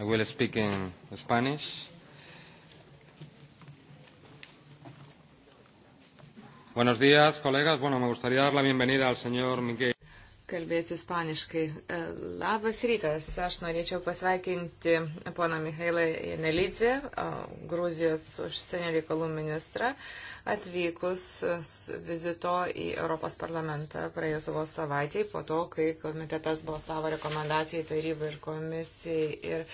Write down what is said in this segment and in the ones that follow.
I will speak in Spanish. Buenos días, colegas. Bueno, me gustaría dar la bienvenida al señor Miguel. Kalbėsiu ispaniškai. E, labas rytas. Aš norėčiau pasveikinti poną Mihailą Jenelidze, Gruzijos užsienio reikalų ministrą, atvykus vizito į Europos parlamentą praėjus vos savaitėj, po to, kai komitetas balsavo rekomendacijai tarybai ir komisijai ir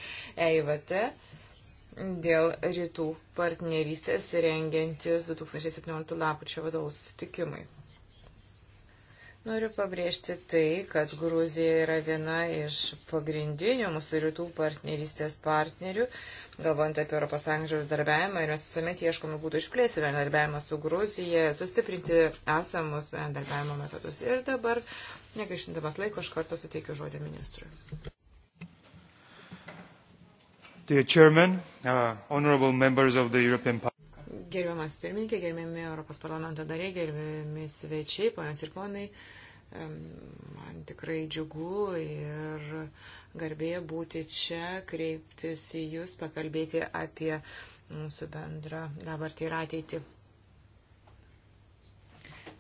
EIVT dėl rytų partnerystės rengiantis 2017 lapučio vadovų sutikimui. Noriu pabrėžti tai, kad Gruzija yra viena iš pagrindinių mūsų rytų partnerystės partnerių, galvojant apie ES bendarbiavimą ir mes visuomet ieškome būdų išplėsti bendarbiavimą su Gruzija, sustiprinti esamus bendarbiavimo metodus. Ir dabar, negaišindamas laiko, iš karto suteikiu žodį ministrui. Dear Chairman, uh, honorable members of the European Parliament. Gerbiamas pirmininkė, gerbiami Europos parlamento dariai, gerbiami svečiai, ponas ir ponai, man tikrai džiugu ir garbė būti čia, kreiptis į Jūs, pakalbėti apie mūsų bendrą dabartį ir ateitį.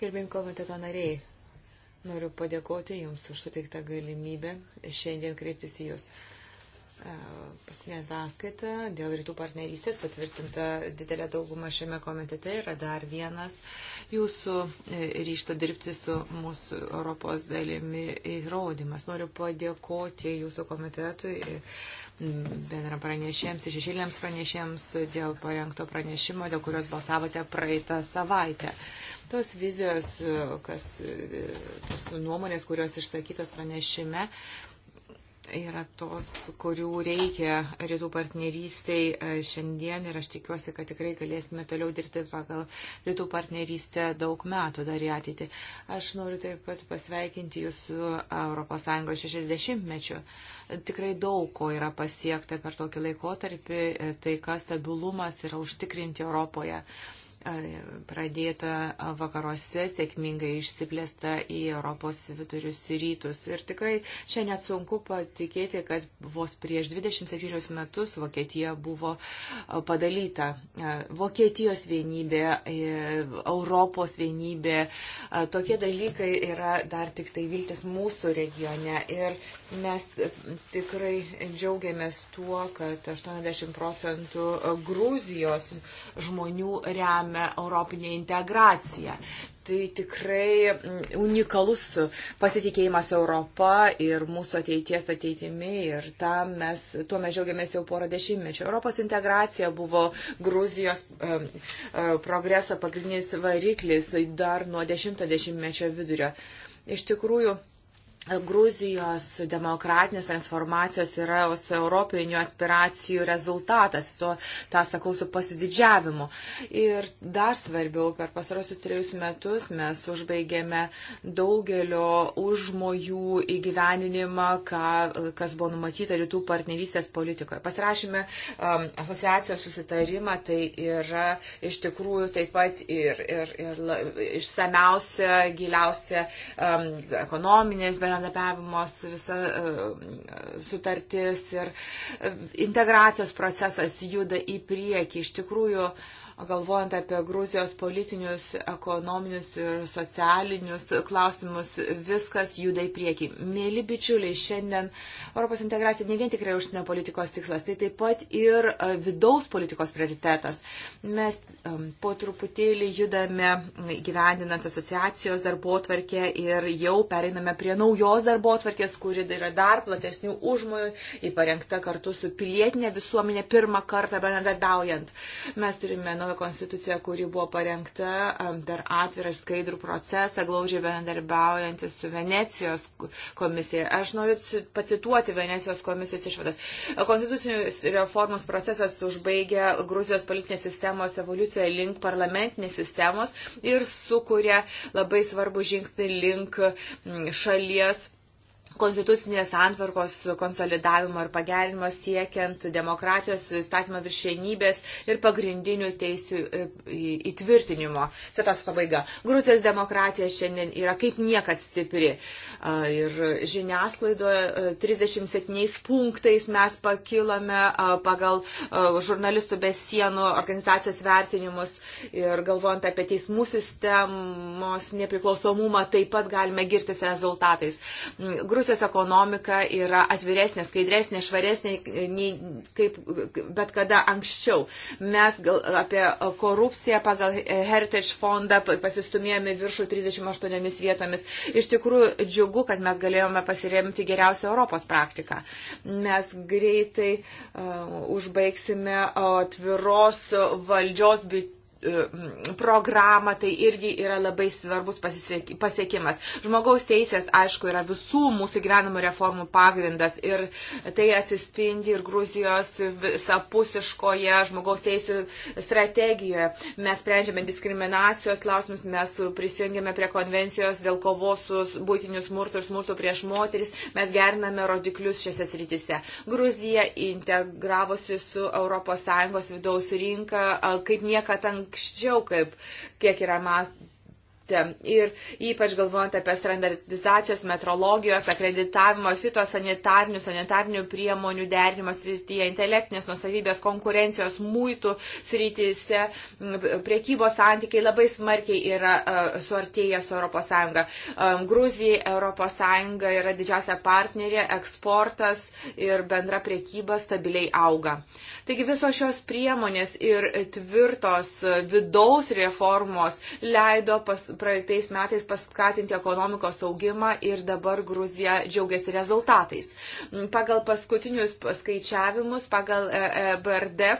Gerbėjim komiteto nariai, noriu padėkoti Jums už suteiktą galimybę šiandien kreiptis į Jūs. E, paskutinė ataskaita dėl rytų partnerystės patvirtinta didelė dauguma šiame komitete yra dar vienas jūsų e, ryšto dirbti su mūsų Europos dalimi įrodymas. Noriu padėkoti jūsų komitetui, e, bendram pranešėjams ir šešėliams pranešėjams dėl parengto pranešimo, dėl kurios balsavote praeitą savaitę. Tos vizijos, kas, tos nuomonės, kurios išsakytos pranešime, yra tos, kurių reikia rytų partnerystiai e, šiandien ir aš tikiuosi, kad tikrai galėsime toliau dirbti pagal rytų partnerystę daug metų dar į ateitį. Aš noriu taip pat pasveikinti jūsų ES 60-mečiu. Tikrai daug ko yra pasiekta per tokį laikotarpį, e, tai kas stabilumas yra užtikrinti Europoje pradėta vakaruose, sėkmingai išsiplėsta į Europos vidurius ir rytus. Ir tikrai čia net sunku patikėti, kad vos prieš 27 metus Vokietija buvo padalyta. Vokietijos vienybė, e, Europos vienybė, tokie dalykai yra dar tik tai viltis mūsų regione. Ir mes e, tikrai džiaugiamės tuo, kad 80 procentų Gruzijos žmonių remia remia europinę integraciją. Tai tikrai mm, unikalus pasitikėjimas Europą ir mūsų ateities ateitimi ir tam mes, tuo mes džiaugiamės jau porą dešimtmečių. Europos integracija buvo Gruzijos e, e, progreso pagrindinis variklis dar nuo dešimto dešimtmečio vidurio. Iš tikrųjų, Gruzijos demokratinės transformacijos yra su europinių aspiracijų rezultatas, su, tą sakau, su pasididžiavimu. Ir dar svarbiau, per pasarosius trejus metus mes užbaigėme daugelio užmojų įgyveninimą, ką, kas buvo numatyta rytų partnerystės politikoje. Pasirašėme um, asociacijos susitarimą, tai yra iš tikrųjų taip pat ir, ir, ir išsameusia, giliausia um, ekonominės bendradarbiavimas bendradarbiavimos visa e, sutartis ir e, integracijos procesas juda į priekį. Iš tikrųjų, uh, galvojant apie Gruzijos politinius, ekonominius ir socialinius klausimus, viskas juda į priekį. Mėly bičiuliai, šiandien Europos integracija ne vien tikrai užsienio politikos tikslas, tai taip pat ir e, vidaus politikos prioritetas. Mes po truputėlį judame gyvendinant asociacijos darbo tvarkę ir jau pereiname prie naujos darbo tvarkės, kuri yra dar platesnių užmojų, įparengta kartu su pilietinė visuomenė pirmą kartą bendradarbiaujant. Mes turime naują konstituciją, kuri buvo parengta per atvirą skaidrų procesą, glaudžiai bendarbiaujantis su Venecijos komisija. Aš noriu pacituoti Venecijos komisijos išvadas. Konstitucijos reformos procesas užbaigia Gruzijos politinės sistemos evoliuciją link parlamentinės sistemos ir sukuria labai svarbu žingsnį link šalies konstitucinės antvarkos konsolidavimo ir pagerinimo siekiant demokratijos įstatymo viršienybės ir pagrindinių teisių e, įtvirtinimo. Citas pabaiga. Gruzijos demokratija šiandien yra kaip niekad stipri. Ir žiniasklaidoje 37 e, punktais mes pakilome pagal žurnalistų be sienų organizacijos vertinimus ir galvojant apie teismų sistemos nepriklausomumą, taip pat galime girtis rezultatais. Gruzijos Rusijos ekonomika yra atviresnė, skaidresnė, švaresnė nei kaip bet kada anksčiau. Mes gal, apie korupciją pagal Heritage fondą pasistumėjome viršų 38 vietomis. Iš tikrųjų džiugu, kad mes galėjome pasiremti geriausią Europos praktiką. Mes greitai uh, užbaigsime uh, atviros valdžios biudžetą E, programą, tai irgi yra labai svarbus pasiekimas. Žmogaus teisės, aišku, yra visų mūsų gyvenimo reformų pagrindas ir tai atsispindi ir Gruzijos visapusiškoje žmogaus teisų strategijoje. Mes sprendžiame diskriminacijos klausimus, mes prisijungiame prie konvencijos dėl kovos su būtiniu smurtu ir smurtu prieš moteris, mes geriname rodiklius šiose srityse. Gruzija integravosi su ES vidaus rinka, kaip niekada anksčiau, kaip kiek yra mas, Ir ypač galvojant apie standartizacijos, metrologijos, akreditavimo, fitosanitarnių, sanitarnių priemonių derinimo srityje, intelektinės nusavybės, konkurencijos, mūtų srityse, priekybos santykiai labai smarkiai yra e, suartėję su ES. E, Gruzija, ES yra didžiausia partnerė, eksportas ir bendra priekyba stabiliai auga. Taigi visos šios priemonės ir tvirtos vidaus reformos leido pas, praeitais metais paskatinti ekonomikos augimą ir dabar Gruzija džiaugiasi rezultatais. Pagal paskutinius skaičiavimus, pagal e, e, BRD.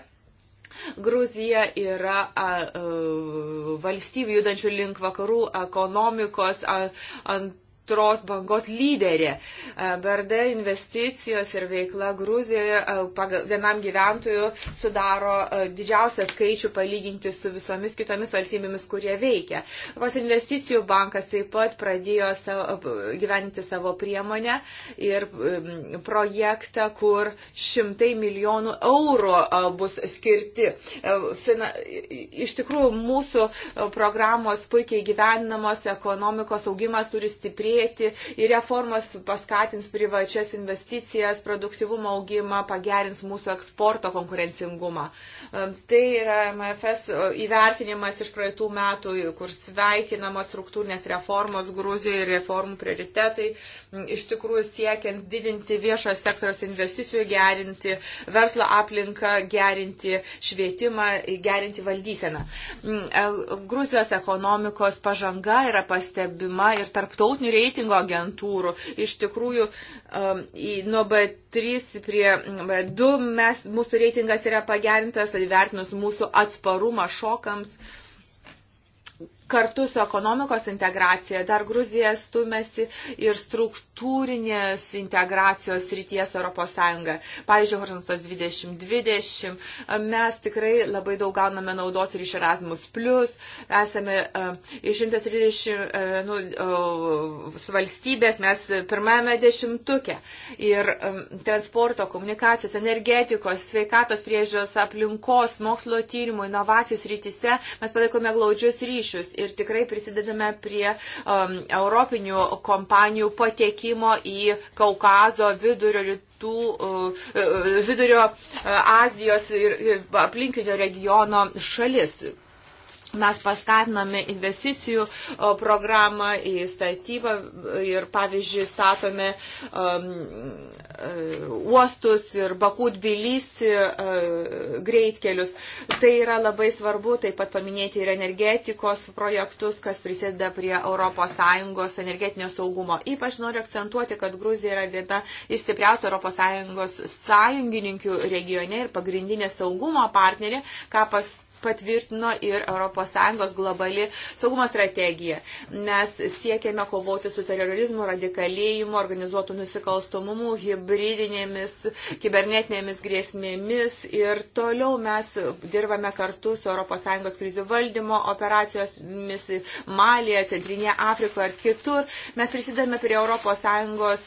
Gruzija yra a, a, e, valstybių judančių link vakarų ekonomikos a, ant antros bangos lyderė. E, BRD investicijos ir veikla Gruzijoje e, vienam gyventojui sudaro e, didžiausią skaičių palyginti su visomis kitomis valstybėmis, kurie veikia. Pas investicijų bankas taip pat pradėjo savo, gyventi savo priemonę ir projektą, kur šimtai milijonų eurų bus skirti. Fina, iš tikrųjų, mūsų programos puikiai gyvenamos, ekonomikos augimas turi stiprėti padėti ir reformas paskatins privačias investicijas, produktivumo augimą, pagerins mūsų eksporto konkurencingumą. Tai yra MFS e, įvertinimas iš praeitų metų, kur sveikinamos struktūrinės reformos Gruzijoje ir reformų prioritetai, iš tikrųjų siekiant didinti viešo sektoriaus investicijų, gerinti verslo aplinką, gerinti švietimą, gerinti valdyseną. Gruzijos ekonomikos pažanga yra pastebima ir tarptautinių reitingų reitingo agentūrų. Iš tikrųjų, um, į, nuo B3 prie B2 mes, mūsų reitingas yra pagerintas, įvertinus mūsų atsparumą šokams. Uh, kartu su ekonomikos integracija dar Gruzija stumėsi ir struktūrinės integracijos ryties Europos Sąjunga. Pavyzdžiui, Horizontas 2020 mes tikrai labai daug gauname naudos ir iš Erasmus, esame e, iš 130 e, nu, valstybės, mes pirmame dešimtuke ir e, transporto, komunikacijos, energetikos, sveikatos priežiūros aplinkos, mokslo tyrimų, inovacijos rytise mes palaikome glaudžius ryšius ir tikrai prisidedame prie um, europinių kompanijų patekimo į Kaukazo vidurio rytų, uh, uh vidurio uh, Azijos ir, ir aplinkinio regiono šalis. Mes paskatiname investicijų programą į statybą ir, pavyzdžiui, statome um, e, uostus ir Bakut Bilisi uh, e, greitkelius. Tai yra labai svarbu taip pat paminėti ir energetikos projektus, kas prisideda prie ES energetinio saugumo. Ypač noriu akcentuoti, kad Gruzija yra viena iš stipriausių ES sąjungininkių regione ir pagrindinė saugumo partnerė, ką pas patvirtino ir ES globali saugumo strategija. Mes siekiame kovoti su terorizmu, radikalėjimu, organizuotų nusikalstumumu, hybridinėmis, kibernetinėmis grėsmėmis ir toliau mes dirbame kartu su ES krizių valdymo operacijomis Malija, Centrinėje Afrikoje ir kitur. Mes prisidame prie ES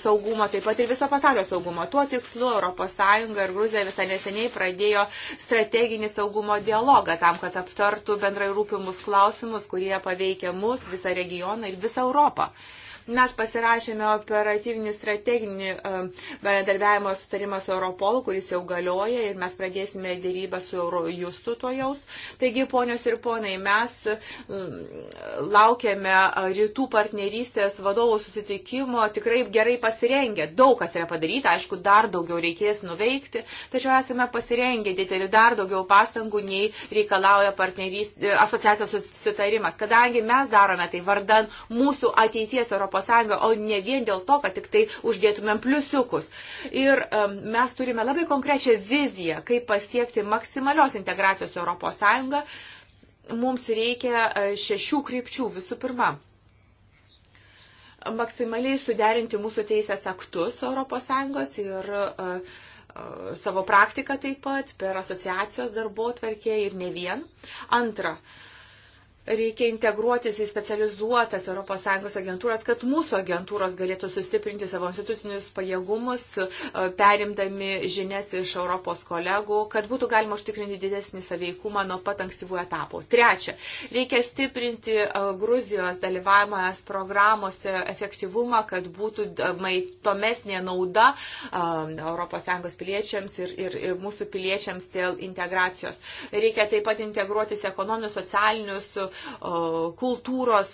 saugumo, taip pat ir viso pasaulio saugumo. Tuo tikslu ES ir Gruzija visai neseniai pradėjo strateginį saugumo formavimo dialogą tam, kad aptartų bendrai rūpimus klausimus, kurie paveikia mus, visą regioną ir visą Europą. Mes pasirašėme operatyvinį strateginį e, bendarbiavimo sutarimą su Europolu, kuris jau galioja ir mes pradėsime dėrybą su Eurojustu to jaus. Taigi, ponios ir ponai, mes e, laukiame e, rytų partnerystės vadovų susitikimo tikrai gerai pasirengę. Daug kas yra padaryta, aišku, dar daugiau reikės nuveikti, tačiau esame pasirengę dėti ir dar daugiau pastangų, nei reikalauja partnerystės asociacijos susitarimas, kadangi mes darome tai vardan mūsų ateities Europos. ES, o ne vien dėl to, kad tik tai uždėtumėm pliusiukus. Ir um, mes turime labai konkrečią viziją, kaip pasiekti maksimalios integracijos ES. Mums reikia e, šešių krypčių visų pirma maksimaliai suderinti mūsų teisės aktus ES ir uh, savo praktiką taip pat per asociacijos darbo tvarkė ir ne vien. Antra, uh, reikia integruotis į specializuotas ES agentūras, kad mūsų agentūros galėtų sustiprinti savo institucinius pajėgumus, e, perimdami žinias iš Europos kolegų, kad būtų galima užtikrinti didesnį saveikumą nuo pat ankstyvų etapų. Trečia, reikia stiprinti e, Gruzijos dalyvavimą es programuose efektyvumą, kad būtų e, maitomesnė nauda ES piliečiams ir, ir, ir mūsų piliečiams dėl integracijos. Reikia taip pat integruotis ekonominius, socialinius, kultūros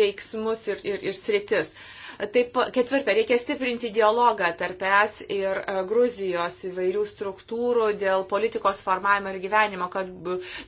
veiksmus ir, ir, ir sritis. Taip, ketvirta, reikia stiprinti dialogą tarp es ir e, Gruzijos įvairių struktūrų dėl politikos formavimo ir gyvenimo, kad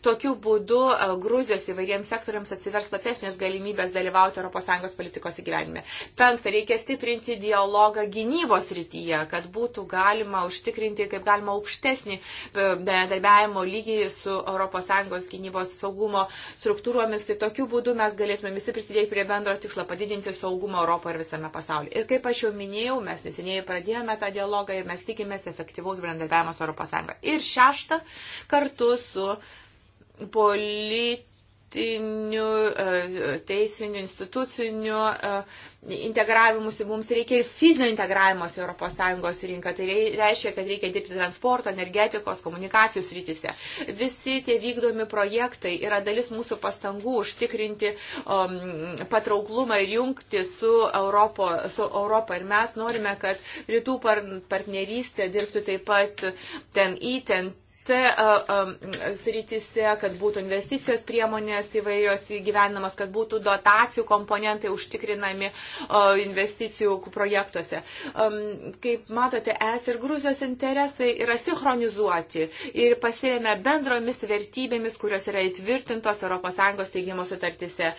tokiu būdu e, Gruzijos įvairiems sektoriams atsivers platesnės galimybės dalyvauti ES politikos įgyvenime. Penkta, reikia stiprinti dialogą gynybos rytyje, kad būtų galima užtikrinti kaip galima aukštesnį e, bendarbiavimo lygį su ES gynybos saugumo struktūromis. Tai tokiu būdu mes galėtume visi prisidėti prie bendro tikslo padidinti saugumą Europoje ir visame visame pasaulyje. Ir kaip aš jau minėjau, mes neseniai pradėjome tą dialogą ir mes tikimės efektyvaus bendradarbiavimo su ES. Ir šešta, kartu su politi politinių, e, teisinių, institucinių e, integravimus, mums reikia ir fizinio integravimos į ES rinką. Tai reiškia, kad reikia dirbti transporto, energetikos, komunikacijų srityse. Visi tie vykdomi projektai yra dalis mūsų pastangų užtikrinti um, patrauklumą ir jungti su, Europo, su Europa. Ir mes norime, kad rytų partnerystė dirbtų taip pat ten į, ten sritise, kad būtų investicijos priemonės įvairios įgyvenamas, kad būtų dotacijų komponentai užtikrinami investicijų projektuose. Kaip matote, es ir Gruzijos interesai yra sinchronizuoti ir pasiremia bendromis vertybėmis, kurios yra įtvirtintos ES teigimo sutartise.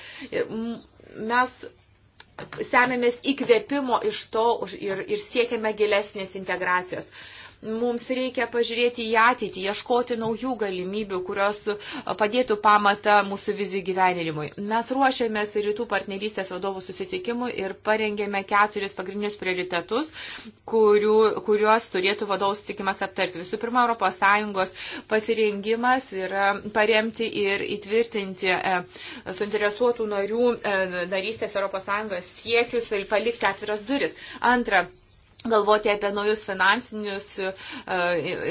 Mes semėmės įkvėpimo iš to ir, ir siekiame gilesnės integracijos. Uh, Mums reikia pažiūrėti į ateitį, ieškoti naujų galimybių, kurios padėtų pamatą mūsų vizijų gyvenimui. Mes ruošiamės rytų partnerystės vadovų susitikimui ir parengėme keturis pagrindinius prioritetus, kurių, kuriuos turėtų vadovų susitikimas aptarti. Visų pirma, ES pasirengimas yra paremti ir įtvirtinti e, suinteresuotų narių e, narystės ES siekius ir palikti atviras duris. Antra, galvoti apie naujus finansinius e,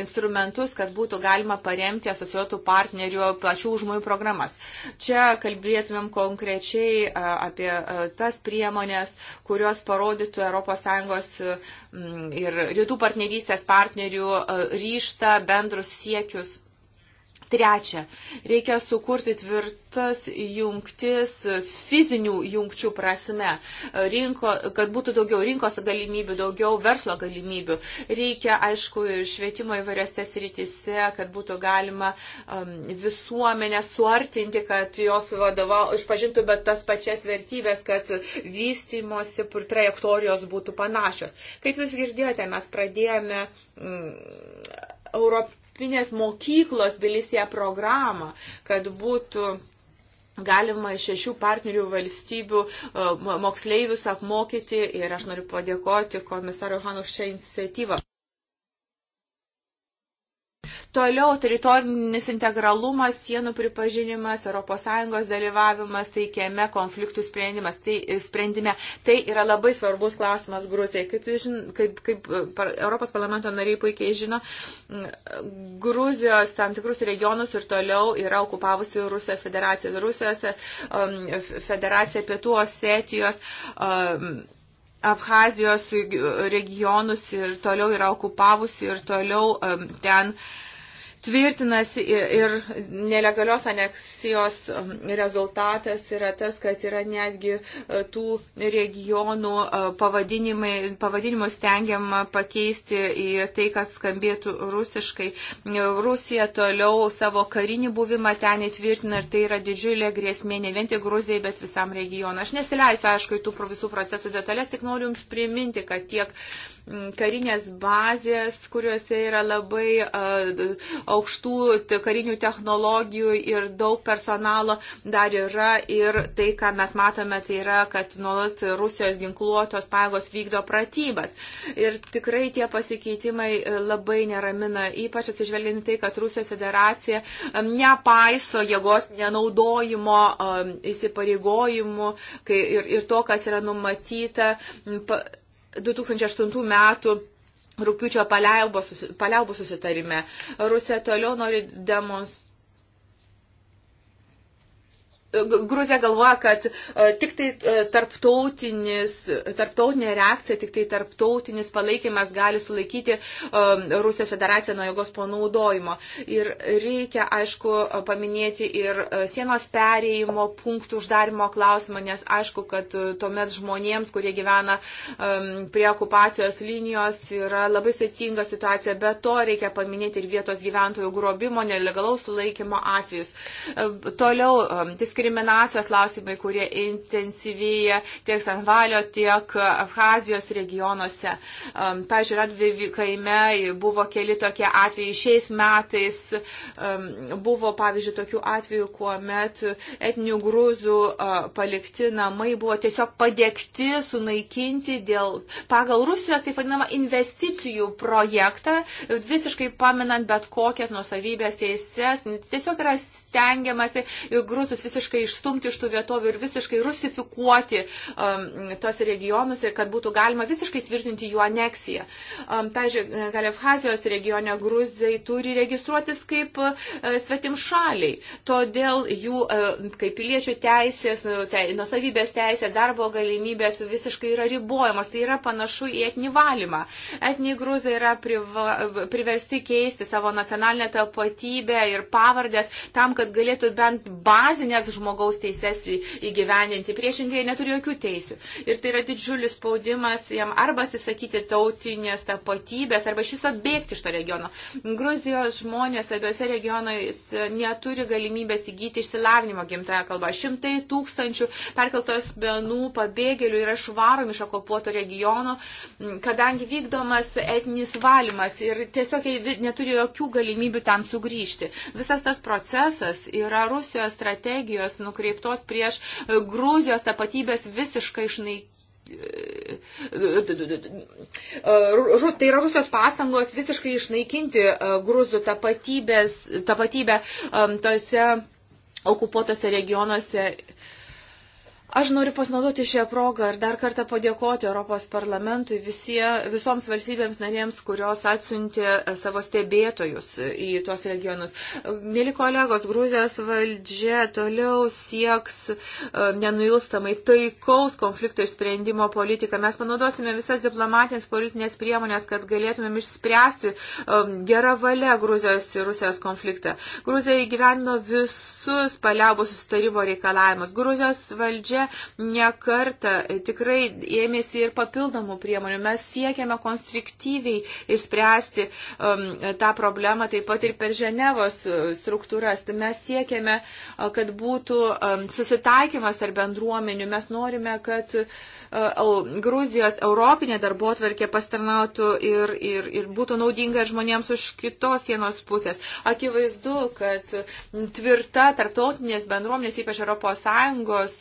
instrumentus, kad būtų galima paremti asociuotų partnerių plačių užmojų programas. Čia kalbėtumėm konkrečiai e, apie e, tas priemonės, kurios parodytų ES ir rytų partnerystės partnerių ryštą bendrus siekius Trečia, reikia sukurti tvirtas jungtis fizinių jungčių prasme, rinko, kad būtų daugiau rinkos galimybių, daugiau verslo galimybių. Reikia, aišku, ir švietimo įvairiose srityse, kad būtų galima um, visuomenę suartinti, kad jos vadovau, išpažintų bet tas pačias vertybės, kad vystimosi trajektorijos būtų panašios. Kaip jūs girdėjote, mes pradėjome. Mm, um, Europ, europinės mokyklos Bilisėje programą, kad būtų galima šešių partnerių valstybių e, moksleivius apmokyti ir aš noriu padėkoti komisarui Hanu šią iniciatyvą. Toliau teritorinis integralumas, sienų pripažinimas, ES dalyvavimas taikiame konfliktų sprendimas, tai, e, sprendime. Tai yra labai svarbus klausimas Gruzijai. Kaip, kaip, kaip e, Europos parlamento nariai puikiai žino, Gruzijos tam tikrus regionus ir toliau yra okupavusi Rusijos federacija. Rusijos um, federacija pietų Osetijos. Um, Abhazijos regionus ir toliau yra okupavusi ir toliau ten uh, tvirtinasi ir nelegalios aneksijos um, rezultatas yra tas, kad yra netgi e, tų regionų e, pavadinimus stengiama pakeisti į tai, kas skambėtų rusiškai. E, Rusija toliau savo karinį buvimą ten įtvirtina ir tai yra didžiulė grėsmė ne vien tik Gruzijai, bet visam regionui. Aš nesileisiu, aišku, į tų visų procesų detalės, tik noriu Jums priminti, kad tiek karinės bazės, kuriuose yra labai uh, aukštų karinių technologijų ir daug personalo dar yra ir tai, ką mes matome, tai yra, kad nuolat Rusijos ginkluotos pajėgos vykdo pratybas. Ir tikrai tie pasikeitimai e, labai neramina, ypač atsižvelgiant tai, kad Rusijos federacija nepaiso jėgos nenaudojimo įsipareigojimų ir, ir to, kas yra numatyta 2008 metų rūpiučio paliaubų susitarime. Rusija toliau nori demonstruoti Gruzija galvoja, kad e, tik tai e, tarptautinė reakcija, tik tai tarptautinis palaikymas gali sulaikyti e, Rusijos federaciją nuo jėgos panaudojimo. Ir reikia, aišku, paminėti ir sienos perėjimo punktų uždarimo klausimą, nes aišku, kad tuomet žmonėms, kurie gyvena prie okupacijos linijos, yra labai sėtinga situacija. Be to reikia paminėti ir vietos gyventojų grobimo, nelegalaus sulaikymo atvejus. Toliau, diskriminacija diskriminacijos klausimai, kurie intensyvėja tiek Sanvalio, tiek Abhazijos regionuose. Um, Pavyzdžiui, Radvivi kaime buvo keli tokie atvejai. Šiais metais um, buvo, pavyzdžiui, tokių atvejų, kuomet etnių grūzų uh, palikti namai buvo tiesiog padėkti, sunaikinti dėl pagal Rusijos, taip vadinamą, investicijų projektą, visiškai paminant bet kokias nusavybės teises. Tiesiog yra stengiamasi grusus visiškai išstumti iš tų vietovių ir visiškai rusifikuoti um, tos regionus ir kad būtų galima visiškai tvirtinti jų aneksiją. Um, Pavyzdžiui, Kalefhazijos regione gruzai turi registruotis kaip uh, svetim šaliai, todėl jų uh, kaip piliečių teisės, uh, te, nusavybės teisė, darbo galimybės visiškai yra ribojamos. Tai yra panašu į etnį valymą. Etniai gruzai yra priva, priversti keisti savo nacionalinę tapatybę ir pavardės tam, kad galėtų bent bazinės žmogaus teises įgyveninti. Priešingai neturi jokių teisių. Ir tai yra didžiulis spaudimas jam arba atsisakyti tautinės tapatybės, arba iš viso bėgti iš to regiono. Gruzijos žmonės abiejose regionuose neturi galimybės įgyti išsilavinimo gimtoje kalba. Šimtai tūkstančių perkeltos benų pabėgėlių yra švaromi iš okupuoto regiono, kadangi vykdomas etinis valymas ir tiesiog neturi jokių galimybių ten sugrįžti. Visas tas procesas tikslas yra Rusijos strategijos nukreiptos prieš e, Gruzijos tapatybės visiškai išnaikinimą e, tai yra Rusijos pastangos visiškai išnaikinti e, gruzų tapatybės, tapatybę tose okupuotose regionuose Aš noriu pasinaudoti šią progą ir dar kartą padėkoti Europos parlamentui visie, visoms valstybėms narėms, kurios atsiuntė e, savo stebėtojus į tuos regionus. Mėly kolegos, Gruzijos valdžia toliau sieks e, nenuilstamai taikaus konflikto išsprendimo politiką. Mes panaudosime visas diplomatinės politinės priemonės, kad galėtumėm išspręsti e, gerą valią Gruzijos ir Rusijos konfliktą. Gruzija įgyvendino visus paliaubų susitarimo reikalavimus. Gruzijos valdžia valdžia nekarta e, tikrai ėmėsi ir papildomų priemonių. Mes siekiame konstruktyviai išspręsti um, tą problemą taip pat ir per Ženevos e, struktūras. Tai mes siekiame, kad būtų um, susitaikymas ar bendruomenių. Mes norime, kad uh, Gruzijos europinė darbo atvarkė pastarnautų ir, ir, ir būtų naudinga žmonėms už kitos sienos pusės. Akivaizdu, kad tvirta tarptautinės bendruomenės, ypač ES,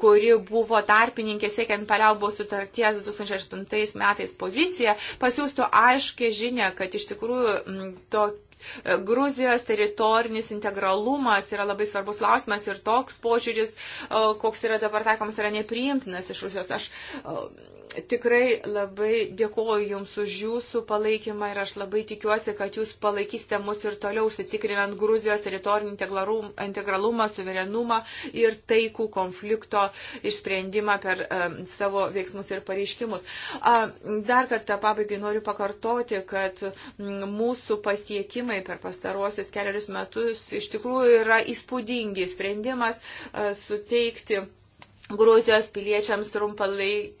kuri buvo tarpininkė siekiant paliaubų sutarties 2008 metais poziciją, pasiūstų aiškę žinę, kad iš tikrųjų to e, Gruzijos teritorinis integralumas yra labai svarbus klausimas ir toks požiūris, koks yra dabar taikomas, yra nepriimtinas iš Rusijos. Aš tikrai labai dėkoju Jums už Jūsų palaikymą ir aš labai tikiuosi, kad Jūs palaikysite mus ir toliau užsitikrinant Gruzijos teritorinį integralumą, suverenumą ir taikų konflikto išsprendimą per um, savo veiksmus ir pareiškimus. A, dar kartą pabaigai noriu pakartoti, kad mūsų pasiekimai per pastaruosius keliarius metus iš tikrųjų yra įspūdingi. Sprendimas a, e, suteikti Gruzijos piliečiams trumpalaikį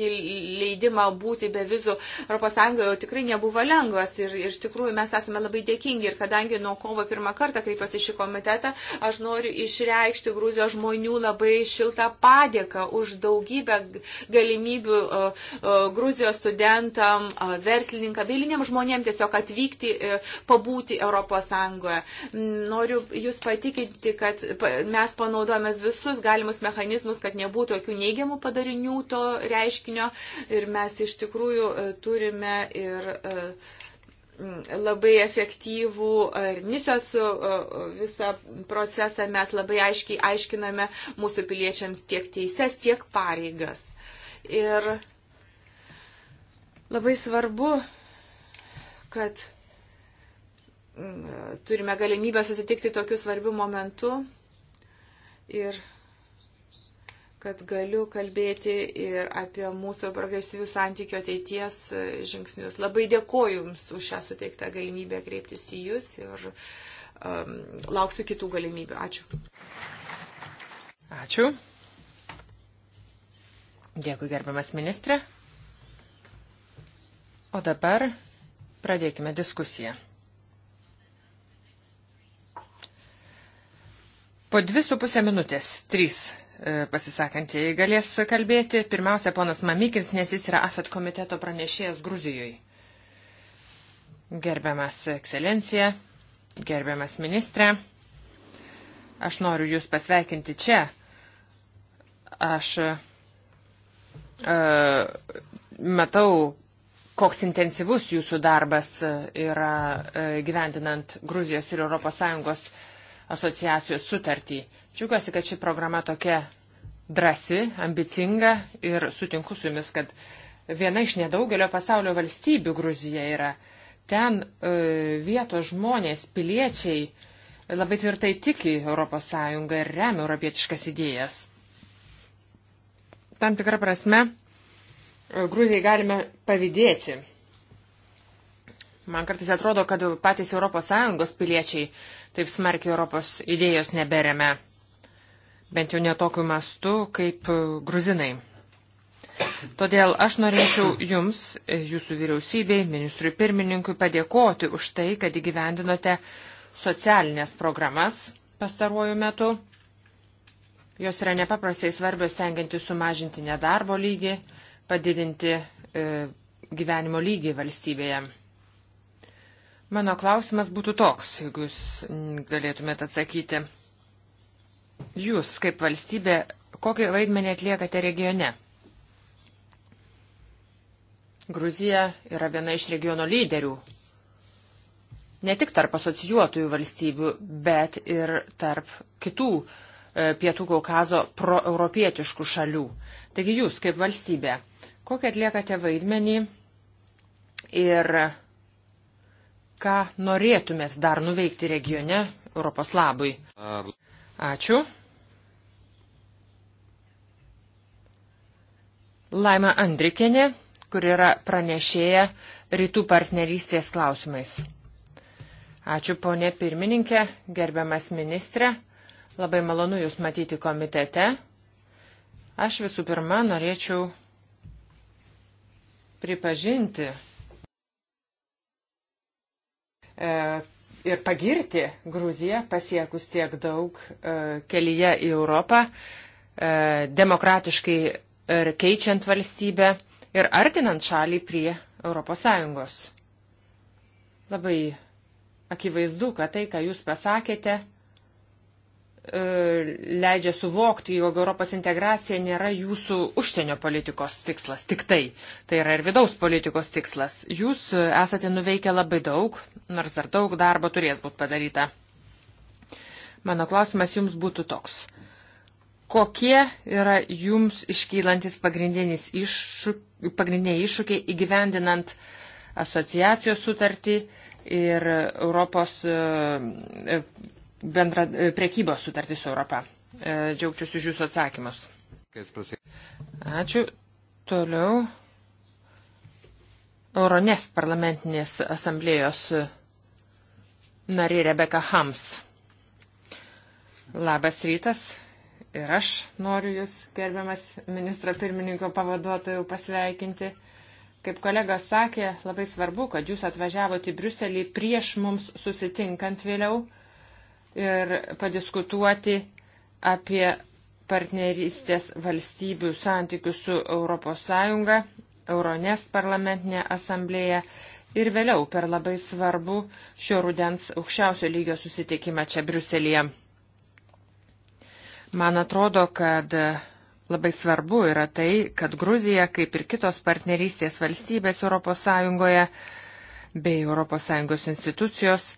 leidimą būti be vizų ES jau tikrai nebuvo lengvas ir iš tikrųjų mes esame labai dėkingi ir kadangi nuo kovo pirmą kartą kreipiuosi šį komitetą, aš noriu išreikšti Gruzijos žmonių labai šiltą padėką už daugybę galimybių e, e, Gruzijos studentam, e, verslininkam, eiliniam žmonėm tiesiog atvykti, pabūti ES. Noriu Jūs patikinti, kad mes panaudojame visus galimus mechanizmus, kad nebūtų jokių neigiamų padarinių to reiškia reiškinio ir mes iš tikrųjų e, turime ir e, labai efektyvų ir e, misijos visą procesą mes labai aiškiai aiškiname mūsų piliečiams tiek teises, tiek pareigas. Ir labai svarbu, kad turime galimybę susitikti tokiu svarbiu momentu ir kad galiu kalbėti ir apie mūsų progresyvių santykių ateities e, žingsnius. Labai dėkoju Jums už šią suteiktą galimybę kreiptis į Jūs ir um, lauksiu kitų galimybių. Ačiū. Ačiū. Dėkui, gerbiamas ministrė. O dabar pradėkime diskusiją. Po dvi su pusę minutės, trys E, pasisakantieji galės kalbėti. Pirmiausia, ponas Mamikins, nes jis yra AFET komiteto pranešėjas Gruzijoje. Gerbiamas ekscelencija, gerbiamas ministrė, aš noriu Jūs pasveikinti čia. Aš e, matau, koks intensyvus Jūsų darbas e, yra e, gyventinant Gruzijos ir ES asociacijos sutartį. Džiugiuosi, kad ši programa tokia drasi, ambicinga ir sutinku su jumis, kad viena iš nedaugelio pasaulio valstybių Gruzija yra. Ten e, vietos žmonės, piliečiai labai tvirtai tiki ES ir remia europietiškas idėjas. Tam tikrą prasme, e, Gruzijai galime pavydėti Man kartais atrodo, kad patys ES piliečiai taip smarkiai Europos idėjos neberemia. Bent jau netokiu mastu kaip gruzinai. Todėl aš norėčiau Jums, Jūsų vyriausybei, ministrui pirmininkui padėkoti už tai, kad įgyvendinote socialinės programas pastaruoju metu. Jos yra nepaprastai svarbios tengianti sumažinti nedarbo lygį, padidinti e, gyvenimo lygį valstybėje. Mano klausimas būtų toks, jeigu jūs galėtumėte atsakyti. Jūs, kaip valstybė, kokį vaidmenį atliekate regione? Gruzija yra viena iš regiono lyderių. Ne tik tarp asocijuotųjų valstybių, bet ir tarp kitų e, Pietų Kaukazo proeuropietiškų šalių. Taigi jūs, kaip valstybė, kokią atliekate vaidmenį ir ką norėtumėt dar nuveikti regione Europos labui? Ačiū. Laima Andrikenė, kur yra pranešėja rytų partnerystės klausimais. Ačiū ponė pirmininkė, gerbiamas ministrė, labai malonu Jūs matyti komitete. Aš visų pirma norėčiau pripažinti E, ir pagirti Gruziją pasiekus tiek daug e, kelyje į Europą, e, demokratiškai ir keičiant valstybę ir artinant šalį prie ES. Labai akivaizdu, kad tai, ką jūs pasakėte, E, leidžia suvokti, jog Europos integracija nėra jūsų užsienio politikos tikslas, tik tai. Tai yra ir vidaus politikos tikslas. Jūs esate nuveikę labai daug, nors dar daug darbo turės būti padaryta. Mano klausimas jums būtų toks. Kokie yra jums iškylantis iššūk, pagrindiniai iššūkiai įgyvendinant asociacijos sutartį ir Europos e, bendra e, prekybos sutartį su Europa. E, džiaugčiausi už jūsų atsakymus. Ačiū. Toliau. Euronest parlamentinės asamblėjos nari Rebeka Hams. Labas rytas. Ir aš noriu Jūs, gerbiamas ministro pirmininko pavaduotojų, pasveikinti. Kaip kolegos sakė, labai svarbu, kad Jūs atvažiavote į Briuselį prieš mums susitinkant vėliau ir padiskutuoti apie partnerystės valstybių santykių su ES, Euronės parlamentinė asamblėje ir vėliau per labai svarbu šio rudens aukščiausio lygio susitikimą čia Briuselėje. Man atrodo, kad labai svarbu yra tai, kad Gruzija, kaip ir kitos partnerystės valstybės ES bei ES institucijos,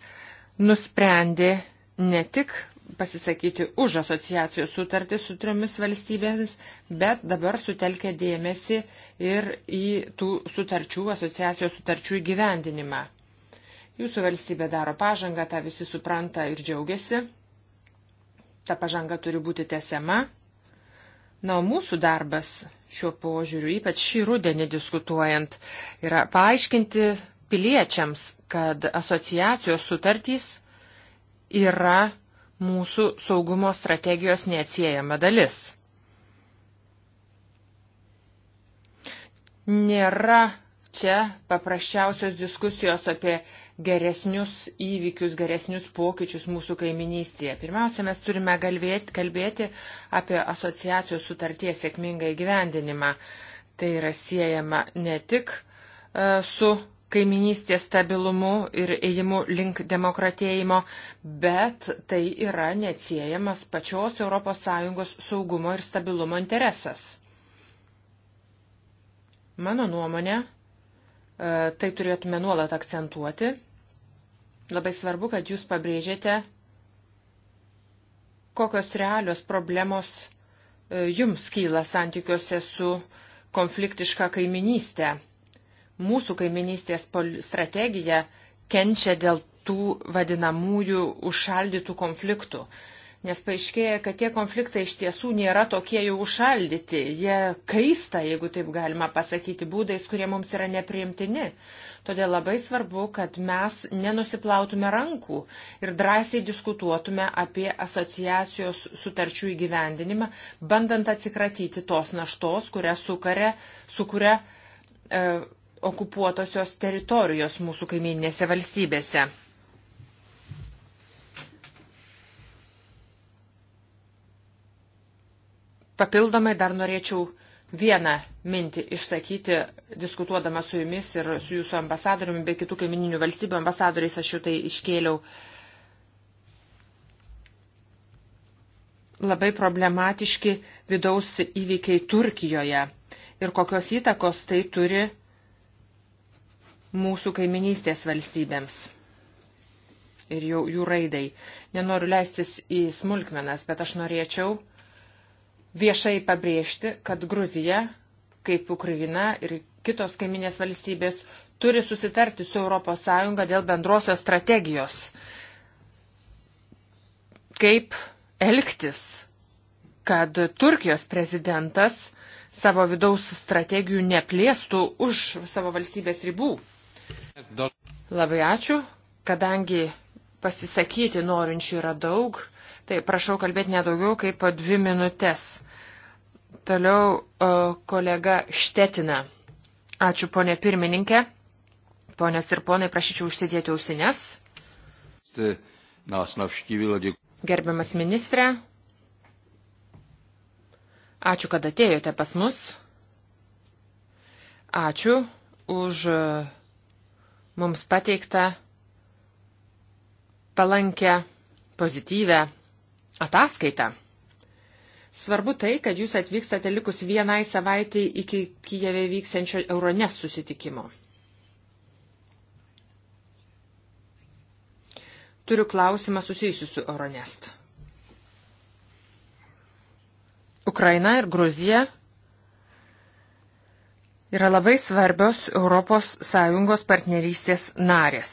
nusprendė ne tik pasisakyti už asociacijos sutartį su triomis valstybėmis, bet dabar sutelkia dėmesį ir į tų sutarčių, asociacijos sutarčių įgyvendinimą. Jūsų valstybė daro pažangą, tą visi supranta ir džiaugiasi. Ta pažanga turi būti tesiama. Na, o mūsų darbas šiuo požiūriu, ypač šį rudenį diskutuojant, yra paaiškinti piliečiams, kad asociacijos sutartys yra mūsų saugumo strategijos neatsiejama dalis. Nėra čia paprasčiausios diskusijos apie geresnius įvykius, geresnius pokyčius mūsų kaiminystėje. Pirmiausia, mes turime galvėti, kalbėti apie asociacijos sutarties sėkmingą įgyvendinimą. Tai yra siejama ne tik e, su kaiminystės stabilumu ir ėjimu link demokratėjimo, bet tai yra neatsiejamas pačios ES saugumo ir stabilumo interesas. Mano nuomonė, e, tai turėtume nuolat akcentuoti. Labai svarbu, kad jūs pabrėžėte, kokios realios problemos e, jums kyla santykiuose su konfliktiška kaiminystė mūsų kaiminystės strategija kenčia dėl tų vadinamųjų užšaldytų konfliktų. Nes paaiškėja, kad tie konfliktai iš tiesų nėra tokie jau užšaldyti, jie kaista, jeigu taip galima pasakyti, būdais, kurie mums yra nepriimtini. Todėl labai svarbu, kad mes nenusiplautume rankų ir drąsiai diskutuotume apie asociacijos sutarčių įgyvendinimą, bandant atsikratyti tos naštos, kurią sukuria, sukuria e, okupuotosios teritorijos mūsų kaiminėse valstybėse. Papildomai dar norėčiau vieną mintį išsakyti, diskutuodama su jumis ir su jūsų ambasadoriumi bei kitų kaimininių valstybių ambasadoriais, aš jau tai iškėliau. Labai problematiški vidaus įvykiai Turkijoje ir kokios įtakos tai turi mūsų kaiminystės valstybėms ir jau jų raidai. Nenoriu leistis į smulkmenas, bet aš norėčiau viešai pabrėžti, kad Gruzija, kaip Ukraina ir kitos kaiminės valstybės, turi susitarti su ES dėl bendrosios strategijos. Kaip elgtis, kad Turkijos prezidentas savo vidaus strategijų neplėstų už savo valstybės ribų. Labai ačiū, kadangi pasisakyti norinčių yra daug, tai prašau kalbėti nedaugiau kaip po dvi minutės. Toliau o, kolega Štetina. Ačiū, ponė pirmininkė. Ponės ir ponai, prašyčiau užsidėti ausines. Gerbiamas ministrė, ačiū, kad atėjote pas mus. Ačiū už mums pateiktą palankę pozityvę ataskaitą. Svarbu tai, kad jūs atvykstate likus vienai savaitai iki Kijevė vyksiančio Euronės susitikimo. Turiu klausimą susijusiu su Euronest. Ukraina ir Gruzija yra labai svarbios ES partnerystės narės.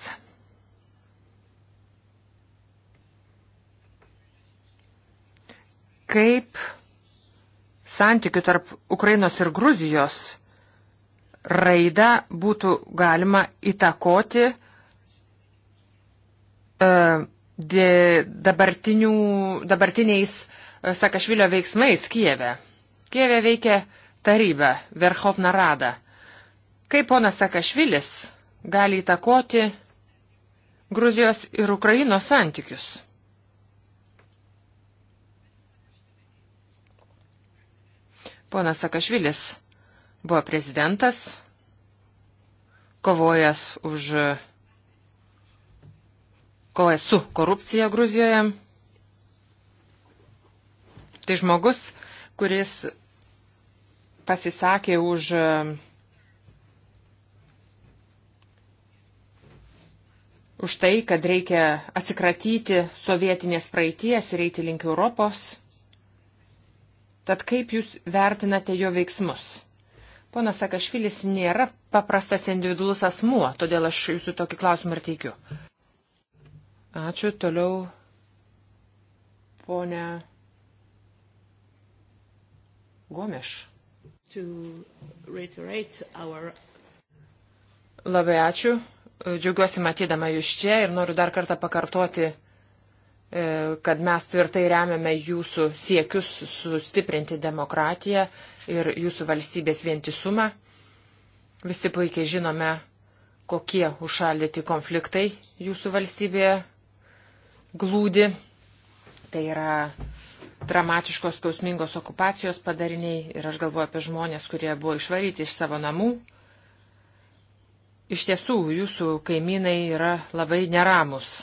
Kaip santykių tarp Ukrainos ir Gruzijos raidą būtų galima įtakoti uh, dabartiniais e, Sakašvilio veiksmais Kijeve. Kijeve veikia uh, tarybą, Verhovną radą. Kaip ponas Sakašvilis gali įtakoti Gruzijos ir Ukrainos santykius? Ponas Sakašvilis buvo prezidentas, kovojas už kovoja su korupcija Gruzijoje. Tai žmogus, kuris pasisakė už eh, už tai, kad reikia atsikratyti sovietinės praeities ir eiti link Europos. Tad kaip jūs vertinate jo veiksmus? Ponas Sakašvilis nėra paprastas individualus asmuo, todėl aš jūsų tokį klausimą ir teikiu. Ačiū toliau, ponė Gomeš. Our... Labai ačiū. Džiaugiuosi matydama jūs čia ir noriu dar kartą pakartoti, e, kad mes tvirtai remiame jūsų siekius sustiprinti demokratiją ir jūsų valstybės vientisumą. Visi puikiai žinome, kokie užšaldyti konfliktai jūsų valstybėje glūdi. Tai yra dramatiškos skausmingos okupacijos padariniai ir aš galvoju apie žmonės, kurie buvo išvaryti iš savo namų. Iš tiesų, jūsų kaimynai yra labai neramus.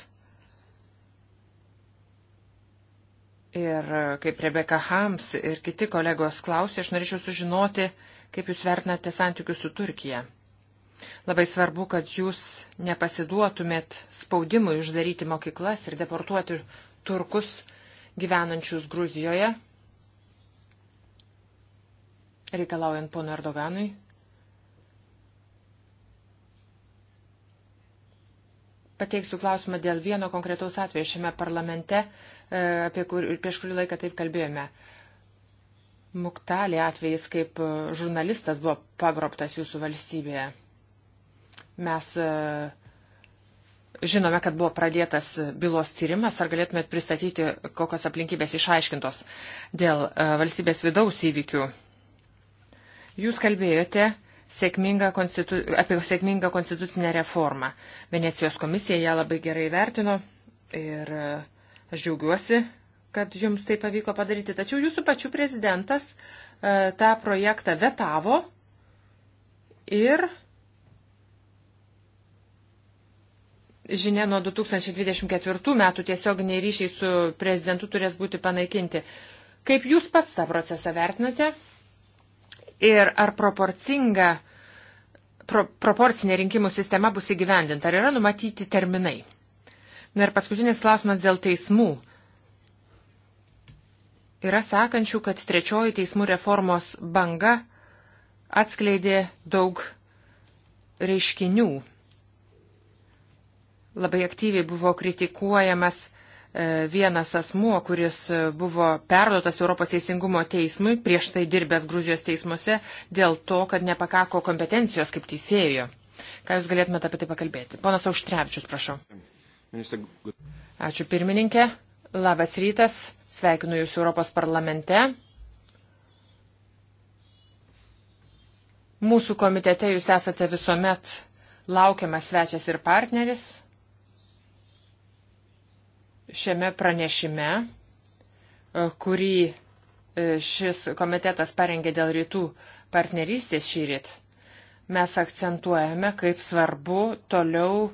Ir kaip Rebeka Hams ir kiti kolegos klausė, aš norėčiau sužinoti, kaip jūs vertinate santykius su Turkija. Labai svarbu, kad jūs nepasiduotumėt spaudimui uždaryti mokyklas ir deportuoti turkus gyvenančius Gruzijoje, reikalaujant pono Erdoganui. Pateiksiu klausimą dėl vieno konkretaus atveju šiame parlamente, e, apie kur, prieš kurį laiką taip kalbėjome. Muktalė atvejais, kaip žurnalistas buvo pagrobtas jūsų valstybėje. Mes uh, Žinome, kad buvo pradėtas bylos tyrimas. Ar galėtumėt pristatyti, kokios aplinkybės išaiškintos dėl e, valstybės vidaus įvykių? Jūs kalbėjote sėkmingą konstitu... apie sėkmingą konstitucinę reformą. Venecijos komisija ją labai gerai vertino ir e, aš džiaugiuosi, kad jums tai pavyko padaryti. Tačiau jūsų pačių prezidentas e, tą projektą vetavo ir Žinia, nuo 2024 metų tiesioginiai ryšiai su prezidentu turės būti panaikinti. Kaip jūs pats tą procesą vertinate ir ar proporcinga, pro, proporcinė rinkimų sistema bus įgyvendinta, ar yra numatyti terminai? Na ir paskutinis klausimas dėl teismų. Yra sakančių, kad trečioji teismų reformos banga atskleidė daug reiškinių Labai aktyviai buvo kritikuojamas e, vienas asmuo, kuris e, buvo perduotas Europos Teisingumo teismui, prieš tai dirbęs Gruzijos teismuose, dėl to, kad nepakako kompetencijos kaip teisėjo. Ką Jūs galėtumėte apie tai pakalbėti? Ponas Auštrevičius, prašau. Ačiū pirmininkė. Labas rytas. Sveikinu Jūs Europos parlamente. Mūsų komitete Jūs esate visuomet laukiamas svečias ir partneris šiame pranešime, e, kurį e, šis komitetas parengė dėl rytų partnerystės šyrit, mes akcentuojame, kaip svarbu toliau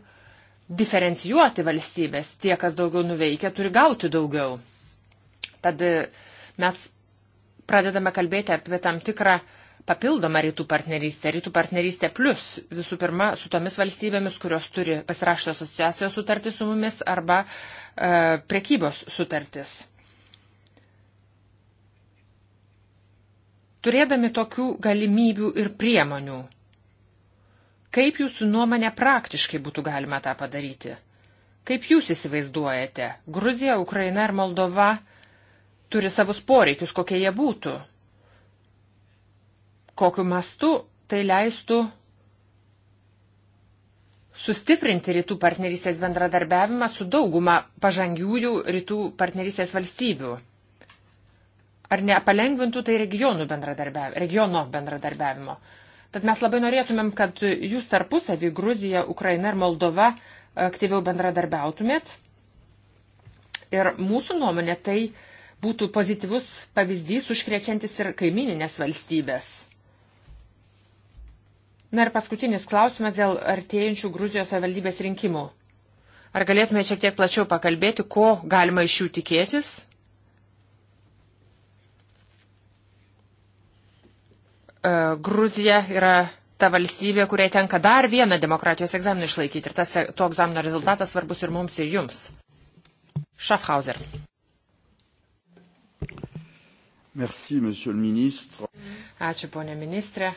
diferencijuoti valstybės. Tie, kas daugiau nuveikia, turi gauti daugiau. Tad e, mes pradedame kalbėti apie tam tikrą uh, papildomą rytų partnerystę, rytų partnerystę plus visų pirma su tomis valstybėmis, kurios turi pasirašę asociacijos sutartį su mumis arba e, prekybos sutartis. Turėdami tokių galimybių ir priemonių, kaip jūsų nuomonė praktiškai būtų galima tą padaryti? Kaip jūs įsivaizduojate, Gruzija, Ukraina ir Moldova turi savus poreikius, kokie jie būtų? kokiu mastu tai leistų sustiprinti rytų partnerystės bendradarbiavimą su dauguma pažangiųjų rytų partnerystės valstybių. Ar nepalengvintų tai regionų bendradarbiavimo, regiono bendradarbiavimo. Tad mes labai norėtumėm, kad jūs tarpusavį Gruzija, Ukraina ir Moldova aktyviau bendradarbiautumėt. Ir mūsų nuomonė tai būtų pozityvus pavyzdys užkrečiantis ir kaimininės valstybės. Na ir paskutinis klausimas dėl artėjančių Gruzijos savivaldybės rinkimų. Ar galėtume šiek tiek plačiau pakalbėti, ko galima iš jų tikėtis? E, Gruzija yra ta valstybė, kuriai tenka dar vieną demokratijos egzaminą išlaikyti. Ir tas to egzamino rezultatas svarbus ir mums, ir jums. Schaffhauser. Merci, Ačiū, ponė ministrė.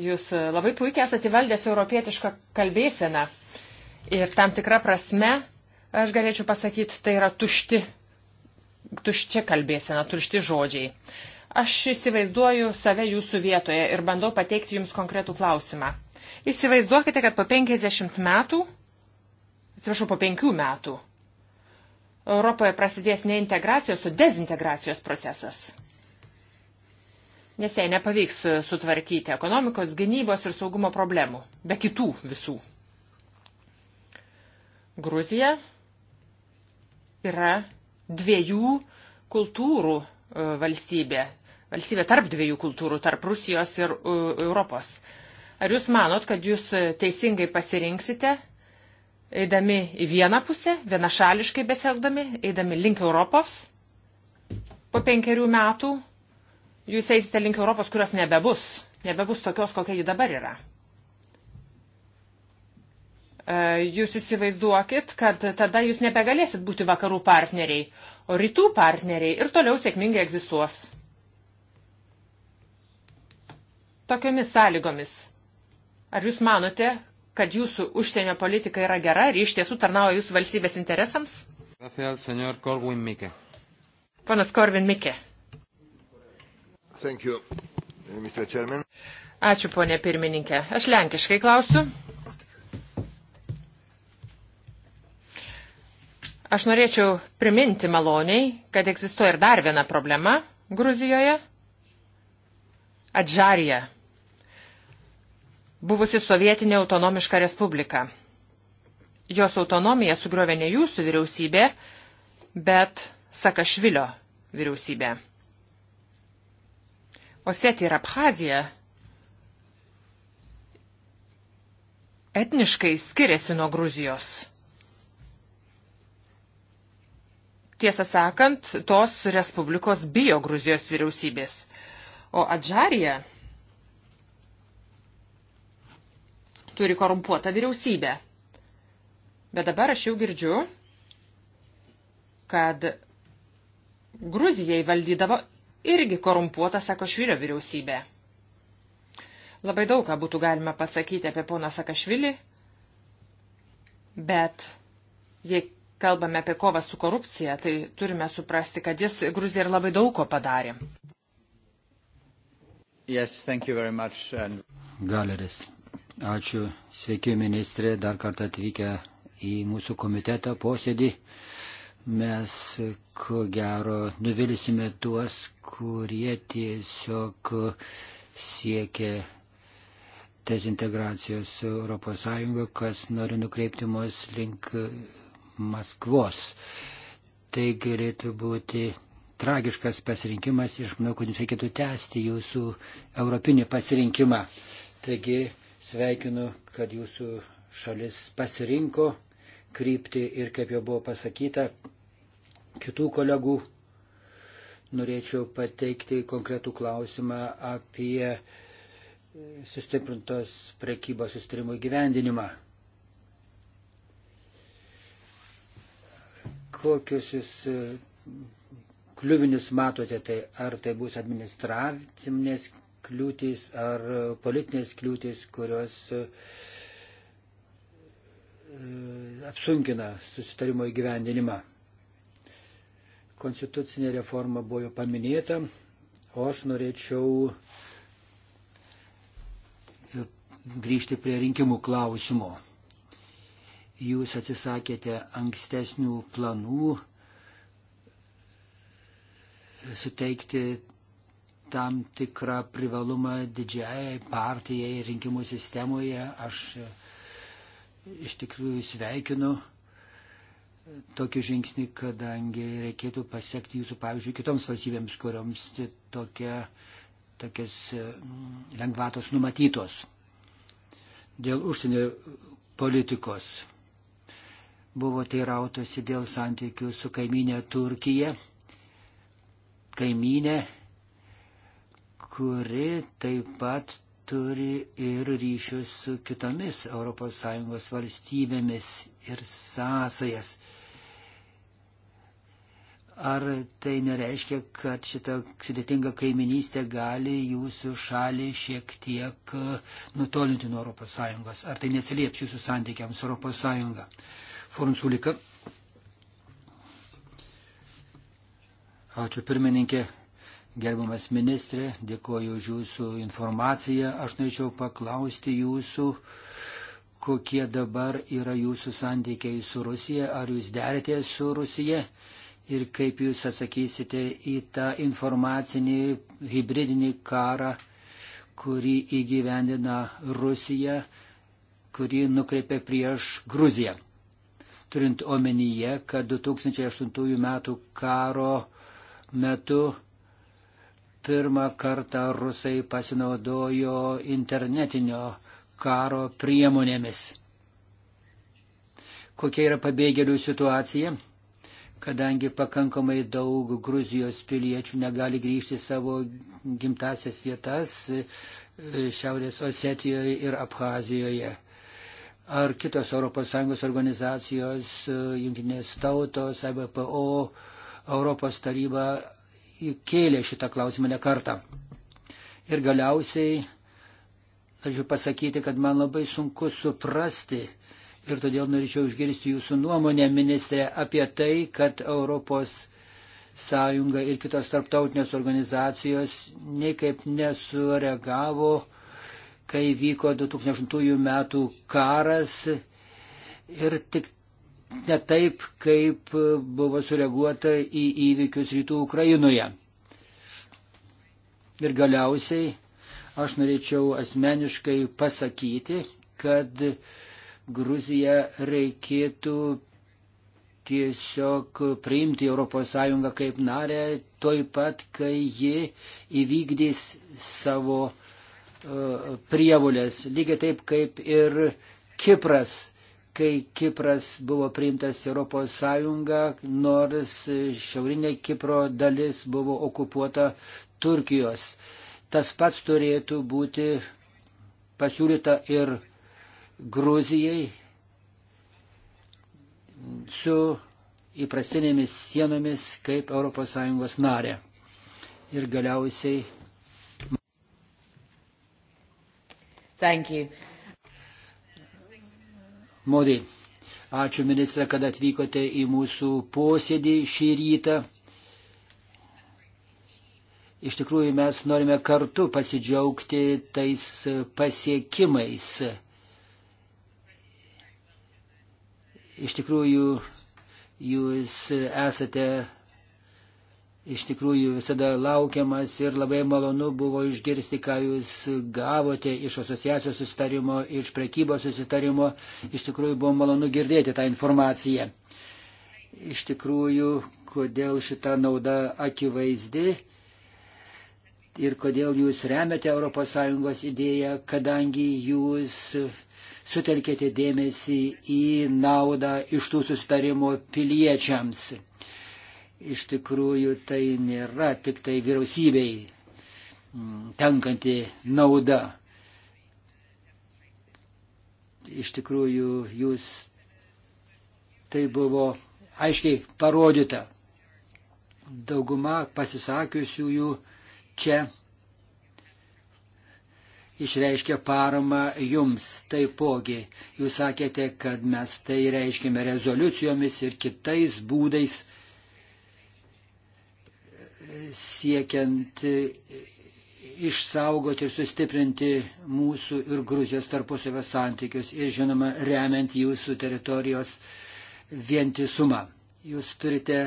Jūs e, labai puikiai esate valdęs europietišką kalbėseną. Ir tam tikrą prasme, aš galėčiau pasakyti, tai yra tušti, tuščia kalbėsena, tušti žodžiai. Aš įsivaizduoju save jūsų vietoje ir bandau pateikti jums konkretų klausimą. Įsivaizduokite, kad po 50 metų, atsiprašau, po 5 metų, Europoje prasidės ne integracijos, o dezintegracijos procesas nes jai nepavyks e, sutvarkyti ekonomikos, gynybos ir saugumo problemų, be kitų visų. Gruzija yra dviejų kultūrų e, valstybė, valstybė tarp dviejų kultūrų, tarp Rusijos ir uh, Europos. Ar jūs manot, kad jūs teisingai pasirinksite, eidami į vieną pusę, vienašališkai besielgdami, eidami link Europos po penkerių metų jūs eisite link Europos, kurios nebebus. Nebebus tokios, kokia ji dabar yra. E, jūs įsivaizduokit, kad tada jūs nebegalėsit būti vakarų partneriai, o rytų partneriai ir toliau sėkmingai egzistuos. Tokiomis sąlygomis. Ar jūs manote, kad jūsų užsienio politika yra gera ir iš tiesų tarnauja jūsų valstybės interesams? Gracias, señor Corwin Mike. Ponas Corwin Mike. Thank you, Mr. Chairman. Ačiū, ponė pirmininkė. Aš lenkiškai klausiu. Aš norėčiau priminti maloniai, kad egzistuoja ir dar viena problema Gruzijoje. Adžarija. Buvusi sovietinė autonomiška respublika. Jos autonomiją sugriovė ne jūsų vyriausybė, bet Sakašvilio vyriausybė. Osetija ir Abhazija etniškai skiriasi nuo Gruzijos. Tiesą sakant, tos respublikos bijo Gruzijos vyriausybės. O Adžarija turi korumpuotą vyriausybę. Bet dabar aš jau girdžiu, kad Gruzijai valdydavo irgi korumpuota Sakašvilio vyriausybė. Labai daug ką būtų galima pasakyti apie poną Sakašvilį, bet jei kalbame apie kovą su korupcija, tai turime suprasti, kad jis Gruzija ir labai daug ko padarė. Yes, And... Galeris, ačiū. Sveiki, ministrė, dar kartą atvykę į mūsų komiteto posėdį mes ko gero nuvilsime tuos, kurie tiesiog siekia dezintegracijos Europos Sąjungo, kas nori nukreipti mus link Maskvos. Tai galėtų būti tragiškas pasirinkimas ir aš manau, kad jums reikėtų tęsti jūsų europinį pasirinkimą. Taigi sveikinu, kad jūsų šalis pasirinko kryptį ir, kaip jau buvo pasakyta, kitų kolegų norėčiau pateikti konkretų klausimą apie sustiprintos prekybos sustarimų gyvendinimą. Kokius jūs e, kliuvinius matote, tai ar tai bus administracinės kliūtis, ar politinės kliūtis, kurios uh, E, apsunkina susitarimo įgyvendinimą. Konstitucinė reforma buvo jau paminėta, o aš norėčiau e, grįžti prie rinkimų klausimo. Jūs atsisakėte ankstesnių planų e, suteikti tam tikrą privalumą didžiai partijai rinkimų sistemoje. Aš iš tikrųjų sveikinu tokį žingsnį, kadangi reikėtų pasiekti jūsų pavyzdžių kitoms valstybėms, kurioms tokia, tokias e, lengvatos numatytos. Dėl užsienio politikos buvo teirautosi dėl santykių su kaiminė Turkija, kaiminė, kuri taip pat turi ir ryšius su kitomis ES valstybėmis ir sąsajas. Ar tai nereiškia, kad šita sudėtinga kaiminystė gali jūsų šalį šiek tiek e, nutolinti nuo ES? Ar tai neatsilieps jūsų santykiams su ES? Forunsulika. Ačiū pirmininkė. Gerbiamas ministrė, dėkoju už jūsų informaciją. Aš norėčiau paklausti jūsų, kokie dabar yra jūsų santykiai su Rusija, ar jūs derite su Rusija ir kaip jūs atsakysite į tą informacinį hybridinį karą, kurį įgyvendina Rusija, kurį nukreipia prieš Gruziją. Turint omenyje, kad 2008 m. karo metu Pirmą kartą rusai pasinaudojo internetinio karo priemonėmis. Kokia yra pabėgėlių situacija? kadangi pakankamai daug Gruzijos piliečių negali grįžti į savo gimtasias vietas e, Šiaurės Osetijoje ir Abhazijoje. Ar kitos ES organizacijos, e, jungtinės tautos, ABPO, Europos taryba kėlė šitą klausimą ne kartą. Ir galiausiai, aš jau pasakyti, kad man labai sunku suprasti ir todėl norėčiau išgirsti jūsų nuomonę, ministrė, apie tai, kad Europos Sąjunga ir kitos tarptautinės organizacijos niekaip nesureagavo, kai vyko 2008 metų karas ir tik ne taip, kaip buvo sureaguota į įvykius rytų Ukrainoje. Ir galiausiai aš norėčiau asmeniškai pasakyti, kad Gruziją reikėtų tiesiog priimti ES kaip narę, toj pat, kai ji įvykdys savo uh, prievolės, lygiai taip kaip ir Kipras kai Kipras buvo priimtas Europos Sąjunga, nors šiaurinė Kipro dalis buvo okupuota Turkijos. Tas pats turėtų būti pasiūlyta ir Gruzijai su įprastinėmis sienomis kaip ES narė. Ir galiausiai. Thank you. Modi. Ačiū ministrė, kad atvykote į mūsų posėdį šį rytą. Iš tikrųjų, mes norime kartu pasidžiaugti tais pasiekimais. Iš tikrųjų, jūs esate Iš tikrųjų visada laukiamas ir labai malonu buvo išgirsti, ką jūs gavote iš asociacijos susitarimo, iš prekybos susitarimo. Iš tikrųjų buvo malonu girdėti tą informaciją. Iš tikrųjų, kodėl šita nauda akivaizdi ir kodėl jūs remiate ES idėją, kadangi jūs sutelkėte dėmesį į naudą iš tų susitarimo piliečiams. Iš tikrųjų tai nėra tik tai vyriausybei mm, tenkanti nauda. Iš tikrųjų jūs tai buvo aiškiai parodyta. Dauguma pasisakiusiųjų čia išreiškia paramą jums taipogi. Jūs sakėte, kad mes tai reiškime rezoliucijomis ir kitais būdais siekiant išsaugoti ir sustiprinti mūsų ir Gruzijos tarpusavio santykius ir, žinoma, remiant jūsų teritorijos vientisumą. Jūs turite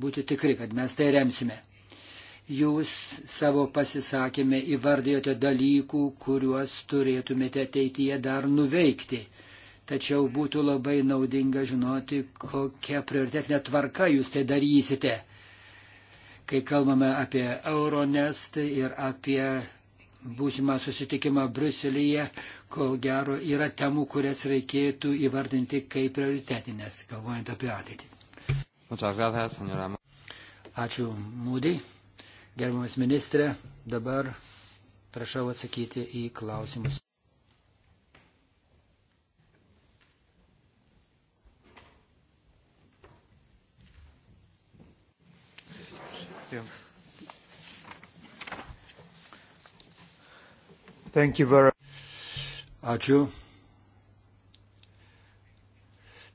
būti tikri, kad mes tai remsime. Jūs savo pasisakymę įvardėjote dalykų, kuriuos turėtumėte ateityje dar nuveikti. Tačiau būtų labai naudinga žinoti, kokia prioritetinė tvarka jūs tai darysite kai kalbame apie Euronest ir apie būsimą susitikimą Bruselėje, kol gero yra temų, kurias reikėtų įvardinti kaip prioritetinės, galvojant apie ateitį. Ačiū, Mūdai. Gerbiamas ministrė, dabar prašau atsakyti į klausimus. Grazie. Thank you very Ačiū.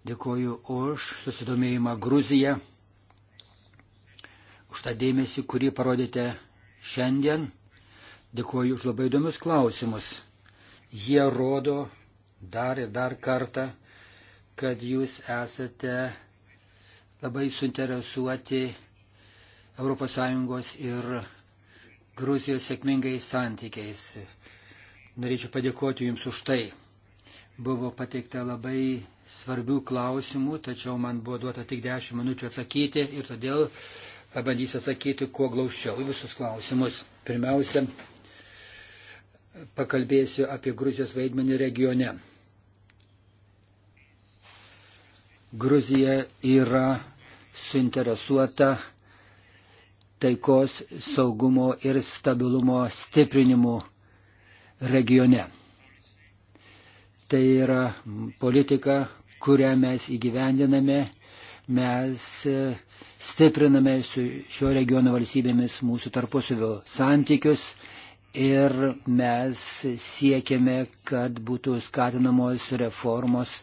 Dėkoju už susidomėjimą Gruziją, už tą dėmesį, kurį parodėte šiandien. Dėkoju už labai įdomius klausimus. Jie rodo dar ir dar kartą, kad jūs esate labai suinteresuoti ES ir Gruzijos sėkmingais santykiais. Norėčiau padėkoti Jums už tai. Buvo pateikta labai svarbių klausimų, tačiau man buvo duota tik 10 minučių atsakyti ir todėl pabandysiu atsakyti kuo glaušiau į visus klausimus. Pirmiausia, pakalbėsiu apie Gruzijos vaidmenį regione. Gruzija yra suinteresuota taikos, saugumo ir stabilumo stiprinimu regione. Tai yra politika, kurią mes įgyvendiname, mes e, stipriname su šio regiono valstybėmis mūsų tarpusavio santykius ir mes siekiame, kad būtų skatinamos reformos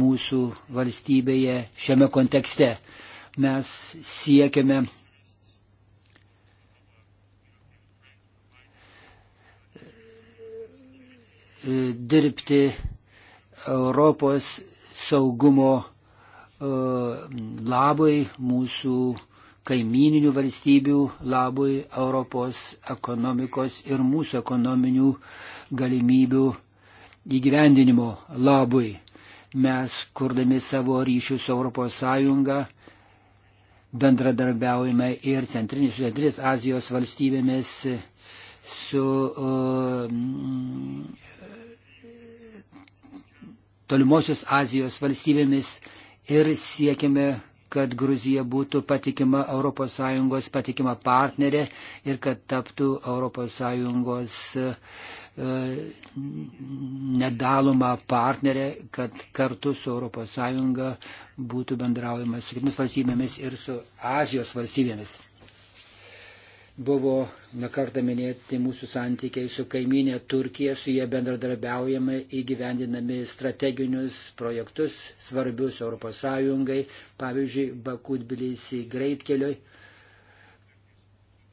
mūsų valstybėje šiame kontekste. Mes siekiame dirbti Europos saugumo e, labui, mūsų kaimininių valstybių labui, Europos ekonomikos ir mūsų ekonominių galimybių įgyvendinimo labui. Mes, kurdami savo ryšius su ES, bendradarbiaujame ir centrinės, su centrinės Azijos valstybėmis, su uh, tolimosios Azijos valstybėmis ir siekime, kad Gruzija būtų patikima ES patikima partnerė ir kad taptų ES e, nedaloma partnerė, kad kartu su ES būtų bendraujama su kitomis valstybėmis ir su Azijos valstybėmis. Buvo nekartą minėti mūsų santykiai su kaiminė Turkija, su jie bendradarbiaujame įgyvendinami strateginius projektus svarbius ES, pavyzdžiui, Bakudbilisi greitkeliui,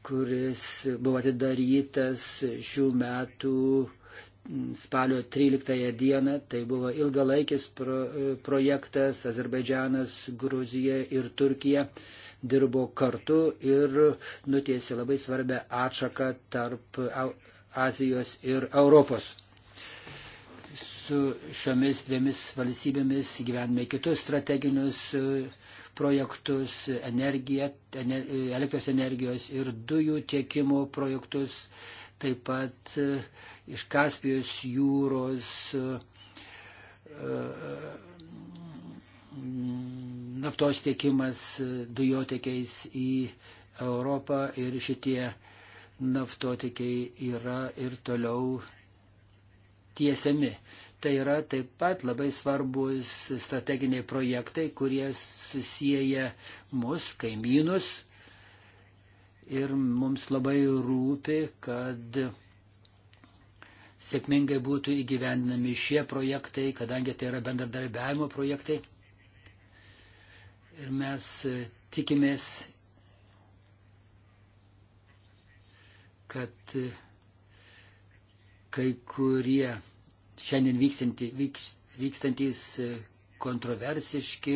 kuris buvo atidarytas šių metų spalio 13 dieną. Tai buvo ilgalaikis pro, e, projektas Azerbaidžianas, Gruzija ir Turkija dirbo kartu ir nutiesė labai svarbę atšaką tarp Azijos ir Europos. Su šiomis dviemis valstybėmis gyvenime kitus strateginius e, projektus, energiją, e, elektros energijos ir dujų tiekimo projektus, taip pat e, iš Kaspijos jūros uh, uh, naftos tiekimas dujotekiais į Europą ir šitie naftotikiai yra ir toliau tiesiami. Tai yra taip pat labai svarbus strateginiai projektai, kurie susiję mus, kaimynus. Ir mums labai rūpi, kad sėkmingai būtų įgyvendinami šie projektai, kadangi tai yra bendradarbiavimo projektai. Ir mes e, tikimės, kad e, kai kurie šiandien vykstanti, vykstantys e, kontroversiški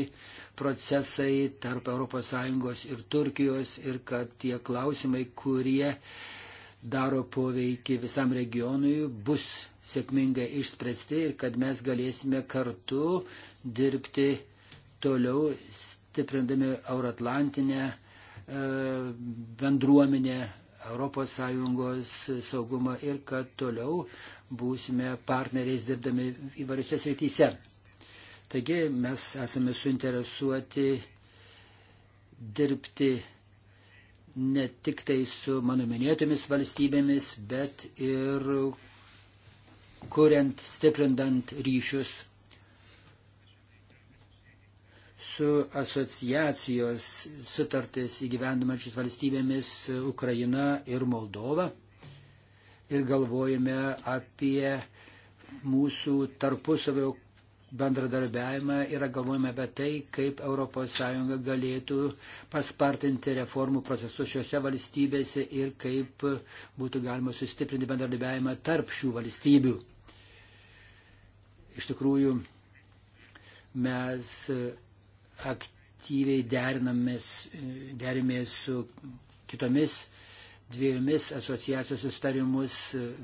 procesai tarp ES ir Turkijos ir kad tie klausimai, kurie daro poveikį visam regionui, bus sėkmingai išspręsti ir kad mes galėsime kartu dirbti toliau stiprindami Euratlantinę e, bendruomenę, ES saugumą ir kad toliau būsime partneriais dirbdami įvairiose srityse. Taigi mes esame suinteresuoti dirbti ne tik tai su mano minėtomis valstybėmis, bet ir kuriant, stiprindant ryšius su asociacijos sutartis įgyvendumančius valstybėmis Ukraina ir Moldova. Ir galvojame apie mūsų tarpusavio bendradarbiavimą ir galvojame apie tai, kaip ES galėtų paspartinti reformų procesus šiuose valstybėse ir kaip būtų galima sustiprinti bendradarbiavimą tarp šių valstybių. Iš tikrųjų, mes aktyviai derimės su kitomis dviejomis asociacijos sustarimus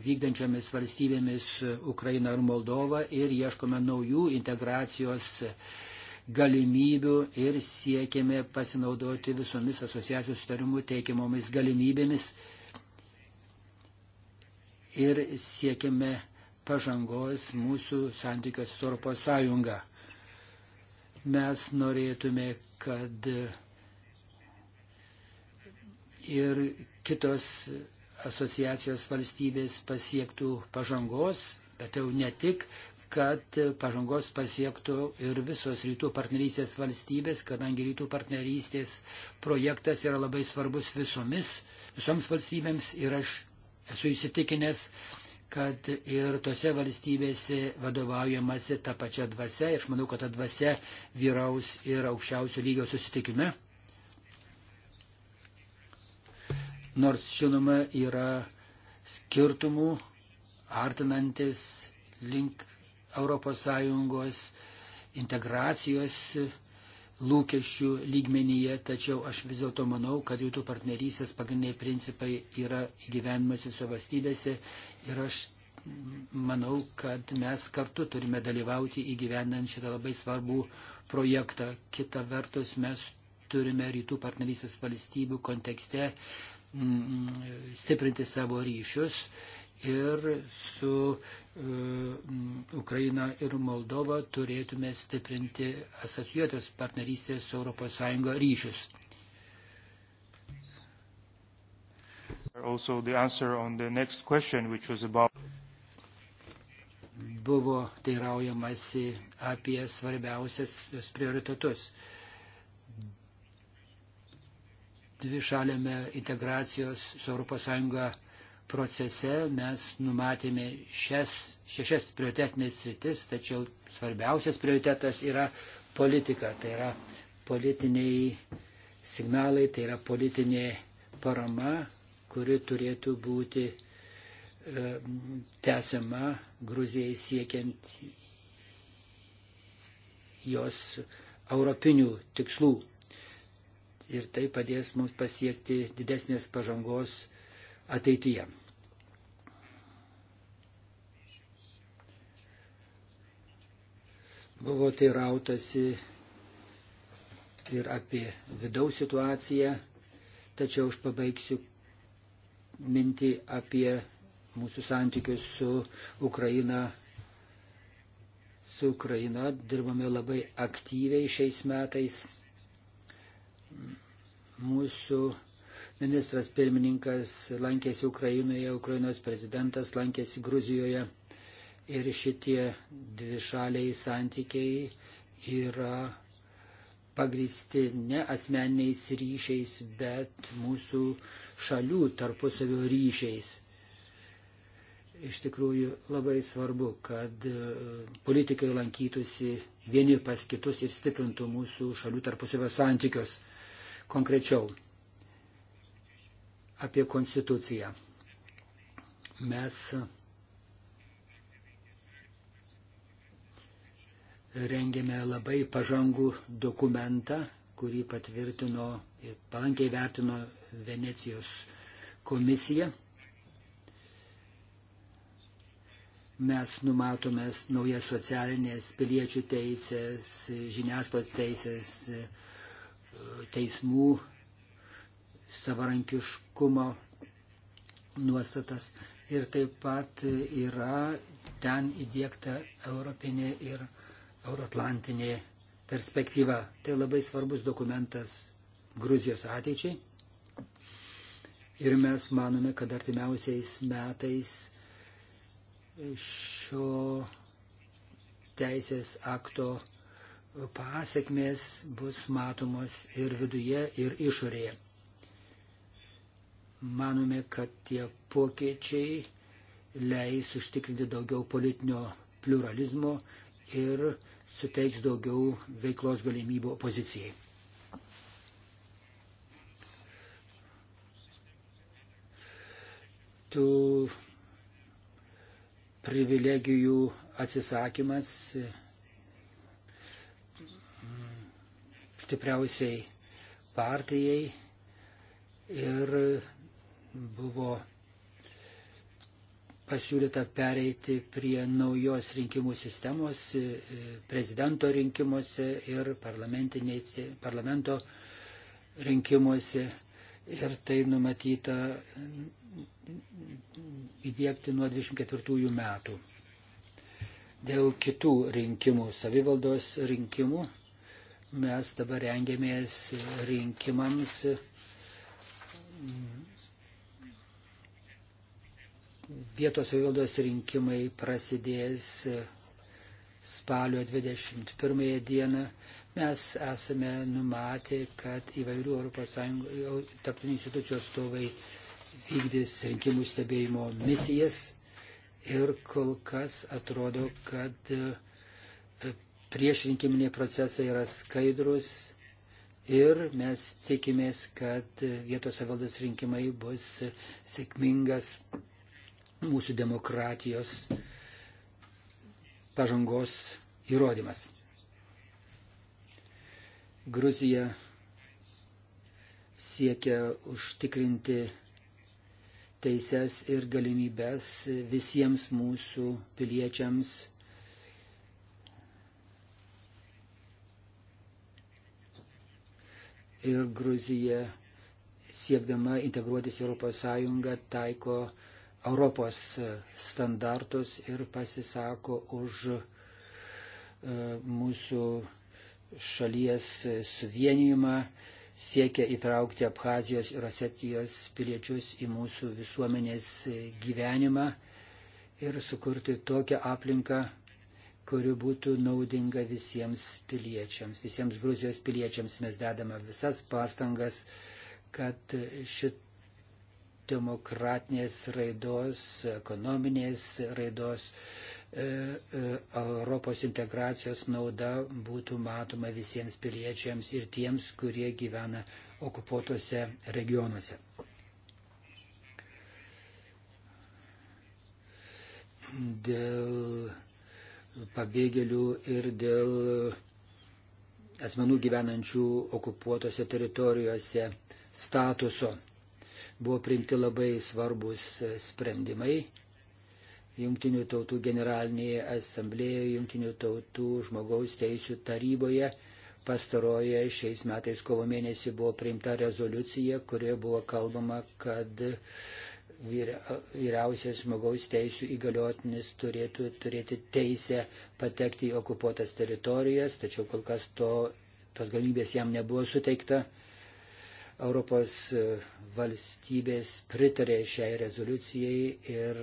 vykdančiomis valstybėmis Ukraina ir Moldova ir ieškome naujų integracijos galimybių ir siekėme pasinaudoti visomis asociacijos sustarimų teikiamomis galimybėmis ir siekėme pažangos mūsų santykios su Europos Sąjunga. Mes norėtume, kad ir kitos asociacijos valstybės pasiektų pažangos, bet jau ne tik, kad pažangos pasiektų ir visos rytų partnerystės valstybės, kadangi rytų partnerystės projektas yra labai svarbus visomis, visoms valstybėms ir aš esu įsitikinęs, kad ir tose valstybėse vadovaujamasi tą pačią dvasę. Aš manau, kad ta dvasė vyraus ir aukščiausio lygio susitikime. Nors, žinoma, yra skirtumų artinantis link ES integracijos lūkesčių lygmenyje, tačiau aš vis dėlto manau, kad jų partnerystės pagrindiniai principai yra gyvenimasi su valstybėse Ir aš manau, kad mes kartu turime dalyvauti įgyvendant šitą labai svarbų projektą. Kita vertus, mes turime rytų partnerystės valstybių kontekste mm, mm stiprinti savo ryšius ir su uh, Ukraina ir Moldova turėtume stiprinti asociuotos partnerystės su ES ryšius. also the answer on the next question, which was about buvo teiraujamasi apie svarbiausias prioritetus. Dvi šalėme integracijos su ES procese mes numatėme šias, šešias prioritetinės sritis, tačiau svarbiausias prioritetas yra politika, tai yra politiniai signalai, tai yra politinė parama, kuri turėtų būti e, tęsiama Gruzijai siekiant jos europinių tikslų. Ir tai padės mums pasiekti didesnės pažangos ateityje. Buvo tai rautasi ir apie vidaus situaciją, tačiau aš pabaigsiu mintį apie mūsų santykius su Ukraina. Su Ukraina dirbame labai aktyviai šiais metais. Mūsų ministras pirmininkas lankėsi Ukrainoje, Ukrainos prezidentas lankėsi Gruzijoje ir šitie dvišaliai santykiai yra pagristi ne asmeniniais ryšiais, bet mūsų uh, šalių tarpusavio ryšiais. Iš tikrųjų labai svarbu, kad e, politikai lankytųsi vieni pas kitus ir stiprintų mūsų šalių tarpusavio santykius. Konkrečiau apie konstituciją. Mes e, rengėme labai pažangų dokumentą, kurį patvirtino ir palankiai vertino Venecijos komisija. Mes numatome naujas socialinės piliečių teisės, žiniasklaidos teisės, teismų savarankiškumo nuostatas ir taip pat yra ten įdėkta europinė ir euroatlantinė perspektyva. Tai labai svarbus dokumentas Gruzijos ateičiai ir mes manome, kad artimiausiais metais šio teisės akto pasiekmės bus matomos ir viduje, ir išorėje. Manome, kad tie pokyčiai leis užtikrinti daugiau politinio pluralizmo ir suteiks daugiau veiklos galimybių opozicijai. tų privilegijų atsisakymas mm, stipriausiai partijai ir buvo pasiūlyta pereiti prie naujos rinkimų sistemos prezidento rinkimuose ir parlamento rinkimuose ir tai numatyta įdėkti nuo 24 metų. Dėl kitų rinkimų, savivaldos rinkimų, mes dabar rengiamės rinkimams vietos savivaldos rinkimai prasidės spalio 21 dieną Mes esame numatę, kad įvairių ES tarptautinių institucijų atstovai vykdys rinkimų stebėjimo misijas ir kol kas atrodo, kad e, priešrinkiminiai procesai yra skaidrus ir mes tikimės, kad vietos savaldos rinkimai bus sėkmingas mūsų demokratijos pažangos įrodymas. Gruzija siekia užtikrinti teises ir galimybės visiems mūsų piliečiams. Ir Gruzija, siekdama integruotis Europos Sąjungą, taiko Europos standartus ir pasisako už e, mūsų šalies suvienijimą, siekia įtraukti Abhazijos ir Osetijos piliečius į mūsų visuomenės gyvenimą ir sukurti tokią aplinką, kuri būtų naudinga visiems piliečiams, visiems Gruzijos piliečiams. Mes dedame visas pastangas, kad šit demokratinės raidos, ekonominės raidos, uh, E, e, Europos integracijos nauda būtų matoma visiems piliečiams ir tiems, kurie gyvena okupuotose regionuose. Dėl pabėgėlių ir dėl asmenų gyvenančių okupuotose teritorijose statuso buvo priimti labai svarbus sprendimai Junktinių tautų generalinėje asamblėje, Junktinių tautų žmogaus teisų taryboje. Pastaroje šiais metais kovo mėnesį buvo priimta rezoliucija, kurioje buvo kalbama, kad vyriausias žmogaus teisų įgaliotinis turėtų turėti teisę patekti į okupuotas teritorijas, tačiau kol kas to, tos galimybės jam nebuvo suteikta. Europos e, valstybės pritarė šiai rezoliucijai ir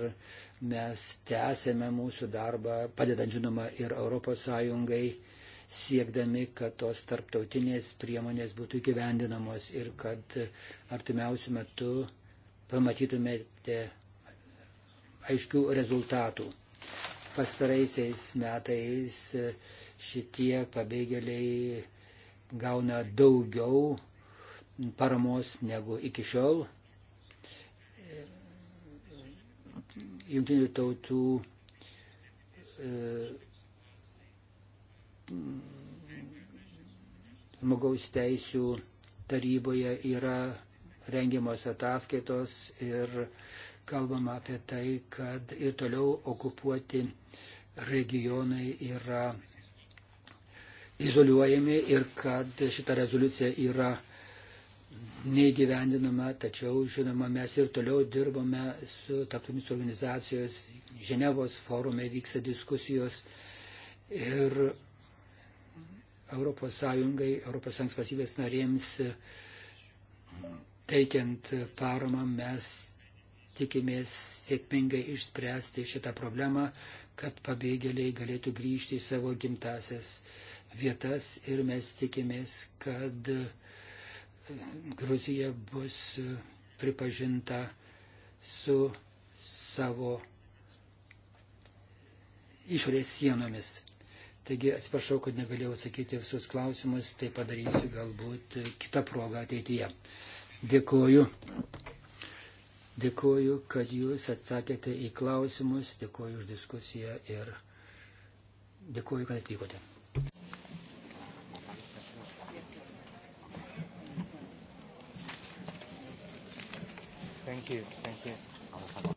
Mes tęsėme mūsų darbą, padedant žinoma ir ES, siekdami, kad tos tarptautinės priemonės būtų įgyvendinamos ir kad artimiausių metų pamatytumėte aiškių rezultatų. Pastaraisiais metais šitie pabėgėliai gauna daugiau paramos negu iki šiol. jungtinių tautų e, žmogaus teisų taryboje yra rengiamos ataskaitos ir kalbama apie tai, kad ir toliau okupuoti regionai yra izoliuojami ir kad šita rezoliucija yra neįgyvendinama, tačiau, žinoma, mes ir toliau dirbame su tarptautinis organizacijos, Ženevos forume vyksta diskusijos ir Europos Sąjungai, Europos Sąjungos valstybės narėms teikiant paramą mes tikimės sėkmingai išspręsti šitą problemą, kad pabėgėliai galėtų grįžti į savo gimtasias vietas ir mes tikimės, kad uh, Gruzija bus pripažinta su savo išorės sienomis. Taigi atsiprašau, kad negalėjau atsakyti visus klausimus, tai padarysiu galbūt kitą progą ateityje. Dėkuoju. Dėkuoju, kad jūs atsakėte į klausimus, dėkuoju už diskusiją ir dėkuoju, kad atvykote. you. Thank you.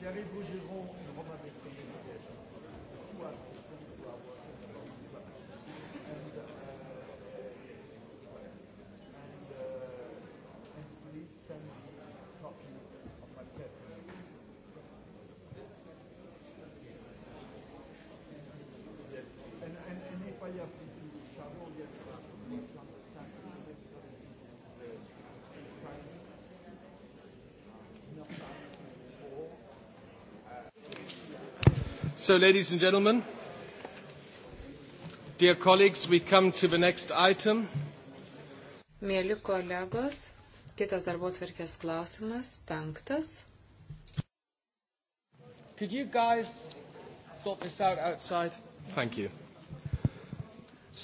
Pierre-Yves Rougeron et Romain Messier. Tout à ce So, ladies and gentlemen, dear colleagues, we come to the next item. Mėly kolegos, kitas darbo tvarkės klausimas, penktas. Could you guys sort this out outside? Thank you.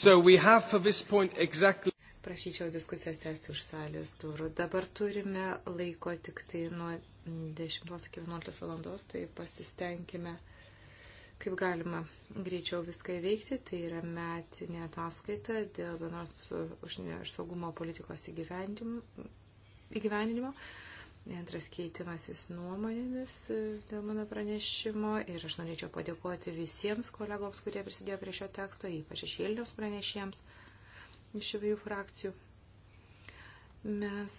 So we have for this point exactly prašyčiau diskusijas tęsti už salės durų. Dabar turime laiko tik tai nuo 10 iki 11 valandos, tai pasistengime kaip galima greičiau viską įveikti. Tai yra metinė ataskaita dėl bendros užsienio ir saugumo politikos įgyvendinimo. Antras keitimasis nuomonėmis e, dėl mano pranešimo ir aš norėčiau padėkoti visiems kolegoms, kurie prisidėjo prie šio teksto, ypač šešėliniams pranešėjams iš įvairių frakcijų. Mes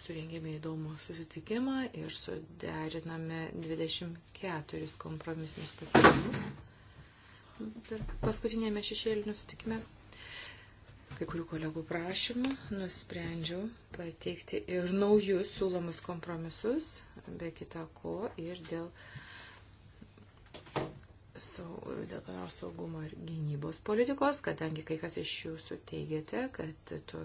surengėme įdomų susitikimą ir suderiname 24 kompromisinius pakeitimus. Paskutinėme šešėlinių sutikime kai kurių kolegų prašymų nusprendžiau pateikti ir naujus siūlomus kompromisus, be kita ko ir dėl, saug, dėl saugumo ir gynybos politikos, kadangi kai kas iš jūsų teigiate, kad tokie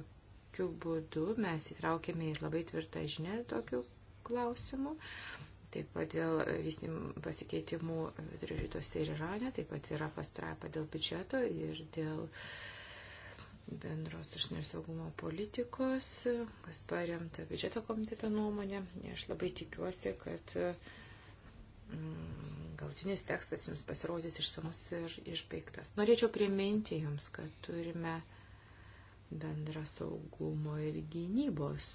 tokiu būdu mes įtraukėme į labai tvirtą žinę tokiu klausimu. Taip pat dėl vystimų pasikeitimų rytuose ir Irane, taip pat yra pastraipa dėl biudžeto ir dėl bendros užsienio saugumo politikos, kas paremta biudžeto komiteto nuomonė. Aš labai tikiuosi, kad mm, galtinis tekstas jums pasirodys išsamus ir išbaigtas. Norėčiau priminti jums, kad turime bendrą saugumo ir gynybos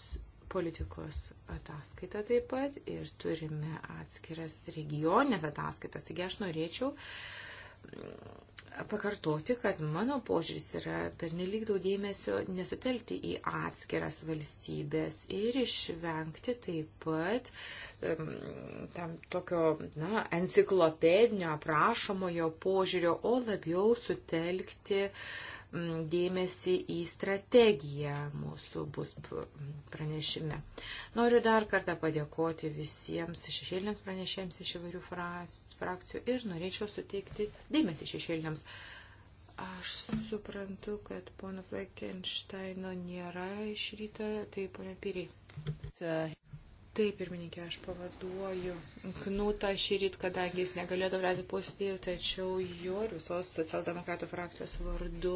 politikos ataskaitą taip pat ir turime atskiras regioninės ataskaitas. Taigi aš norėčiau mm, pakartoti, kad mano požiūris yra pernelyg daug dėmesio nesutelkti į atskiras valstybės ir išvengti taip pat um, tam tokio na, enciklopedinio aprašomojo požiūrio, o labiau sutelkti uh, dėmesį į strategiją mūsų bus pranešime. Noriu dar kartą padėkoti visiems šešėliniams pranešėjams iš įvairių frakcijų ir norėčiau suteikti dėmesį šešėliniams. Aš suprantu, kad pono Fleckensteino nėra iš ryto, tai ponia Pyry. Taip, pirmininkė, aš pavaduoju Knutą šį rytą, kadangi jis negalėjo dalyvauti posėdėje, tačiau jo ir visos socialdemokratų frakcijos vardu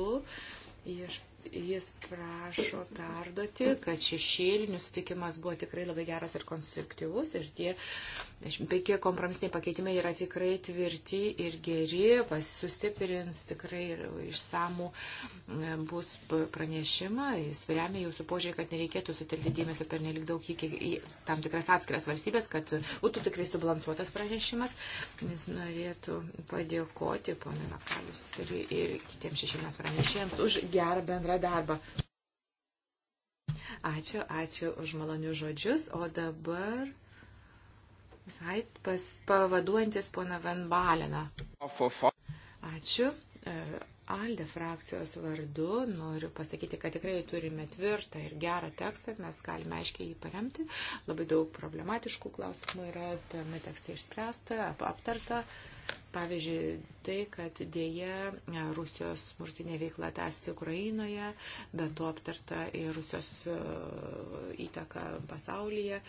iš Jis prašo perduoti, kad šešėlinių sutikimas buvo tikrai labai geras ir konstruktyvus ir tie penki kompromisiniai pakeitimai yra tikrai tvirti ir geri, sustiprins tikrai išsamų e, bus pranešimą. Jis remia jūsų požiūrį, kad nereikėtų sutelkti dėmesio per nelik daug į, į tam tikras atskiras valstybės, kad būtų tikrai subalansuotas pranešimas. Jis norėtų padėkoti ponui Makalius ir, ir kitiems šešėliniams pranešėjams už gerą bendrą bendrą darbą. Ačiū, ačiū už malonius žodžius, o dabar visai pas, pavaduojantis pona Van Baleną. Ačiū. E, Alde frakcijos vardu noriu pasakyti, kad tikrai turime tvirtą ir gerą tekstą, mes galime aiškiai jį paremti. Labai daug problematiškų klausimų yra tame tekste išspręsta, aptarta. Uh, Pavyzdžiui, tai, kad dėja e, Rusijos smurtinė veikla tęsiasi Ukrainoje, bet to aptarta ir Rusijos e, įtaka pasaulyje,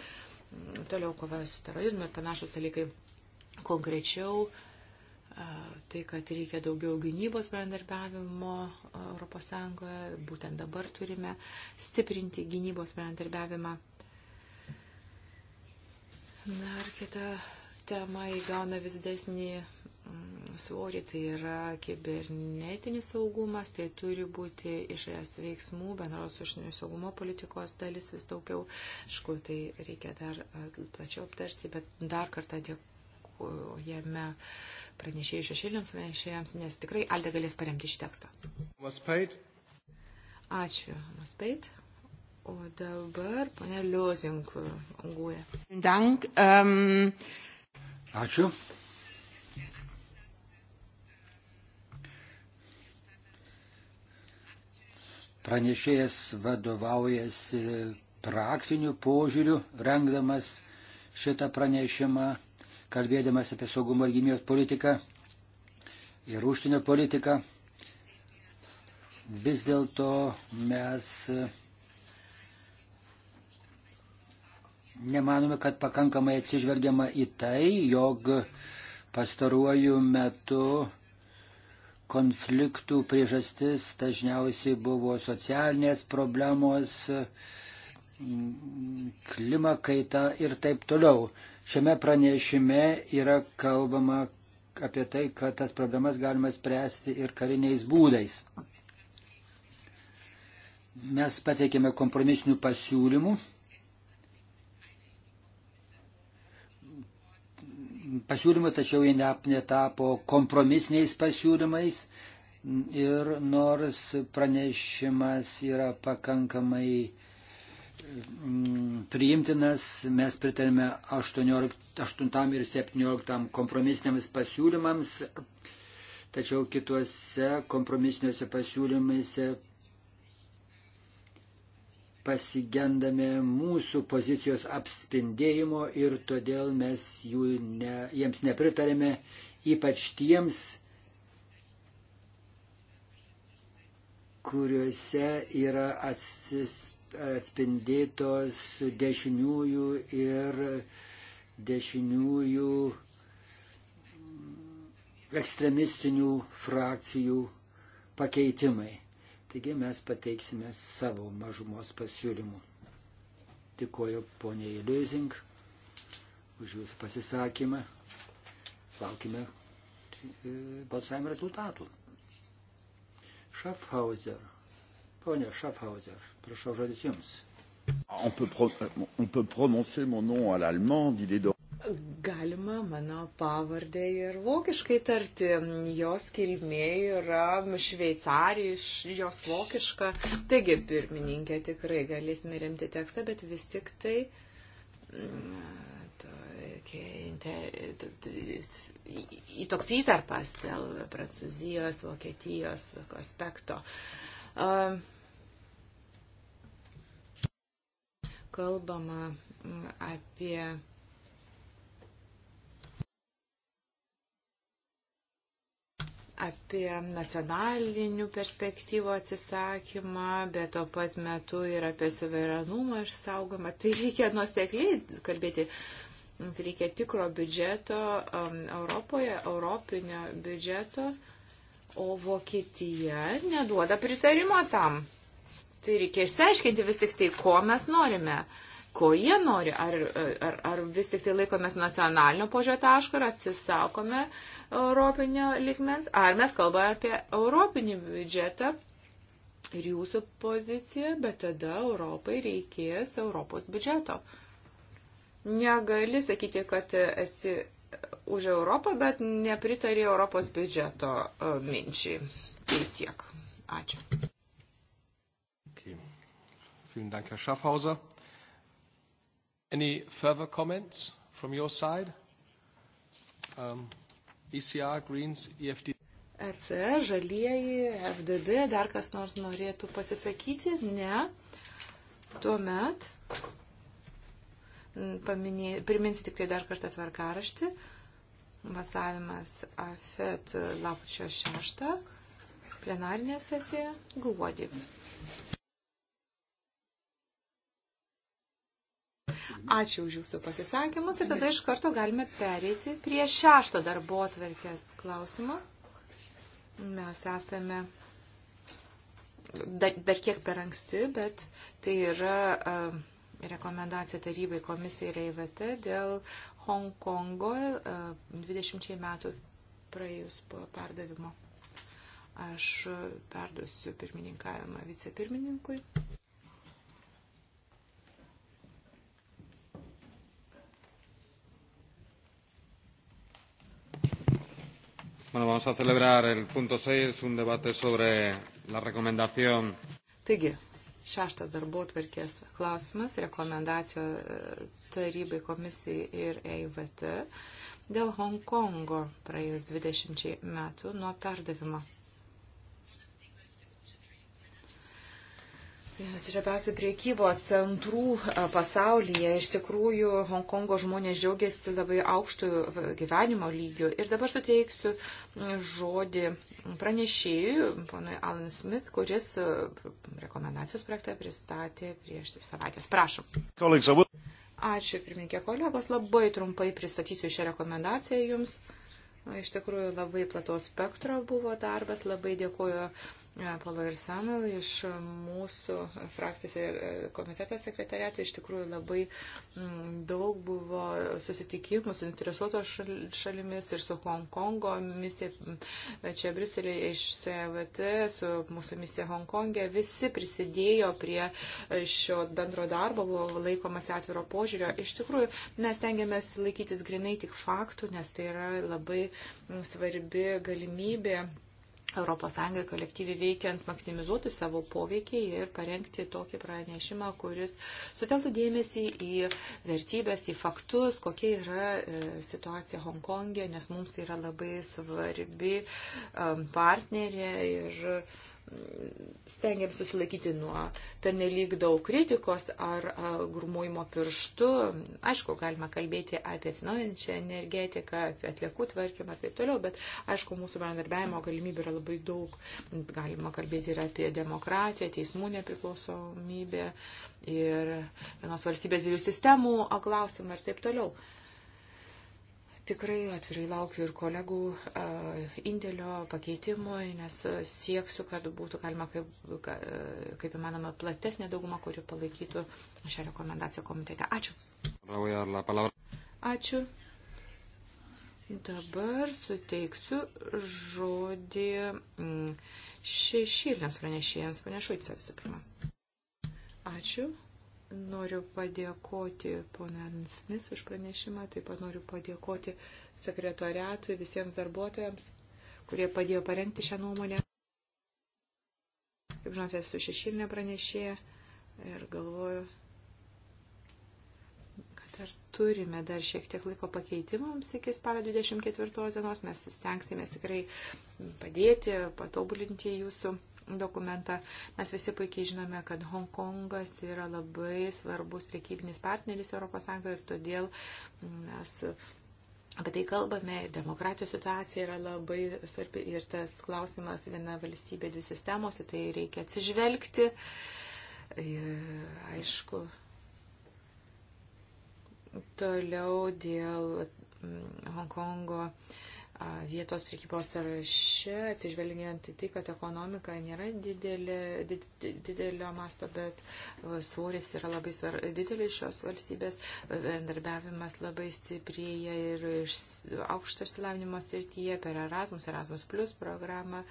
toliau kova su terorizmu ir panašus dalykai konkrečiau e, tai, kad reikia daugiau gynybos bendarbiavimo ES, būtent dabar turime stiprinti gynybos bendarbiavimą. Dar kita tema įgauna vis desnį svorį, tai yra kibernetinis saugumas, tai turi būti išrės veiksmų, bendros užsienio saugumo politikos dalis vis daugiau. Aišku, tai reikia dar plačiau aptarti, bet dar kartą dėkojame pranešėjai šešėliams pranešėjams, nes tikrai Alde galės paremti šį tekstą. Ačiū, Maspeit. O dabar, ponė Liozink, guė. Dank. Um... Ačiū. pranešėjas vadovaujasi praktiniu požiūriu, rengdamas šitą pranešimą, kalbėdamas apie saugumo ir gynybos politiką ir užsienio politiką. Vis dėlto mes nemanome, kad pakankamai atsižvelgiama į tai, jog pastaruoju metu konfliktų priežastis dažniausiai buvo socialinės problemos, klima kaita ir taip toliau. Šiame pranešime yra kalbama apie tai, kad tas problemas galima spręsti ir kariniais būdais. Mes pateikėme kompromisinių pasiūlymų pasiūlymų, tačiau jie netapo kompromisiniais pasiūlymais. Ir nors pranešimas yra pakankamai mm, priimtinas, mes pritarėme 18, 8 ir 17 kompromisiniams pasiūlymams, tačiau kituose kompromisiniuose pasiūlymuose pasigendame mūsų pozicijos apspindėjimo ir todėl mes ne, jiems nepritarėme, ypač tiems, kuriuose yra atspindėtos dešiniųjų ir dešiniųjų ekstremistinių frakcijų pakeitimai. Taigi mes pateiksime savo mažumos pasiūlymų. Tikoju poniai Liuzing už jūsų pasisakymą. Laukime e, balsavimo rezultatų. Schaffhauser. Pone Schaffhauser, prašau žodis jums. On peut, pro, on peut prononcer mon nom à l'allemande, il est Galima mano pavardę ir vokiškai tarti. Jos kilmė yra šveicariš, jos vokiška. Taigi, pirmininkė, tikrai galėsime remti tekstą, bet vis tik tai mm, į toks įtarpas dėl Prancūzijos, Vokietijos aspekto. Kalbama mm, apie apie nacionalinių perspektyvų atsisakymą, bet tuo pat metu ir apie suverenumą išsaugomą. Tai reikia nuosekliai kalbėti. Mums reikia tikro biudžeto um, Europoje, europinio biudžeto, o Vokietija neduoda pritarimo tam. Tai reikia išsiaiškinti vis tik tai, ko mes norime, ko jie nori, ar, ar, ar vis tik tai laikomės nacionalinio požio taško ir atsisakome uh, europinio ligmens, ar mes kalbame apie europinį biudžetą ir jūsų poziciją, bet tada Europai reikės Europos biudžeto. Negali sakyti, kad esi už Europą, bet nepritarė Europos biudžeto e, minčiai. Tai tiek. Ačiū. Okay. Vielen Dank, Herr Schaffhauser. Any further comments from your side? Um, ECR, Greens, EFD. ECR, žalieji, FDD, dar kas nors norėtų pasisakyti? Ne. Tuomet mm, paminė, priminsiu tik tai dar kartą tvarkaraštį. Vasavimas AFET lapčio 6, plenarinė sesija, gruodį. Ačiū už jūsų pasisakymus ir tada iš karto galime pereiti prie šešto darbo atverkės klausimo. Mes esame dar, dar kiek per anksti, bet tai yra uh, rekomendacija tarybai komisijai ir EIVT dėl Hongkongo uh, 20 metų praėjus po perdavimo. Aš perduosiu pirmininkavimą vicepirmininkui. Bueno, vamos a celebrar el punto 6, un debate sobre la recomendación. Taigi, šeštas darbo tvarkės klausimas, rekomendacijų e, tarybai komisijai ir EIVT dėl Hongkongo praėjus 20 metų nuo perdavimo. Vienas iš abiausių priekybos centrų e, pasaulyje. Iš tikrųjų, Hongkongo žmonės džiaugiasi labai aukštų e, gyvenimo lygių. Ir dabar suteiksiu žodį pranešėjui, ponui Alan Smith, kuris e, rekomendacijos projektą pristatė prieš dvi savaitės. Prašom. Ačiū, pirmininkė kolegos. Labai trumpai pristatysiu šią rekomendaciją jums. Iš tikrųjų, labai platos spektro buvo darbas. Labai dėkuoju Palo ir Samuel iš mūsų frakcijos ir e, komiteto sekretariato iš tikrųjų labai mm, daug buvo susitikimų su interesuotos šalimis ir su Hongkongo misija mm, čia Briuselėje iš CVT, su mūsų misija Hongkonge. Visi prisidėjo prie e, šio bendro darbo, buvo laikomasi atviro požiūrio. Iš tikrųjų, mes tengiamės laikytis grinai tik faktų, nes tai yra labai mm, svarbi galimybė ES kolektyviai veikiant maksimizuoti savo poveikį ir parengti tokį pranešimą, kuris suteltų dėmesį į vertybės, į faktus, kokia yra e, situacija Hongkongė, nes mums tai yra labai svarbi e, partnerė ir stengiam susilaikyti nuo pernelyg daug kritikos ar grumojimo pirštu. Aišku, galima kalbėti apie atsinaujinčią energetiką, apie atliekų tvarkymą ir taip toliau, bet aišku, mūsų bendarbiavimo galimybių yra labai daug. Galima kalbėti ir apie demokratiją, teismų nepriklausomybę ir vienos valstybės dviejų sistemų klausimą ir taip toliau. Uh, tikrai atvirai laukiu ir kolegų indėlio pakeitimo, nes sieksiu, kad būtų galima kaip, kaip įmanoma platesnė dauguma, kuri palaikytų šią rekomendaciją komitete. Ačiū. Ačiū. Dabar suteiksiu žodį mm, šešėlėms pranešėjams, panašu į visų pirma. Ačiū. Noriu padėkoti ponam Smith už pranešimą, taip pat noriu padėkoti sekretoriatui, visiems darbuotojams, kurie padėjo parengti šią nuomonę. Kaip žinote, esu šešilinė pranešėja ir galvoju, kad ar turime dar šiek tiek laiko pakeitimams iki spalio 24 dienos. Mes stengsimės tikrai padėti, patobulinti jūsų dokumentą. Mes visi puikiai žinome, kad Hongkongas yra labai svarbus priekybinis partneris ES ir todėl mes apie tai kalbame ir demokratijos situacija yra labai svarbi ir tas klausimas viena valstybė, dvi sistemos, į tai reikia atsižvelgti. Aišku, toliau dėl mm, Hongkongo uh, vietos prekybos sąraše, atsižvelgiant į tai, kad ekonomika nėra didelė, did, didelio masto, bet e, svoris yra labai svar, didelis šios valstybės, e, bendarbiavimas labai stiprėja ir iš aukšto išsilavinimo srityje per Erasmus, Erasmus Plus programą,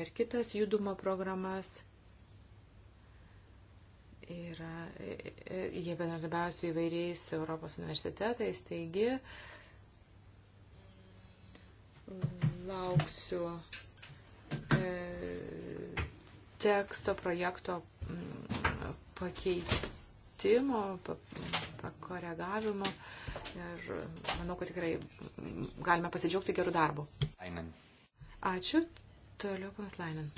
per kitas judumo programas. Yra, e, jie bendradarbiausia įvairiais Europos universitetais, taigi uh, Lauksiu e, teksto projekto mm, pakeitimo, pakoregavimo ir manau, kad tikrai galime pasidžiaugti gerų darbų. Einen. Ačiū. Toliau panas Lainen.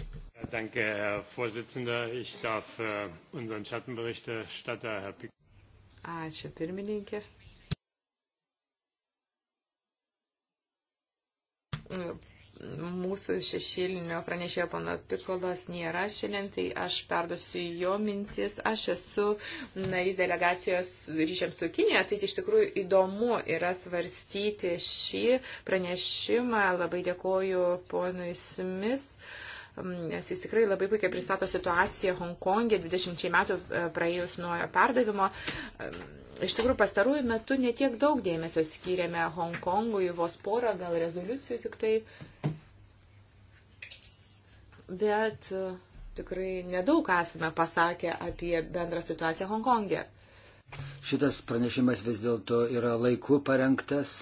Danke, Herr Vorsitzender. Ich darf äh, unseren Schattenberichterstatter, Herr Pik. Ačiū, pirmininkė. mūsų šešėlinio pranešėjo pana Pikolas nėra šiandien, tai aš perduosiu jo mintis. Aš esu narys delegacijos ryšiams su Kinėje, tai iš tikrųjų įdomu yra svarstyti šį pranešimą. Labai dėkoju ponui Smith Mm, nes jis tikrai labai puikiai pristato situaciją Hongkongė 20 metų e, praėjus nuo perdavimo. Mm, iš tikrųjų, pastarųjų metų netiek daug dėmesio skiriame Hongkongui, vos porą gal rezoliucijų tik tai. Bet e, tikrai nedaug esame pasakę apie bendrą situaciją Hongkongė. E. Šitas pranešimas vis dėlto yra laiku parengtas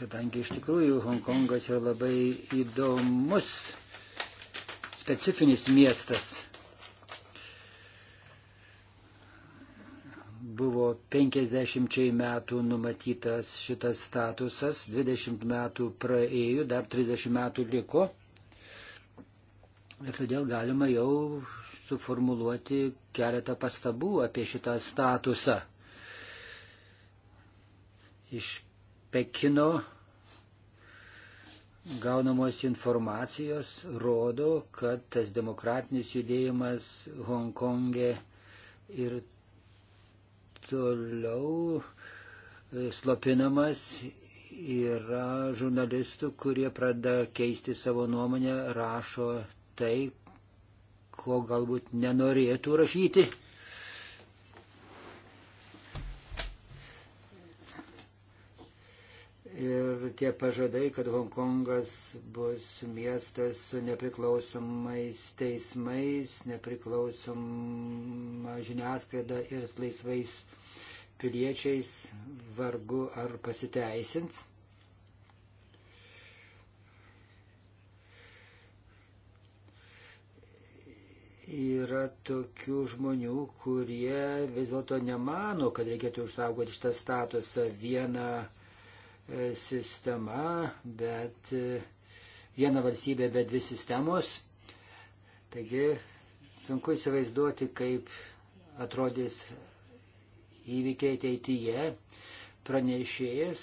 kadangi iš tikrųjų Hongkongas yra labai įdomus, specifinis miestas. Buvo 50 metų numatytas šitas statusas, 20 metų praėjo, dar 30 metų liko. Ir todėl galima jau suformuluoti keletą pastabų apie šitą statusą. Iš Pekino gaunamos informacijos rodo, kad tas demokratinis judėjimas Hongkonge ir toliau e, slopinamas yra žurnalistų, kurie pradeda keisti savo nuomonę, rašo tai, ko galbūt nenorėtų rašyti. Ir tie pažadai, kad Hongkongas bus miestas su nepriklausomais teismais, nepriklausoma žiniasklaida ir laisvais piliečiais, vargu ar pasiteisins. yra tokių žmonių, kurie vis dėlto nemano, kad reikėtų išsaugoti šitą statusą. Viena E, sistema, bet e, viena valstybė be dvi sistemos. Taigi sunku įsivaizduoti, kaip atrodys įvykiai ateityje. Pranešėjas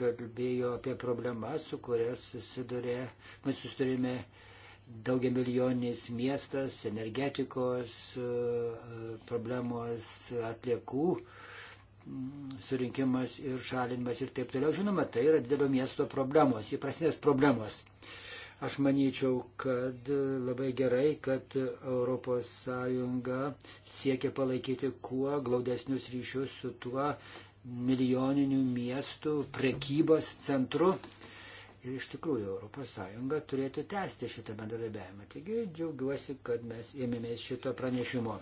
kalbėjo apie problemas, su kuria susidurė, mes susidurime daugia milijoninis miestas, energetikos e, problemos atliekų Mm, surinkimas ir šalinimas ir taip toliau. Žinoma, tai yra didelio miesto problemos, įprasnės problemos. Aš manyčiau, kad e, labai gerai, kad ES siekia palaikyti kuo glaudesnius ryšius su tuo milijoniniu miestu, prekybos centru. Ir iš tikrųjų ES turėtų tęsti šitą bendradarbiavimą. Taigi džiaugiuosi, kad mes ėmėmės šito pranešimo.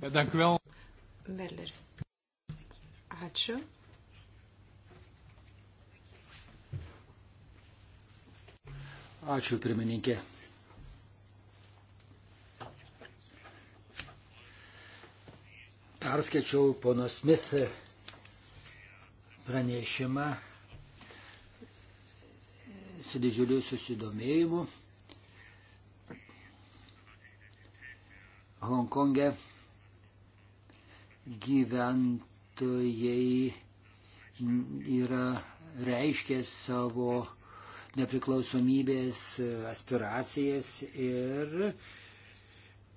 Bet dank u wel. Belderis. Ačiū. Ačiū, pirmininkė. Perskaičiau pono Smith pranešimą su didžiuliu susidomėjimu. Hongkonge gyventojai yra reiškia savo nepriklausomybės aspiracijas ir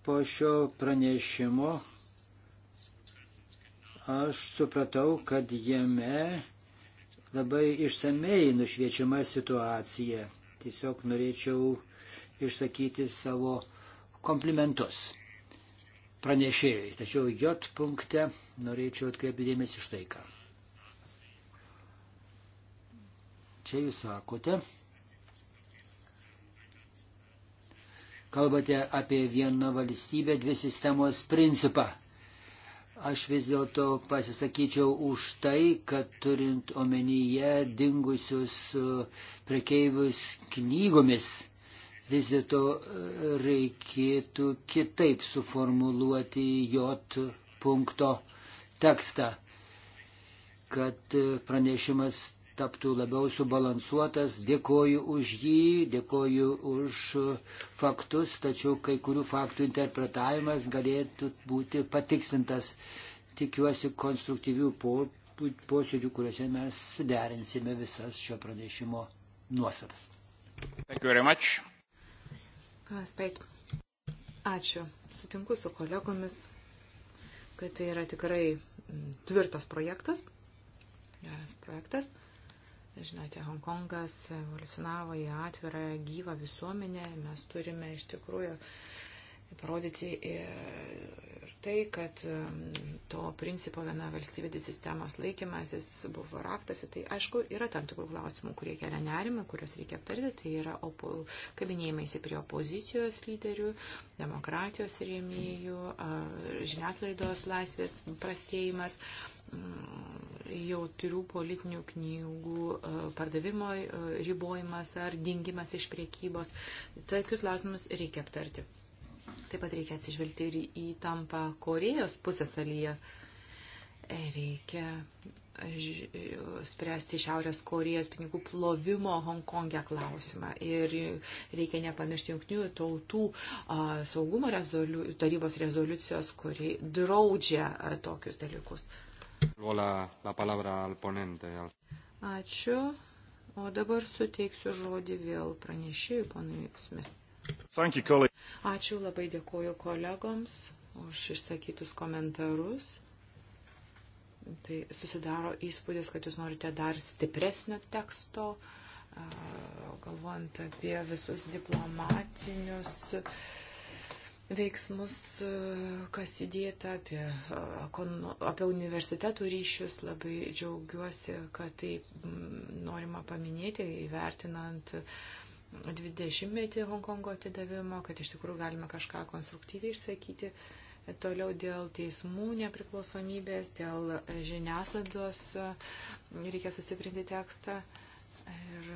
po šio pranešimo aš supratau, kad jame labai išsamei nušviečiama situacija. Tiesiog norėčiau išsakyti savo komplimentus pranešėjai. Tačiau J punkte norėčiau atkreipti dėmesį štai ką. Čia jūs sakote, kalbate apie vieną valstybę, dvi sistemos principą. Aš vis dėlto pasisakyčiau už tai, kad turint omenyje dingusius uh, prekeivius knygomis, vis dėlto e, reikėtų kitaip suformuluoti J punkto tekstą, kad e, pranešimas taptų labiau subalansuotas. Dėkoju už jį, dėkoju už faktus, tačiau kai kurių faktų interpretavimas galėtų būti patikslintas. Tikiuosi konstruktyvių posėdžių, kuriuose mes suderinsime visas šio pranešimo nuostatas. Thank you very much. Speit. Ačiū. Sutinku su kolegomis, kad tai yra tikrai mm, tvirtas projektas, geras projektas. Žinote, Hongkongas evoliucionavo į atvirą gyvą visuomenę. Mes turime iš tikrųjų parodyti e, ir tai, kad mm, to principo viena valstybė sistemos laikymasis buvo raktas. Tai aišku, yra tam tikrų klausimų, kurie kelia nerimą, kuriuos reikia aptarti. Tai yra opo, kabinėjimaisi prie opozicijos lyderių, demokratijos rėmėjų, žiniaslaidos laisvės prastėjimas mm, jautrių politinių knygų pardavimo ribojimas ar dingimas iš priekybos. Tokius klausimus reikia aptarti. Taip pat reikia atsižvelgti ir į įtampą Korejos pusėsalyje. Reikia spręsti Šiaurės Korejos pinigų plovimo Hongkongė klausimą. Ir reikia nepamiršti jungtinių tautų a, saugumo rezoliu, tarybos rezoliucijos, kuri draudžia a, tokius dalykus. La, la palabra al ponente. Ačiū. O dabar suteiksiu žodį vėl pranešėjui, panui Smith. You, Ačiū labai dėkuoju kolegoms už išsakytus komentarus. Tai susidaro įspūdis, kad jūs norite dar stipresnio teksto, galvojant apie visus diplomatinius veiksmus, kas įdėta apie, apie universitetų ryšius. Labai džiaugiuosi, kad tai norima paminėti, įvertinant uh, 20-metį Hongkongo atidavimo, kad iš tikrųjų galime kažką konstruktyviai išsakyti. Toliau dėl teismų nepriklausomybės, dėl e, žiniasklaidos e, reikia sustiprinti tekstą. Ir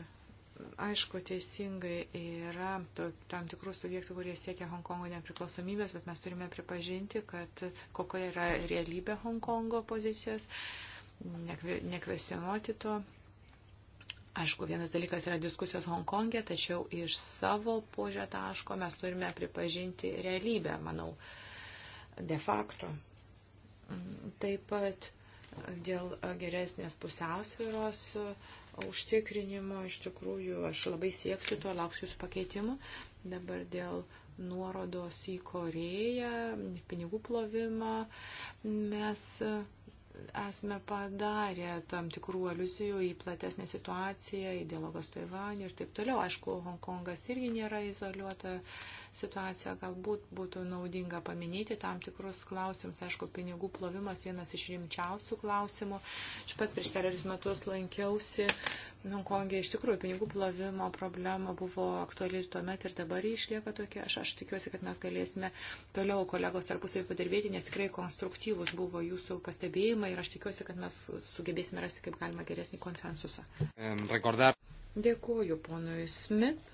aišku, teisingai yra to, tam tikrų subjektų, kurie siekia Hongkongo nepriklausomybės, bet mes turime pripažinti, kad kokia yra realybė Hongkongo pozicijos, nekvestionuoti to. Aišku, vienas dalykas yra diskusijos Hongkongė, tačiau iš savo požiūrio taško mes turime pripažinti realybę, manau, de facto. Taip pat dėl geresnės pusiausviros užtikrinimo, iš tikrųjų, aš labai sieksiu to, lauksiu jūsų pakeitimų. Dabar dėl nuorodos į Koreją, pinigų plovimą mes esame padarę tam tikrų aliuzijų į platesnę situaciją, į dialogą su Taivaniu ir taip toliau. Aišku, Hongkongas irgi nėra izoliuota situacija, galbūt būtų naudinga paminėti tam tikrus klausimus. Aišku, pinigų plovimas vienas iš rimčiausių klausimų. Aš pats prieš keliarius metus lankiausi uh, Hongkongė iš tikrųjų pinigų plovimo problema buvo aktuali ir tuomet ir dabar išlieka tokia. Aš, aš tikiuosi, kad mes galėsime toliau kolegos tarpusavį padirbėti, nes tikrai konstruktyvus buvo jūsų pastebėjimai ir aš tikiuosi, kad mes sugebėsime rasti kaip galima geresnį konsensusą. Rekordar. Dėkuoju ponui Smith.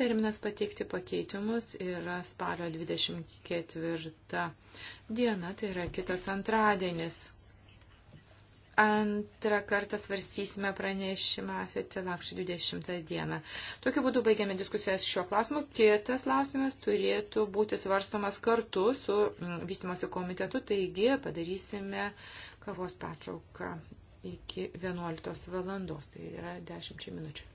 Terminas pateikti pakeitimus yra spalio 24 diena, tai yra kitas antradienis. Antrą kartą svarstysime pranešimą FETI lakščių 20 dieną. Tokiu būdu baigiame diskusijas šiuo klausimu. Kitas klausimas turėtų būti svarstamas kartu su mm, vystimosi komitetu, taigi padarysime kavos patrauką iki 11 valandos, tai yra 10 minučių.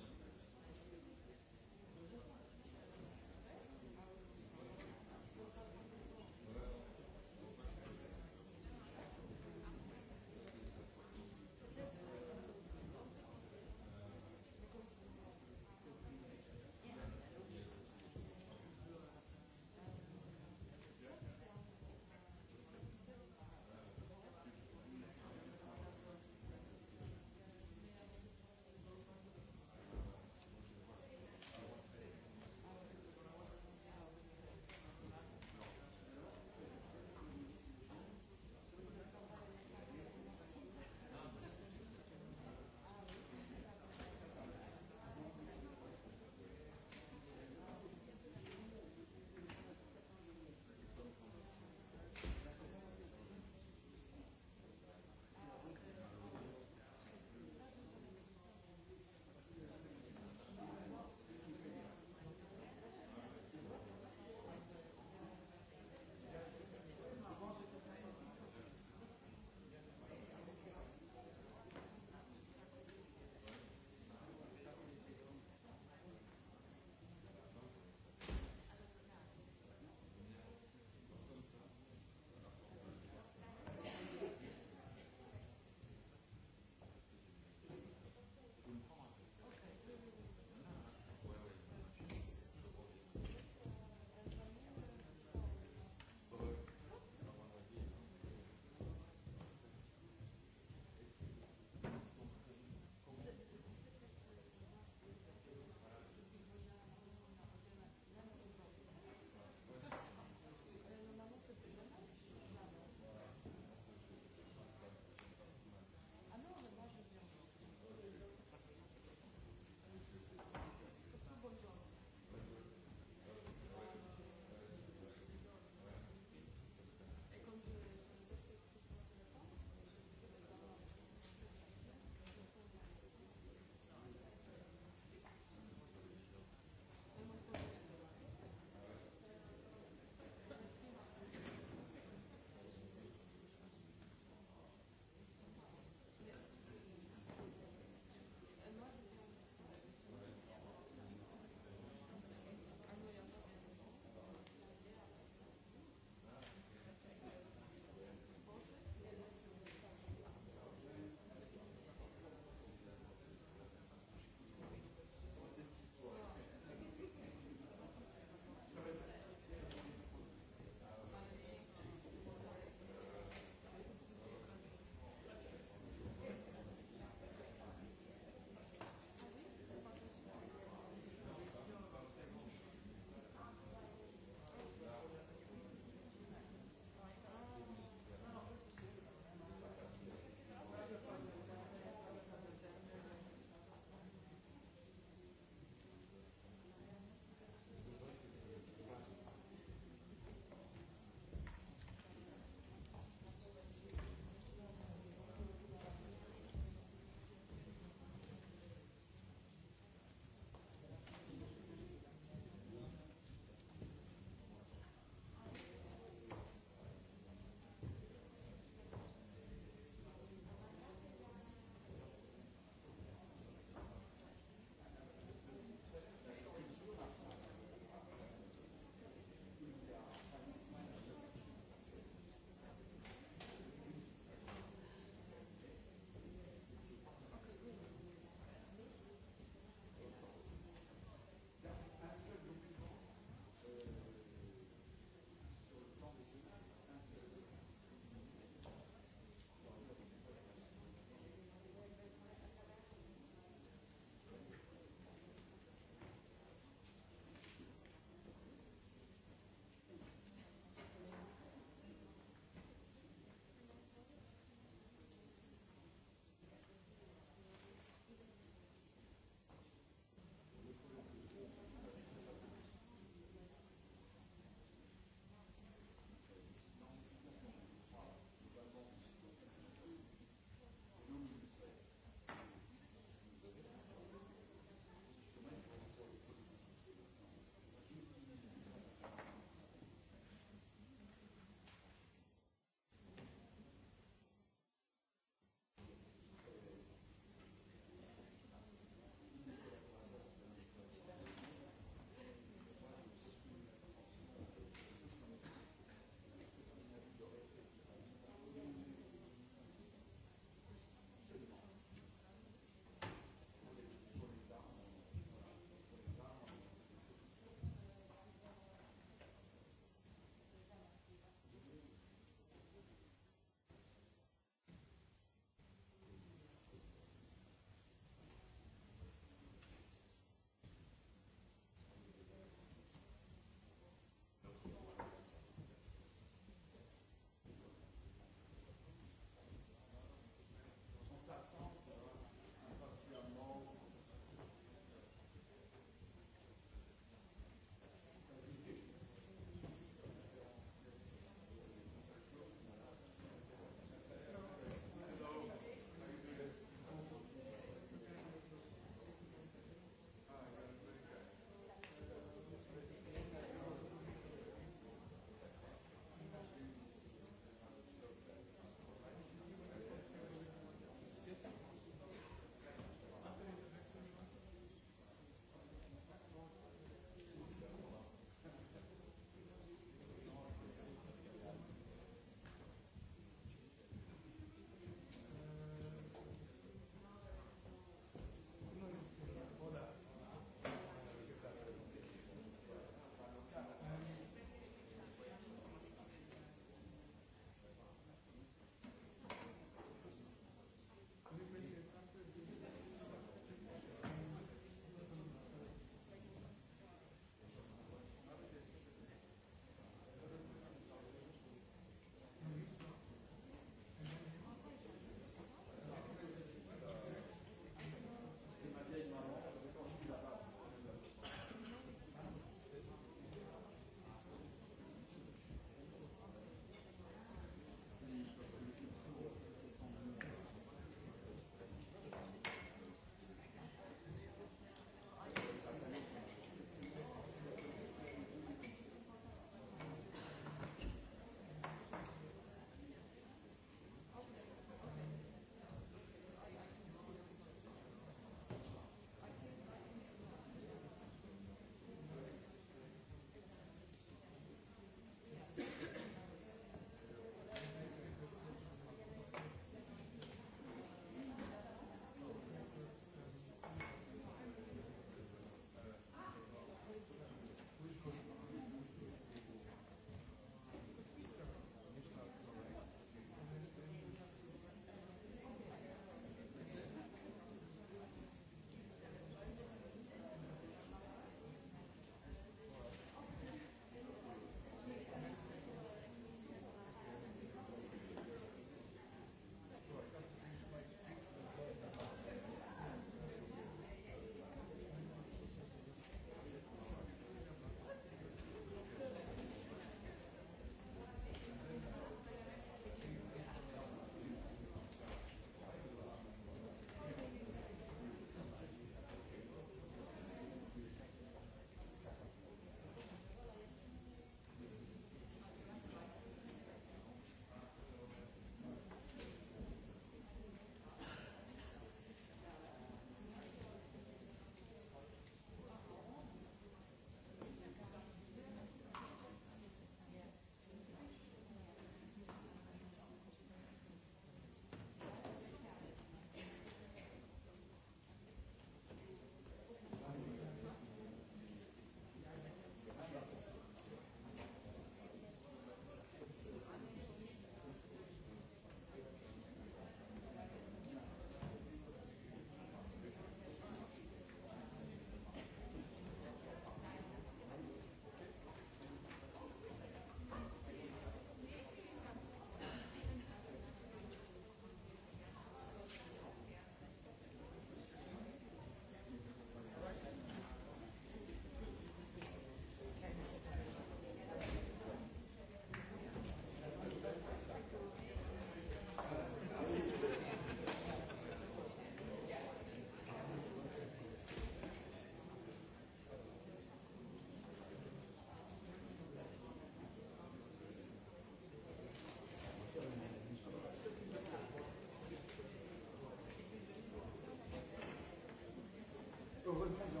Government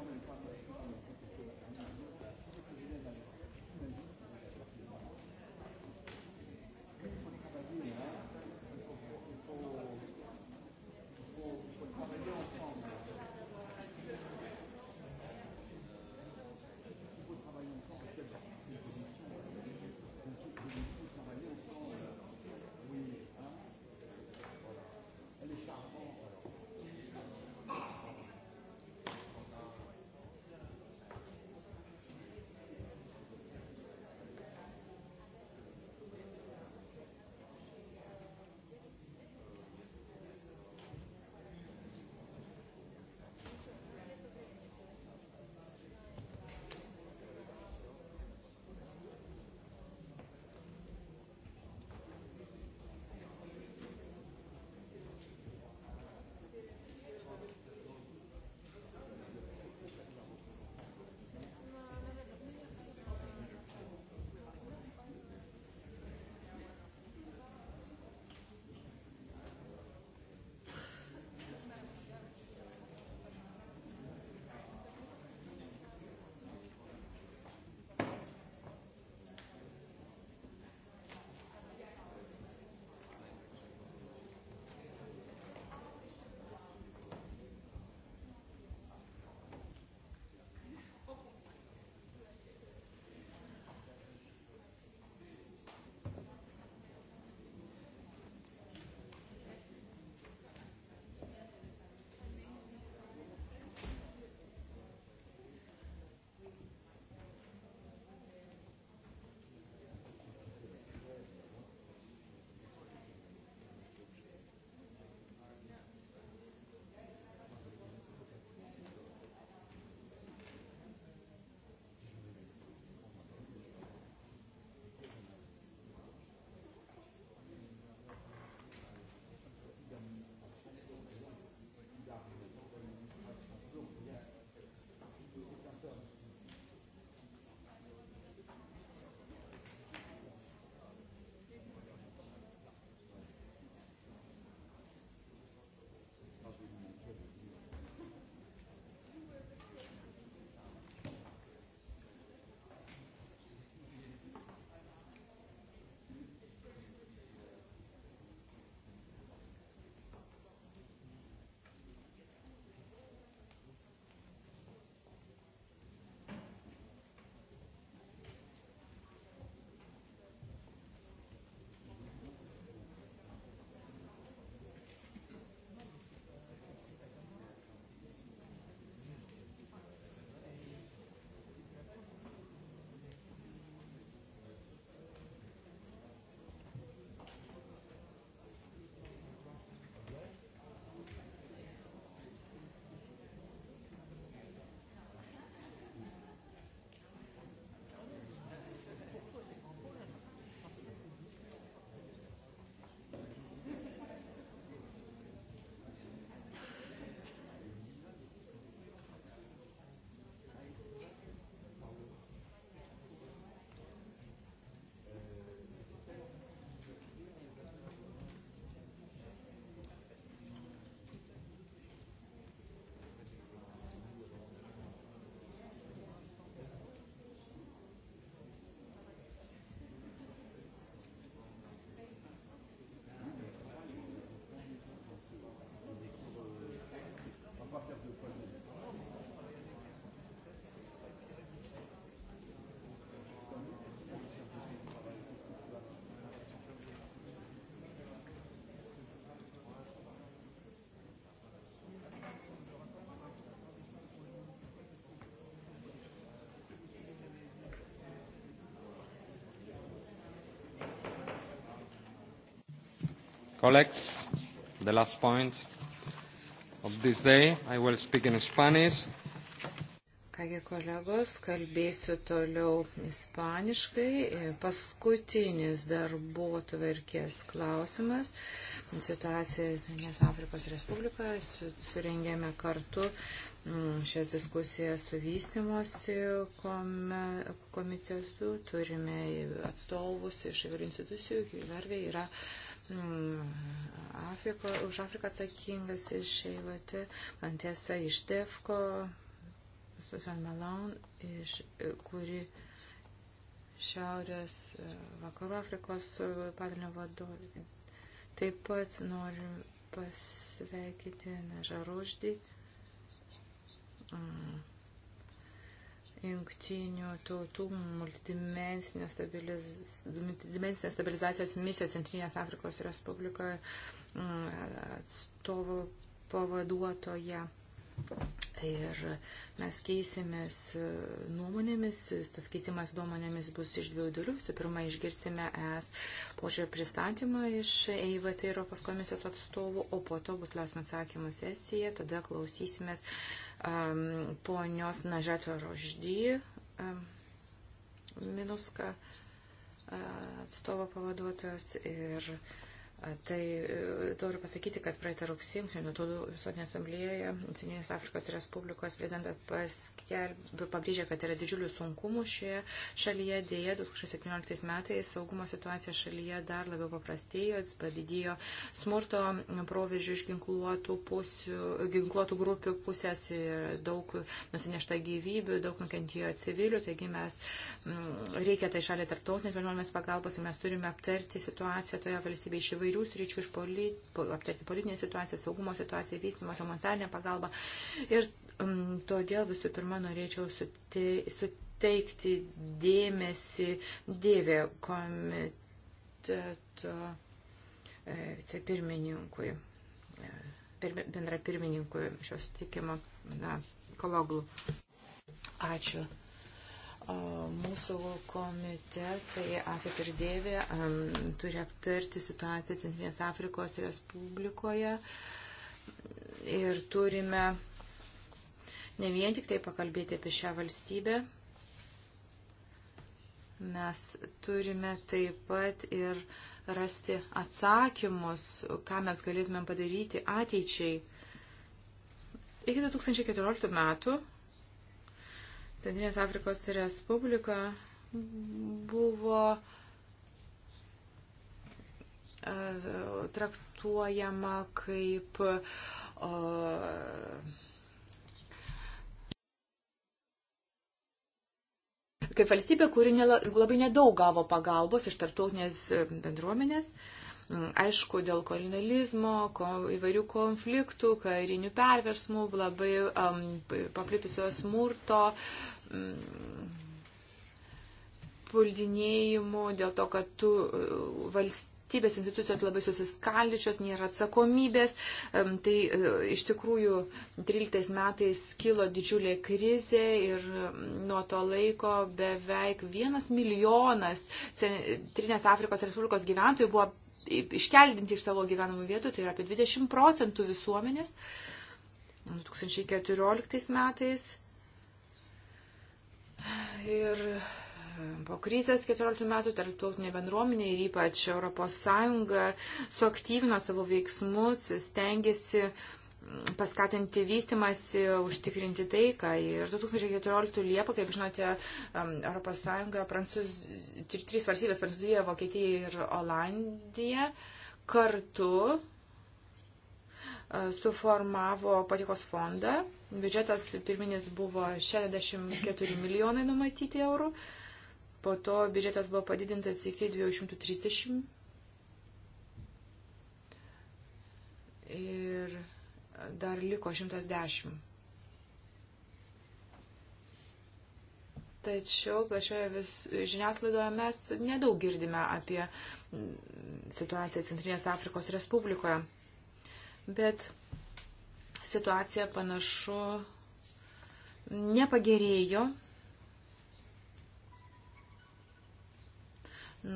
colleagues, the last point of this day. I will speak in Spanish. Kągi kolegos, kalbėsiu toliau ispaniškai. Paskutinis darbo tvarkės klausimas. Situacija Nes Afrikos Respublikoje surengėme kartu mm, šias diskusijas su vystimosi komitetu. Turime atstovus iš įvairių institucijų. Gervė yra Mm, Afriko, už Afriką atsakingas iš EIVT, man tiesa iš DEFCO, Susan Malone, iš, kuri Šiaurės e, Vakarų Afrikos e, padalinio vadovė. Taip pat noriu pasveikinti Nežaruždį, mm, jungtinių tautų multidimensinės stabiliz... stabilizacijos misijos Centrinės Afrikos Respublikoje mm, atstovų pavaduotoje. Ja. Ir mes keisimės e, nuomonėmis, tas keitimas nuomonėmis bus iš dviejų dalių. Visų pirma, išgirsime ES požiūrį pristatymą iš EIVT Europos komisijos atstovų, o po to bus klausimų atsakymų sesija. Tada klausysimės um, ponios Nažeto Roždy um, Minuska uh, atstovo pavaduotojos ir uh, Tai noriu e, pasakyti, kad praeitą rugsėjį Junktinių tautų visuotinė asamblėje Centrinės Afrikos Respublikos prezidentas paskelbė, pabrėžė, kad yra didžiulių sunkumų šioje šalyje. Dėja, 2017 metais saugumo situacija šalyje dar labiau paprastėjo, padidėjo smurto proveržių iš ginkluotų, pusių, ginkluotų grupių pusės ir daug nusinešta gyvybių, daug nukentėjo civilių. Taigi mes m, mm, reikia tai šaliai tarptautinės vienuomenės pagalbos ir mes turime aptarti situaciją toje valstybėje iš įvairių įvairių sričių, polit, aptarti politinę situaciją, saugumo situaciją, vystimas, humanitarinę pagalbą. Ir um, todėl visų pirma norėčiau suteikti dėmesį Dėvė komiteto e, vicepirmininkui, e, bendra pirmininkui šios tikimo na, ekologlų. Ačiū. Mūsų komitetai AFIT ir Dėvė turi aptarti situaciją Centrinės Afrikos Respublikoje ir turime ne vien tik tai pakalbėti apie šią valstybę, mes turime taip pat ir rasti atsakymus, ką mes galėtumėm padaryti ateičiai. Iki 2014 metų Centrinės Afrikos Respublika buvo e, traktuojama kaip o, e, kaip valstybė, kuri nela, labai nedaug gavo pagalbos iš tarptautinės e, bendruomenės. Uh, Mm, aišku, dėl kolonializmo, įvairių konfliktų, karinių perversmų, labai um, paplitusios smurto. Um, puldinėjimų, dėl to, kad tu uh, valstybės institucijos labai susiskaldžiusios, nėra atsakomybės. Um, tai uh, iš tikrųjų 13 metais kilo didžiulė krizė ir um, nuo to laiko beveik vienas milijonas Centrinės Afrikos Respublikos gyventojų buvo iškeldinti iš savo gyvenamų vietų, tai yra apie 20 procentų visuomenės. 2014 metais ir po krizės 14 metų tarptautinė bendruomenė ir ypač ES suaktyvino savo veiksmus, stengiasi uh, paskatinti vystimasi, užtikrinti taiką. Ir 2014 Liepą, kaip žinote, um, ES, Prancūz... trys valstybės - Prancūzija, Vokietija ir Olandija kartu uh, suformavo patikos fondą. Biudžetas pirminis buvo 64 milijonai numatyti eurų. Po to biudžetas buvo padidintas iki 230. Ir dar liko 110. Tačiau plačioje vis, žiniasklaidoje mes nedaug girdime apie situaciją Centrinės Afrikos Respublikoje. Bet situacija panašu nepagerėjo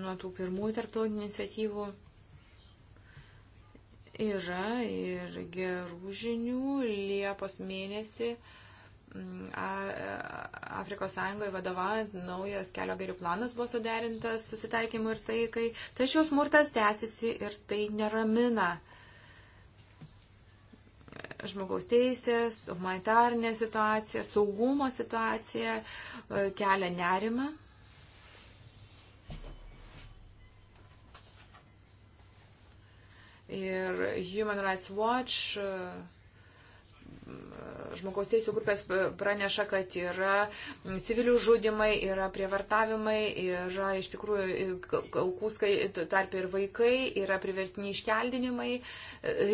nuo tų pirmųjų tarptautinių iniciatyvų Yra ir gerų žinių. Liepos mėnesį mm, Afrikos Sąjungoje vadovaujant naujas kelio gairių planas buvo suderintas susitaikymu ir taikai. Tačiau smurtas tęsiasi ir tai neramina žmogaus teisės, humanitarinė situacija, saugumo situacija e, kelia nerimą. Ir Human Rights Watch žmogaus teisų grupės praneša, kad yra civilių žudimai, yra prievartavimai, yra iš tikrųjų aukų tarp ir vaikai, yra privertiniai iškeldinimai.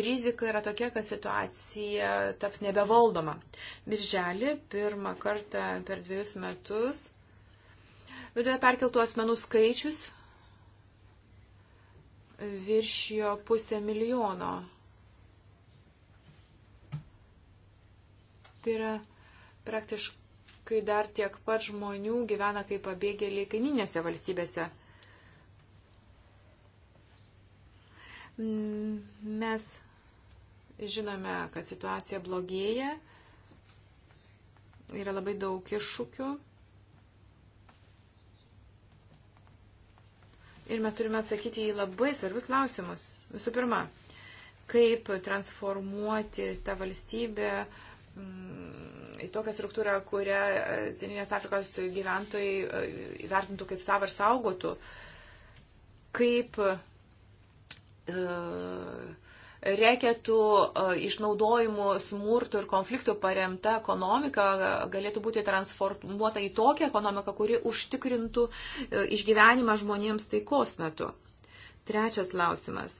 Rizika yra tokia, kad situacija taps nebevaldoma. Birželį pirmą kartą per dviejus metus viduje perkeltų asmenų skaičius viršijo pusę milijono. Tai yra praktiškai dar tiek pat žmonių gyvena kaip pabėgėliai kaiminėse valstybėse. Mm, mes žinome, kad situacija blogėja, yra labai daug iššūkių. ir mes turime atsakyti į labai svarbius klausimus. Visų pirma, kaip transformuoti tą valstybę mm, į tokią struktūrą, kurią Zeninės e, Afrikos gyventojai e, įvertintų kaip savo ir saugotų. Kaip uh, reketų e, išnaudojimu, smurtu ir konfliktų paremta ekonomika galėtų būti transformuota į tokią ekonomiką, kuri užtikrintų e, išgyvenimą žmonėms taikos metu. Trečias klausimas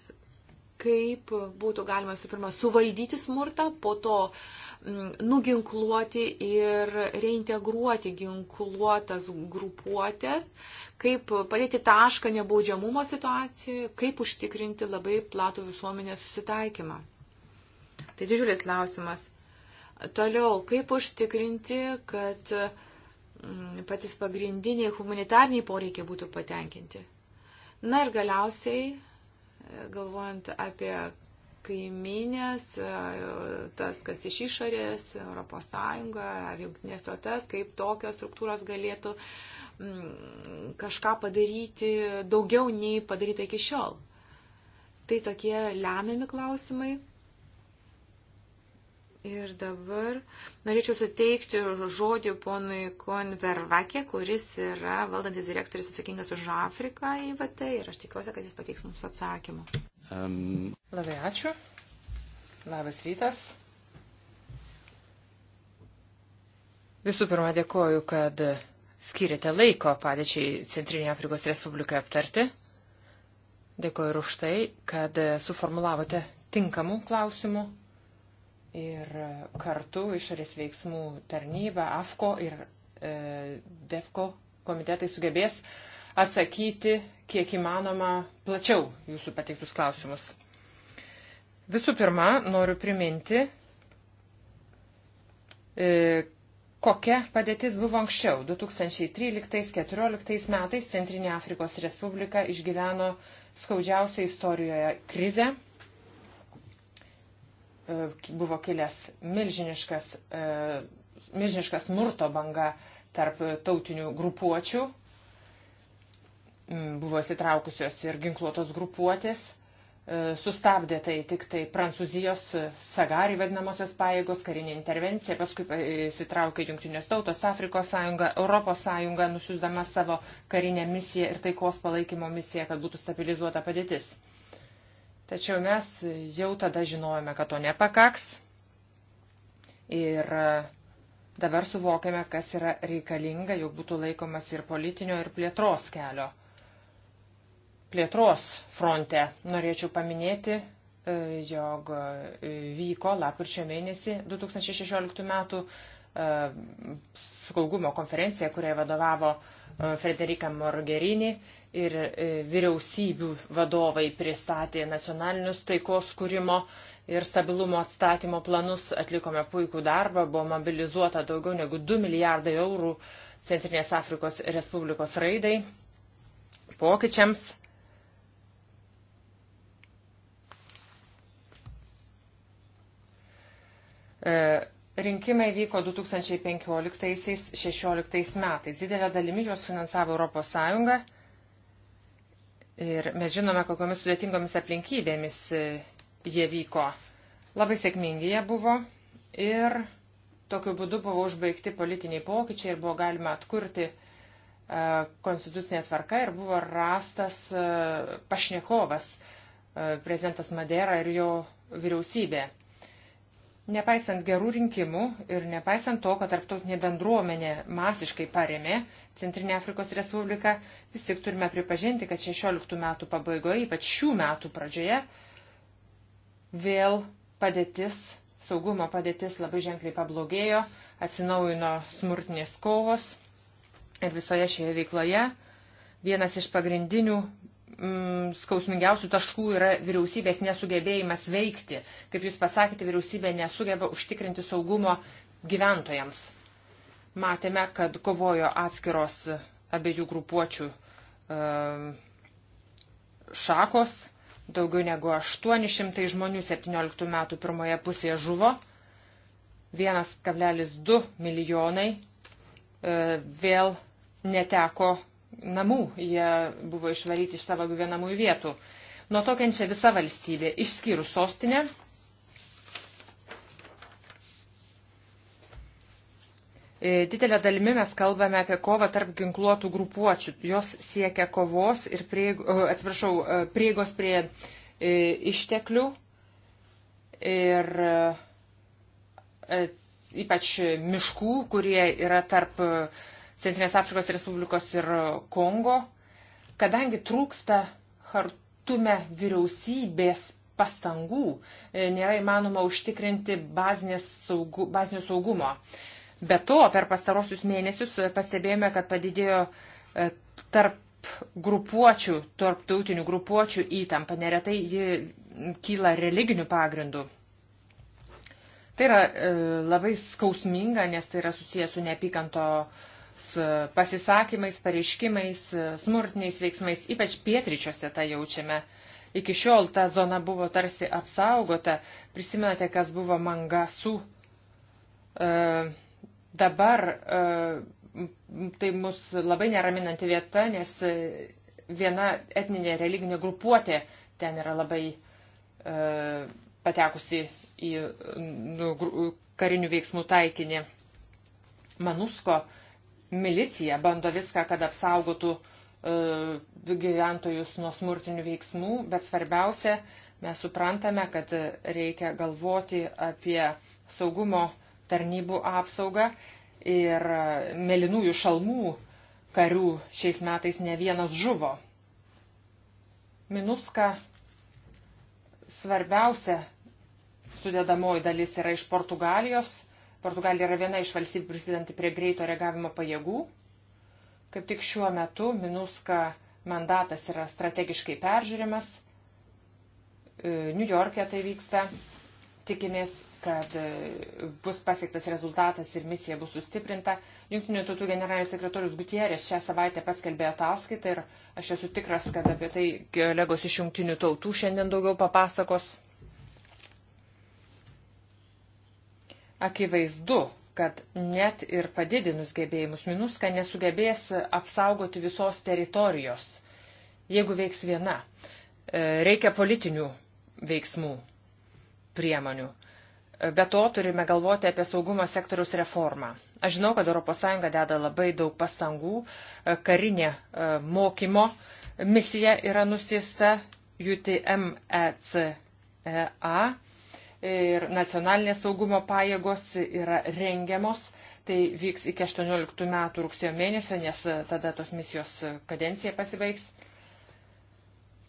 kaip būtų galima visų pirma suvaldyti smurtą, po to mm, nuginkluoti ir reintegruoti ginkluotas grupuotės, kaip padėti tašką nebaudžiamumo situacijoje, kaip užtikrinti labai platų visuomenės susitaikymą. Tai didžiulis klausimas. Toliau, kaip užtikrinti, kad mm, patys pagrindiniai humanitarniai poreikiai būtų patenkinti. Na ir galiausiai galvojant apie kaiminės, tas, kas iš išorės, ES ar jungtinės tautas, kaip tokios struktūros galėtų mm, kažką padaryti daugiau nei padaryta iki šiol. Tai tokie lemiami klausimai. Ir dabar norėčiau suteikti žodį ponui Konvervakė, kuris yra valdantis direktorius atsakingas už Afriką įvatę ir aš tikiuosi, kad jis pateiks mums atsakymą. Um. Labai ačiū. Labas rytas. Visų pirma, dėkoju, kad skirėte laiko padėčiai Centrinėje Afrikos Respublikoje aptarti. Dėkoju ir už tai, kad suformulavote tinkamų klausimų Ir kartu išorės veiksmų tarnyba, AFCO ir e, DEFCO komitetai sugebės atsakyti kiek įmanoma plačiau jūsų pateiktus klausimus. Visų pirma, noriu priminti, e, kokia padėtis buvo anksčiau. 2013-2014 metais Centrinė Afrikos Respublika išgyveno skaudžiausią istorijoje krizę E, buvo kilęs milžiniškas, e, milžiniškas smurto banga tarp tautinių grupuočių, mm, buvo įsitraukusios ir ginkluotos grupuotės, e, sustabdė tai tik tai Prancūzijos sagari vadinamosios pajėgos, karinė intervencija, paskui įsitraukė Junktinės tautos, Afrikos sąjunga, Europos sąjunga, nusiusdama savo karinę misiją ir taikos palaikymo misiją, kad būtų stabilizuota padėtis. Tačiau mes jau tada žinojome, kad to nepakaks ir e, dabar suvokiame, kas yra reikalinga, jau būtų laikomas ir politinio, ir plėtros kelio. Plėtros fronte norėčiau paminėti, e, jog e, vyko lapkričio mėnesį 2016 metų saugumo konferencija, kuriai vadovavo Frederica Morgerini ir e, vyriausybių vadovai pristatė nacionalinius taikos kūrimo ir stabilumo atstatymo planus, atlikome puikų darbą, buvo mobilizuota daugiau negu 2 milijardai eurų Centrinės Afrikos Respublikos raidai, pokyčiams. E, rinkimai vyko 2015-2016 metais. Didelę dalimi juos finansavo Europos Sąjunga Ir mes žinome, kokiamis sudėtingomis aplinkybėmis e, jie vyko. Labai sėkmingi jie buvo ir tokiu būdu buvo užbaigti politiniai pokyčiai ir buvo galima atkurti e, konstitucinė tvarka ir buvo rastas e, pašnekovas prezidentas Madera ir jo vyriausybė. Nepaisant gerų rinkimų ir nepaisant to, kad tarptautinė bendruomenė masiškai paremė Centrinė Afrikos Respublika, vis tik turime pripažinti, kad 16 metų pabaigoje, ypač šių metų pradžioje, vėl padėtis, saugumo padėtis labai ženkliai pablogėjo, atsinaujino smurtinės kovos ir visoje šioje veikloje vienas iš pagrindinių mm, skausmingiausių taškų yra vyriausybės nesugebėjimas veikti. Kaip jūs pasakėte, vyriausybė nesugeba užtikrinti saugumo gyventojams. Matėme, kad kovojo atskiros abiejų grupuočių e, šakos, daugiau negu 800 žmonių 17 metų pirmoje pusėje žuvo, 1,2 milijonai e, vėl neteko namų, jie buvo išvaryti iš savo gyvenamųjų vietų. Nuo to kenčia visa valstybė, išskyrus sostinę, E, didelė dalimi mes kalbame apie kovą tarp ginkluotų grupuočių. Jos siekia kovos ir prie, e, atsiprašau, e, prieigos prie išteklių ir ypač miškų, kurie yra tarp Centrinės Afrikos Respublikos ir Kongo. Kadangi trūksta hartume vyriausybės pastangų, nėra įmanoma užtikrinti saugu, bazinio saugumo. Be to, per pastarosius mėnesius pastebėjome, kad padidėjo e, tarp grupuočių, tarptautinių grupuočių įtampa. Neretai ji kyla religinių pagrindų. Tai yra e, labai skausminga, nes tai yra susijęs su neapykantos e, pasisakymais, pareiškimais, e, smurtiniais veiksmais, ypač pietryčiuose tą jaučiame. Iki šiol ta zona buvo tarsi apsaugota. Prisimenate, kas buvo mangasų e, Dabar e, tai mus labai neraminanti vieta, nes viena etninė religinė grupuotė ten yra labai e, patekusi į nu, karinių veiksmų taikinį. Manusko milicija bando viską, kad apsaugotų e, gyventojus nuo smurtinių veiksmų, bet svarbiausia, mes suprantame, kad reikia galvoti apie saugumo tarnybų apsaugą ir melinųjų šalmų karių šiais metais ne vienas žuvo. Minuska svarbiausia sudėdamoji dalis yra iš Portugalijos. Portugalija yra viena iš valstybių prisidanti prie greito reagavimo pajėgų. Kaip tik šiuo metu Minuska mandatas yra strategiškai peržiūrimas. E, Niujorke tai vyksta. Tikimės kad e, bus pasiektas rezultatas ir misija bus sustiprinta. Junktinių tautų generalinis sekretorius Gutierės šią savaitę paskelbė ataskaitą ir aš esu tikras, kad apie tai kolegos iš Junktinių tautų šiandien daugiau papasakos. Akivaizdu, kad net ir padidinus gebėjimus Minuska nesugebės apsaugoti visos teritorijos, jeigu veiks viena. E, reikia politinių veiksmų priemonių. Be to turime galvoti apie saugumo sektoriaus reformą. Aš žinau, kad ES deda labai daug pastangų, e, karinė e, mokymo misija yra nusista UTMECA e ir nacionalinės saugumo pajėgos yra rengiamos. Tai vyks iki 18 metų rugsėjo mėnesio, nes tada tos misijos kadencija pasibaigs.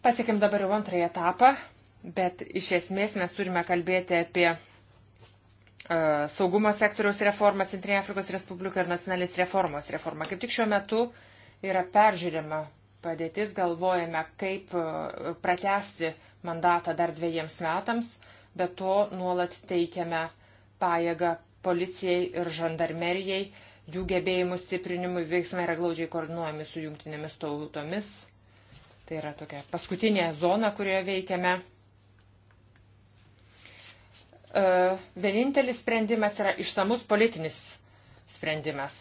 Pasiekim dabar jau antrąjį etapą, bet iš esmės mes turime kalbėti apie saugumo sektoriaus reforma Centrinė Afrikos Respublika ir nacionalinės reformos reforma. Kaip tik šiuo metu yra peržiūrima padėtis, galvojame, kaip pratesti mandatą dar dviejiems metams, bet to nuolat teikiame pajėgą policijai ir žandarmerijai, jų gebėjimų stiprinimui veiksmai yra glaudžiai koordinuojami su jungtinėmis tautomis. Tai yra tokia paskutinė zona, kurioje veikiame. E, vienintelis sprendimas yra išsamus politinis sprendimas,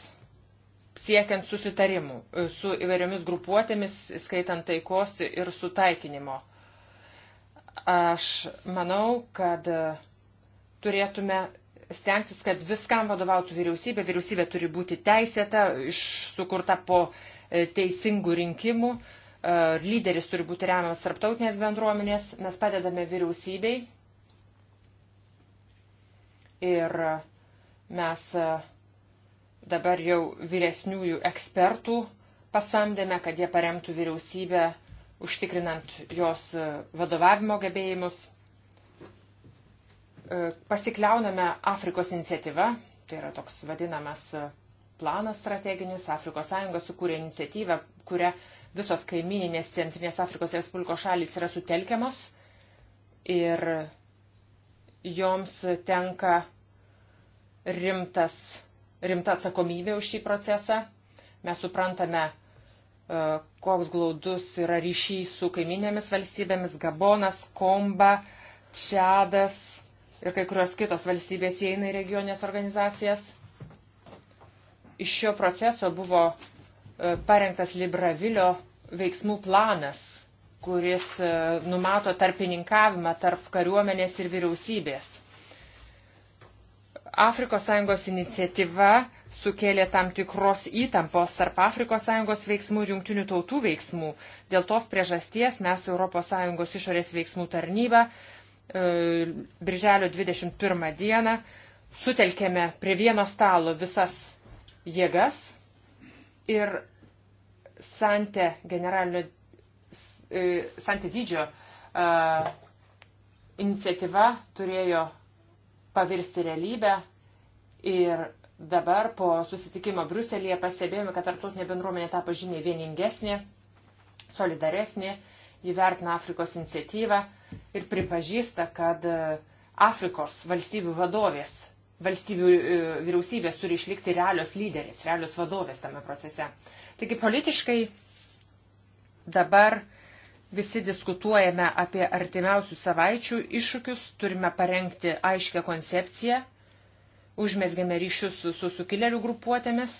siekiant susitarimų e, su įvairiomis grupuotėmis, skaitant taikos ir sutaikinimo. Aš manau, kad e, turėtume stengtis, kad viskam vadovautų vyriausybė. Vyriausybė turi būti teisėta, sukurta po teisingų rinkimų. Lyderis turi būti remiamas tarptautinės bendruomenės. Mes padedame vyriausybei ir mes e, dabar jau vyresniųjų ekspertų pasamdėme, kad jie paremtų vyriausybę, užtikrinant jos e, vadovavimo gebėjimus. E, pasikliauname Afrikos iniciatyva, tai yra toks vadinamas planas strateginis. Afrikos Sąjunga sukūrė iniciatyvą, kuria visos kaimininės Centrinės Afrikos Respublikos šalys yra sutelkiamos ir joms tenka rimtas, rimta atsakomybė už šį procesą. Mes suprantame, e, koks glaudus yra ryšys su kaiminėmis valstybėmis - Gabonas, Komba, Čadas ir kai kurios kitos valstybės įeina į regionės organizacijas. Iš šio proceso buvo e, parengtas Libravilio veiksmų planas, kuris e, numato tarpininkavimą tarp kariuomenės ir vyriausybės. Afrikos Sąjungos iniciatyva sukėlė tam tikros įtampos tarp Afrikos Sąjungos veiksmų ir jungtinių tautų veiksmų. Dėl tos priežasties mes Europos Sąjungos išorės veiksmų tarnybą e, Birželio 21 dieną sutelkėme prie vieno stalo visas jėgas ir Sante generalinio, e, Sante dydžio e, iniciatyva turėjo pavirsti realybę ir dabar po susitikimo Bruselėje pastebėjome, kad tarptautinė bendruomenė tapo žymiai vieningesnė, solidaresnė, įvertina Afrikos iniciatyvą ir pripažįsta, kad e, Afrikos valstybių vadovės, valstybių e, vyriausybės turi išlikti realios lyderės, realios vadovės tame procese. Taigi politiškai dabar Visi diskutuojame apie artimiausių savaičių iššūkius, turime parengti aiškę koncepciją, užmesgėme ryšius su, su sukilėlių grupuotėmis,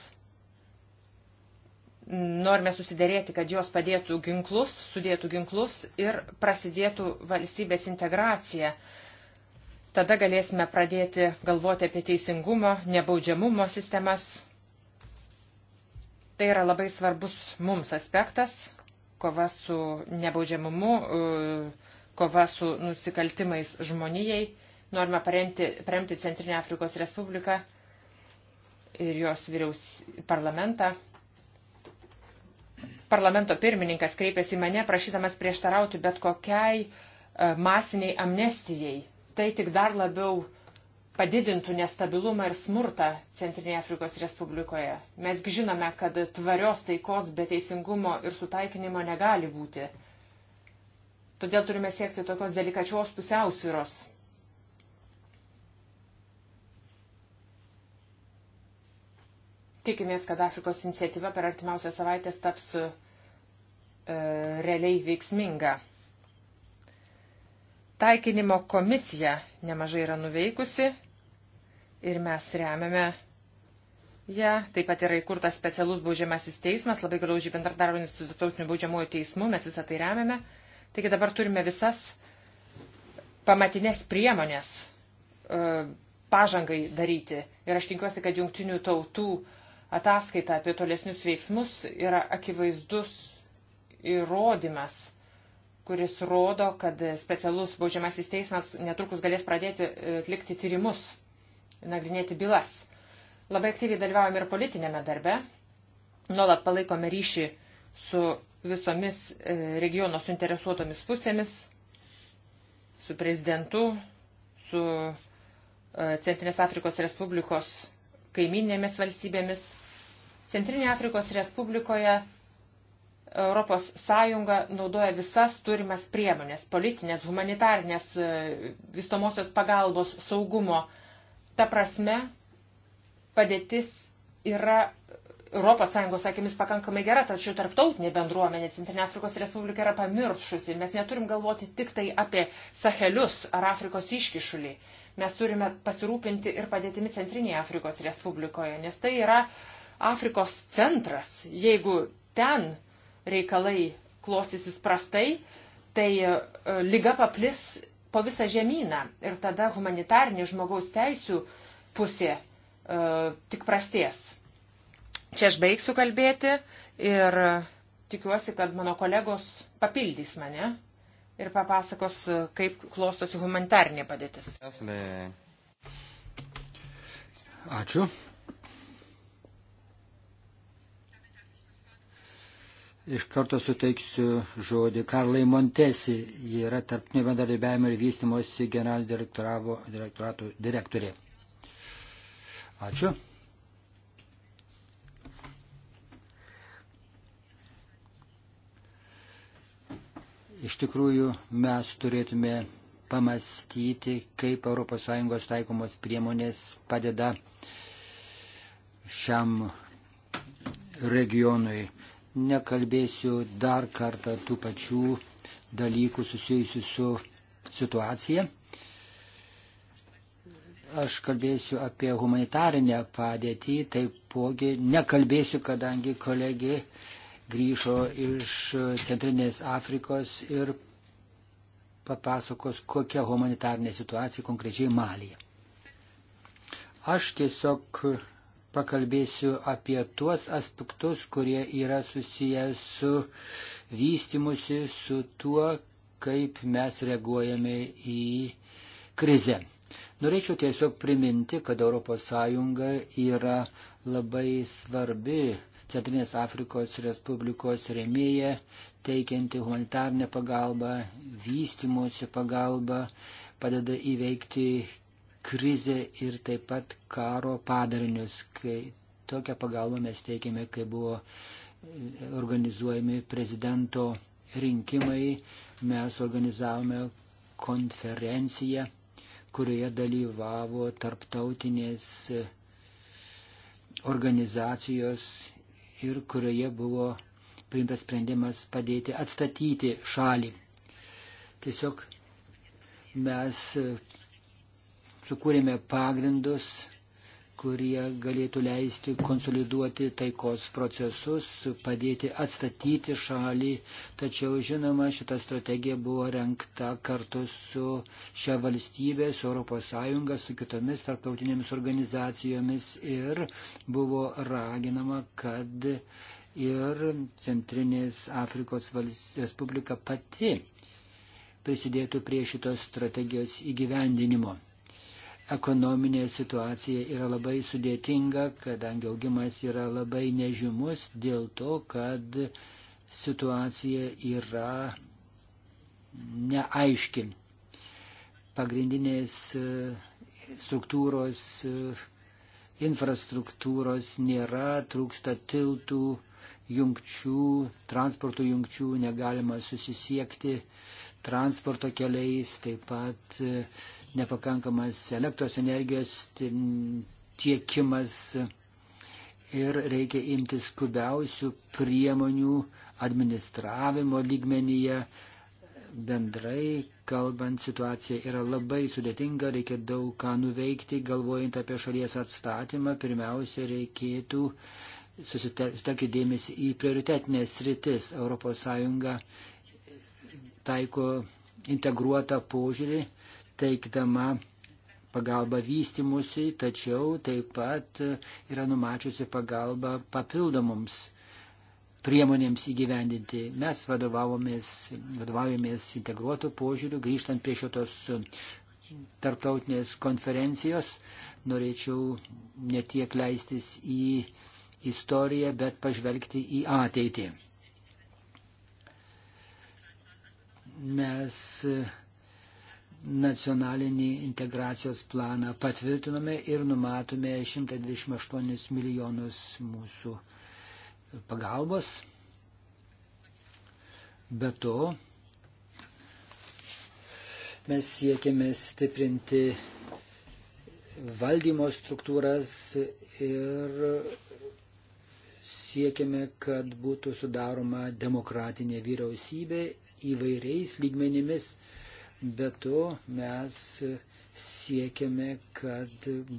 norime susidėrėti, kad jos padėtų ginklus, sudėtų ginklus ir prasidėtų valstybės integracija. Tada galėsime pradėti galvoti apie teisingumo, nebaudžiamumo sistemas. Tai yra labai svarbus mums aspektas kova su nebaudžiamumu, e, kova su nusikaltimais žmonijai. Norime paremti, paremti Centrinę Afrikos Respubliką ir jos vyriaus parlamentą. Parlamento pirmininkas kreipėsi į mane, prašydamas prieštarauti bet kokiai e, masiniai amnestijai. Tai tik dar labiau uh, padidintų nestabilumą ir smurtą Centrinėje Afrikos Respublikoje. Mesgi žinome, kad tvarios taikos be teisingumo ir sutaikinimo negali būti. Todėl turime siekti tokios delikačios pusiausvyros. Tikimės, kad Afrikos iniciatyva per artimiausią savaitę taps e, realiai veiksminga. Taikinimo komisija nemažai yra nuveikusi ir mes remiame ją. Taip pat yra įkurtas specialus baudžiamasis teismas, labai glaužiai bendradarbiaujant su tautiniu baudžiamuoju teismu, mes visą tai remiame. Taigi dabar turime visas pamatinės priemonės e, pažangai daryti. Ir aš tikiuosi, kad jungtinių tautų ataskaita apie tolesnius veiksmus yra akivaizdus įrodymas kuris rodo, kad specialus baudžiamasis teismas netrukus galės pradėti e, atlikti tyrimus, nagrinėti bylas. Labai aktyviai dalyvaujame ir politinėme darbe, nuolat palaikome ryšį su visomis e, regiono suinteresuotomis pusėmis, su prezidentu, su e, Centrinės Afrikos Respublikos kaiminėmis valstybėmis. Centrinė Afrikos Respublikoje ES naudoja visas turimas priemonės - politinės, humanitarnės, e, vystomosios pagalbos, saugumo. Ta prasme, padėtis yra ES akimis pakankamai gera, tačiau tarptautinė bendruomenė Centrinė Afrikos Respublika yra pamiršusi. Mes neturim galvoti tik tai apie Sahelius ar Afrikos iškišulį. Mes turime pasirūpinti ir padėtimi Centrinėje Afrikos Respublikoje, nes tai yra Afrikos centras. Jeigu ten reikalai klostysis prastai, tai e, lyga paplis po visą žemyną ir tada humanitarnė žmogaus teisų pusė e, tik prasties. Čia aš baigsiu kalbėti ir tikiuosi, kad mano kolegos papildys mane ir papasakos, e, kaip klostosi humanitarnė padėtis. Ačiū. Iš karto suteiksiu žodį Karlai Montesi, ji yra tarptinio bendradarbiavimo ir vystimosi generalinio direktorato direktorė. Ačiū. Iš tikrųjų, mes turėtume pamastyti, kaip ES taikomos priemonės padeda šiam regionui nekalbėsiu dar kartą tų pačių dalykų susijusių su situacija. Aš kalbėsiu apie humanitarinę padėtį, taipogi nekalbėsiu, kadangi kolegė grįžo iš Centrinės Afrikos ir papasakos, kokia humanitarinė situacija konkrečiai Malyje. Aš tiesiog pakalbėsiu apie tuos aspektus, kurie yra susijęs su vystimusi, su tuo, kaip mes reaguojame į krizę. Norėčiau tiesiog priminti, kad ES yra labai svarbi Centrinės Afrikos Respublikos remėja, teikianti humanitarnę pagalbą, vystimusi pagalbą, padeda įveikti krizę ir taip pat karo padarinius, kai tokią pagalbą mes teikėme, kai buvo organizuojami prezidento rinkimai, mes organizavome konferenciją, kurioje dalyvavo tarptautinės organizacijos ir kurioje buvo priimtas sprendimas padėti atstatyti šalį. Tiesiog mes sukūrėme pagrindus, kurie galėtų leisti konsoliduoti taikos procesus, padėti atstatyti šalį. Tačiau, žinoma, šita strategija buvo renkta kartu su šia valstybė, su ES, su kitomis tarptautinėmis organizacijomis ir buvo raginama, kad ir Centrinės Afrikos Respublika pati prisidėtų prie šitos strategijos įgyvendinimo ekonominė situacija yra labai sudėtinga, kadangi augimas yra labai nežymus dėl to, kad situacija yra neaiški. Pagrindinės e, struktūros, e, infrastruktūros nėra, trūksta tiltų, jungčių, transporto jungčių, negalima susisiekti transporto keliais, taip pat e, nepakankamas elektros energijos tiekimas ir reikia imtis skubiausių priemonių administravimo lygmenyje. Bendrai kalbant, situacija yra labai sudėtinga, reikia daug ką nuveikti, galvojant apie šalies atstatymą, pirmiausia, reikėtų susitelkti dėmesį į prioritetinės sritis. ES taiko integruotą požiūrį teikdama pagalba vystimusi, tačiau taip pat yra numačiusi pagalba papildomoms priemonėms įgyvendinti. Mes vadovaujamės integruotų požiūrių, grįžtant prie šitos tarptautinės konferencijos. Norėčiau netiek leistis į istoriją, bet pažvelgti į ateitį. Mes nacionalinį integracijos planą patvirtinome ir numatome 128 milijonus mūsų pagalbos. Be to, mes siekiame stiprinti valdymo struktūras ir siekiame, kad būtų sudaroma demokratinė vyriausybė įvairiais lygmenimis Be to mes siekiame, kad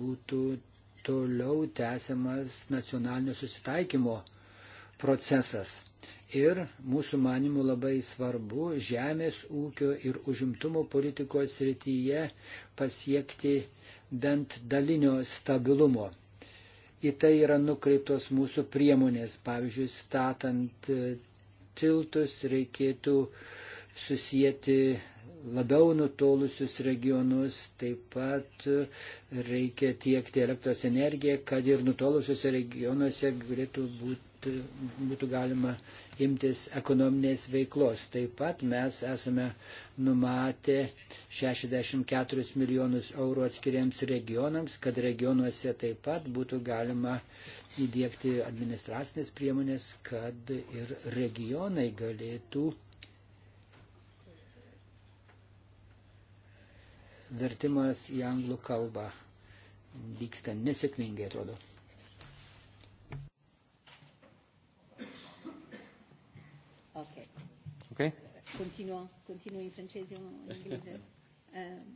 būtų toliau tęsiamas nacionalinio susitaikymo procesas. Ir mūsų manimų labai svarbu žemės ūkio ir užimtumo politikos srityje pasiekti bent dalinio stabilumo. Į tai yra nukreiptos mūsų priemonės. Pavyzdžiui, statant tiltus reikėtų susijęti labiau nutolusius regionus, taip pat reikia tiekti elektros energiją, kad ir nutolusiuose regionuose galėtų būti, būtų galima imtis ekonominės veiklos. Taip pat mes esame numatę 64 milijonus eurų atskiriams regionams, kad regionuose taip pat būtų galima įdėkti administracinės priemonės, kad ir regionai galėtų vertimas į anglų kalbą vyksta nesėkmingai, atrodo. Ok. okay. Continuo, continuo in francese o in inglese. Um,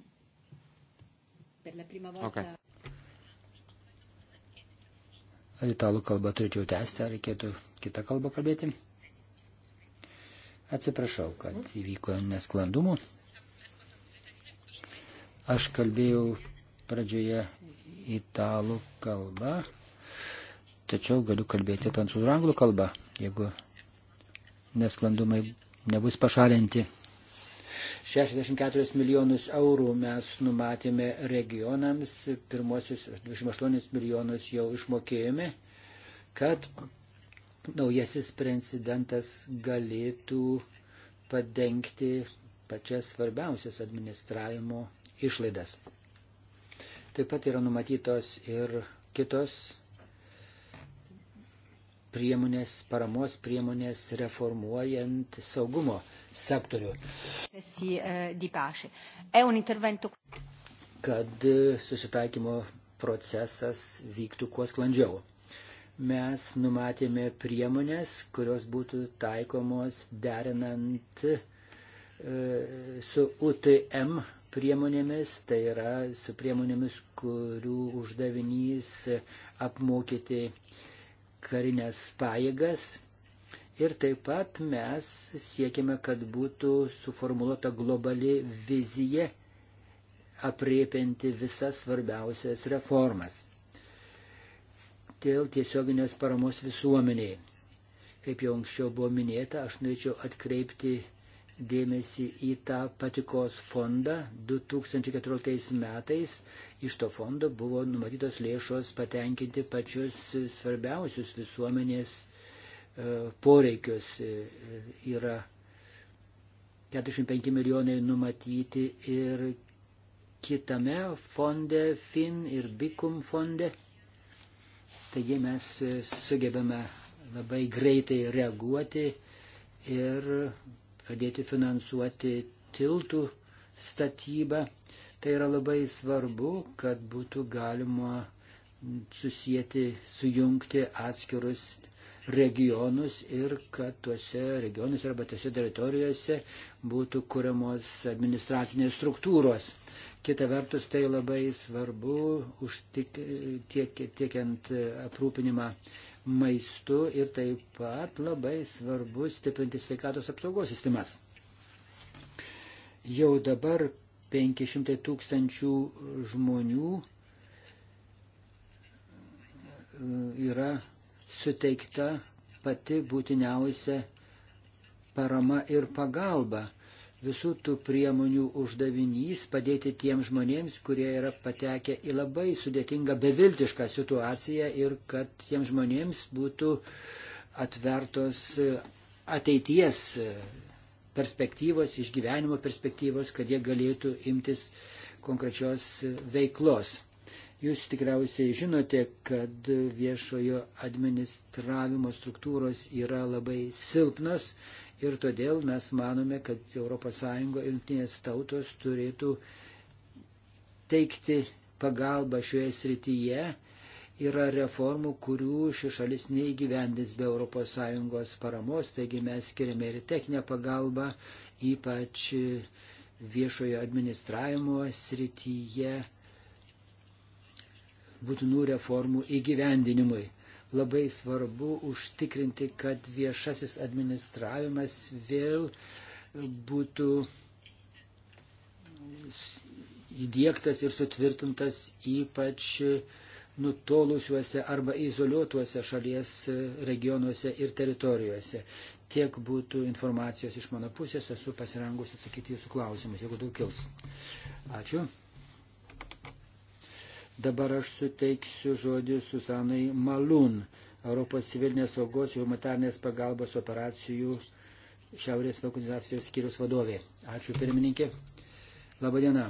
per la prima volta. Okay. Ar italų kalbą turėčiau tęsti, ar reikėtų kitą kalbą kalbėti? Atsiprašau, kad įvyko nesklandumų. Aš kalbėjau pradžioje italų kalbą, tačiau galiu kalbėti prancūzų anglų kalbą, jeigu nesklandumai nebus pašalinti. 64 milijonus eurų mes numatėme regionams, pirmosius 28 milijonus jau išmokėjome, kad naujasis prezidentas galėtų padengti pačias svarbiausias administravimo išlaidas. Taip pat yra numatytos ir kitos priemonės, paramos priemonės reformuojant saugumo sektorių. Eh, Kad susitaikymo procesas vyktų kuo sklandžiau. Mes numatėme priemonės, kurios būtų taikomos derinant e, su UTM priemonėmis, tai yra su priemonėmis, kurių uždavinys apmokyti karinės pajėgas. Ir taip pat mes siekiame, kad būtų suformuoluota globali vizija apriepinti visas svarbiausias reformas. Dėl tiesioginės paramos visuomeniai. Kaip jau anksčiau buvo minėta, aš norėčiau atkreipti dėmesį į tą patikos fondą. 2014 metais iš to fondo buvo numatytos lėšos patenkinti pačius svarbiausius visuomenės e, poreikius. E, e, yra 45 milijonai numatyti ir kitame fonde FIN ir BIKUM fonde. Taigi mes sugebame labai greitai reaguoti ir padėti finansuoti tiltų statybą. Tai yra labai svarbu, kad būtų galima susijęti, sujungti atskirus regionus ir kad tuose regionuose arba tuose teritorijose būtų kuriamos administracinės struktūros. Kita vertus, tai labai svarbu užtik, tiek, tiekiant aprūpinimą maistu ir taip pat labai svarbu stiprinti sveikatos apsaugos sistemas. Jau dabar 500 tūkstančių žmonių e, yra suteikta pati būtiniausia parama ir pagalba visų tų priemonių uždavinys padėti tiems žmonėms, kurie yra patekę į labai sudėtingą, beviltišką situaciją ir kad tiems žmonėms būtų atvertos ateities perspektyvos, išgyvenimo perspektyvos, kad jie galėtų imtis konkrečios veiklos. Jūs tikriausiai žinote, kad viešojo administravimo struktūros yra labai silpnos Ir todėl mes manome, kad ES ir jungtinės tautos turėtų teikti pagalbą šioje srityje. Yra reformų, kurių ši šalis neįgyvendins be ES paramos, taigi mes skiriame ir techninę pagalbą, ypač viešojo administravimo srityje būtinų reformų įgyvendinimui labai svarbu užtikrinti, kad viešasis administravimas vėl būtų įdėktas ir sutvirtintas ypač nutolusiuose arba izoliuotuose šalies regionuose ir teritorijuose. Tiek būtų informacijos iš mano pusės, esu pasirengusi atsakyti jūsų klausimus, jeigu daug kils. Ačiū. Dabar aš suteiksiu žodį Susanai Malun, Europos civilinės saugos ir humanitarnės pagalbos operacijų Šiaurės vakcinacijos skyrius vadovė. Ačiū pirmininkė. Labadiena.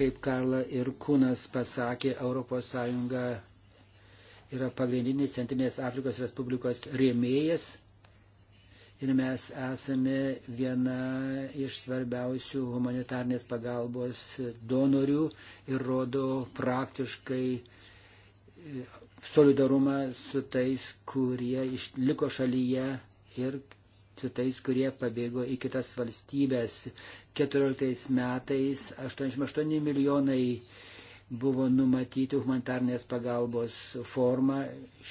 Kaip Karla ir Kūnas pasakė, ES yra pagrindinis Centrinės Afrikos Respublikos rėmėjas ir mes esame viena iš svarbiausių humanitarnės pagalbos donorių ir rodo praktiškai e, solidarumą su tais, kurie liko šalyje ir su tais, kurie pabėgo į kitas valstybės. 14 metais 88 milijonai buvo numatyti humanitarnės pagalbos forma.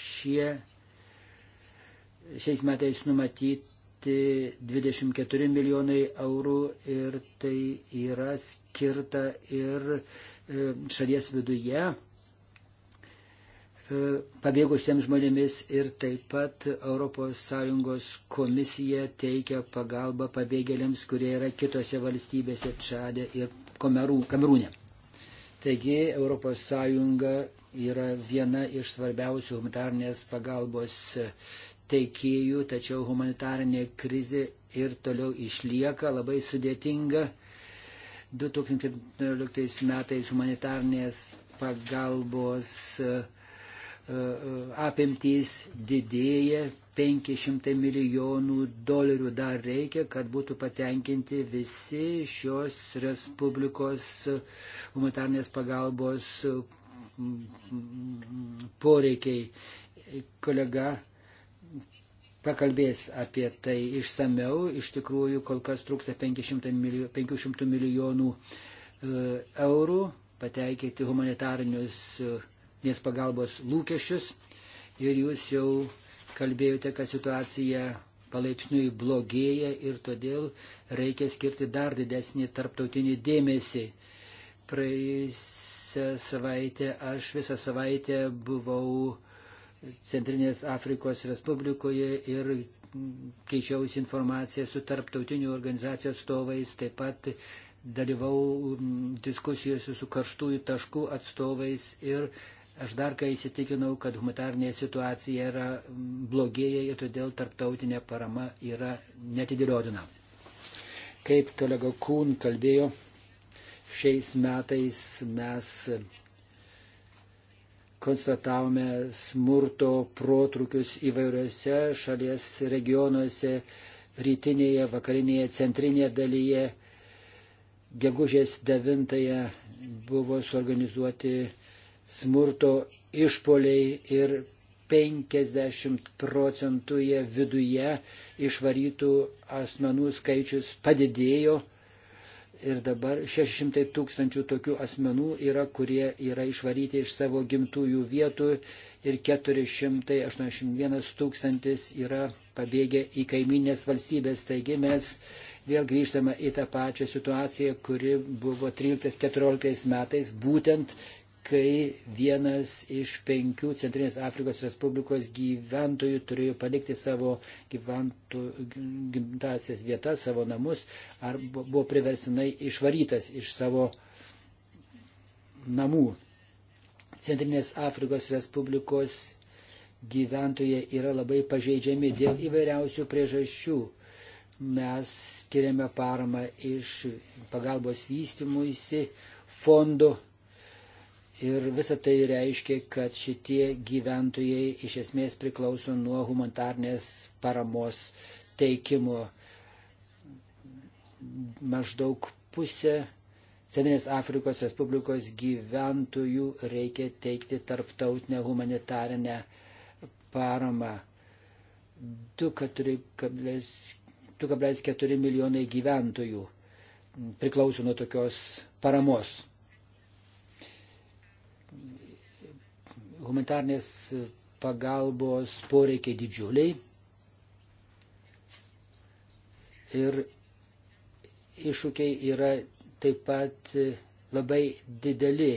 Šie, šiais metais numatyti skirti 24 milijonai eurų ir tai yra skirta ir e, šalies viduje e, pabėgusiems žmonėmis ir taip pat ES komisija teikia pagalbą pabėgėliams, kurie yra kitose valstybėse Čadė ir Komerų, Kamerūne. Taigi ES yra viena iš svarbiausių humanitarnės pagalbos teikėjų, tačiau humanitarinė krizė ir toliau išlieka labai sudėtinga. 2017 metais humanitarnės pagalbos e, e, apimtys didėja, 500 milijonų dolerių dar reikia, kad būtų patenkinti visi šios Respublikos humanitarnės pagalbos poreikiai. Kolega pakalbės apie tai išsameu. Iš tikrųjų, kol kas trūksta 500 milijonų e, eurų pateikėti humanitarinius e, nes pagalbos lūkesčius. Ir jūs jau kalbėjote, kad situacija palaipsniui blogėja ir todėl reikia skirti dar didesnį tarptautinį dėmesį. Praėjusią savaitę aš visą savaitę buvau Centrinės Afrikos Respublikoje ir keičiausi informaciją su tarptautinių organizacijų atstovais, taip pat dalyvau diskusijose su karštųjų taškų atstovais ir aš dar kai įsitikinau, kad humanitarnė situacija yra blogėja ir todėl tarptautinė parama yra netidėliotina. Kaip kolega Kūn kalbėjo, šiais metais mes konstatavome smurto protrukius įvairiose šalies regionuose, rytinėje, vakarinėje, centrinėje dalyje. Gegužės 9 buvo suorganizuoti smurto išpoliai ir 50 procentų viduje išvarytų asmenų skaičius padidėjo Ir dabar 600 tūkstančių tokių asmenų yra, kurie yra išvaryti iš savo gimtųjų vietų ir 481 tūkstantis yra pabėgę į kaiminės valstybės. Taigi mes vėl grįžtame į tą pačią situaciją, kuri buvo 13-14 metais, būtent kai vienas iš penkių Centrinės Afrikos Respublikos gyventojų turėjo palikti savo gyventų, gimtasias vietas, savo namus, ar buvo priversinai išvarytas iš savo namų. Centrinės Afrikos Respublikos gyventojai yra labai pažeidžiami dėl įvairiausių priežasčių mes skiriame paramą iš pagalbos vystimuisi fondo Ir visa tai reiškia, kad šitie gyventojai iš esmės priklauso nuo humanitarnės paramos teikimo. Maždaug pusė Centrinės Afrikos Respublikos gyventojų reikia teikti tarptautinę humanitarinę paramą. 2,4 milijonai gyventojų priklauso nuo tokios paramos. humanitarnės pagalbos poreikiai didžiuliai. Ir iššūkiai yra taip pat labai dideli.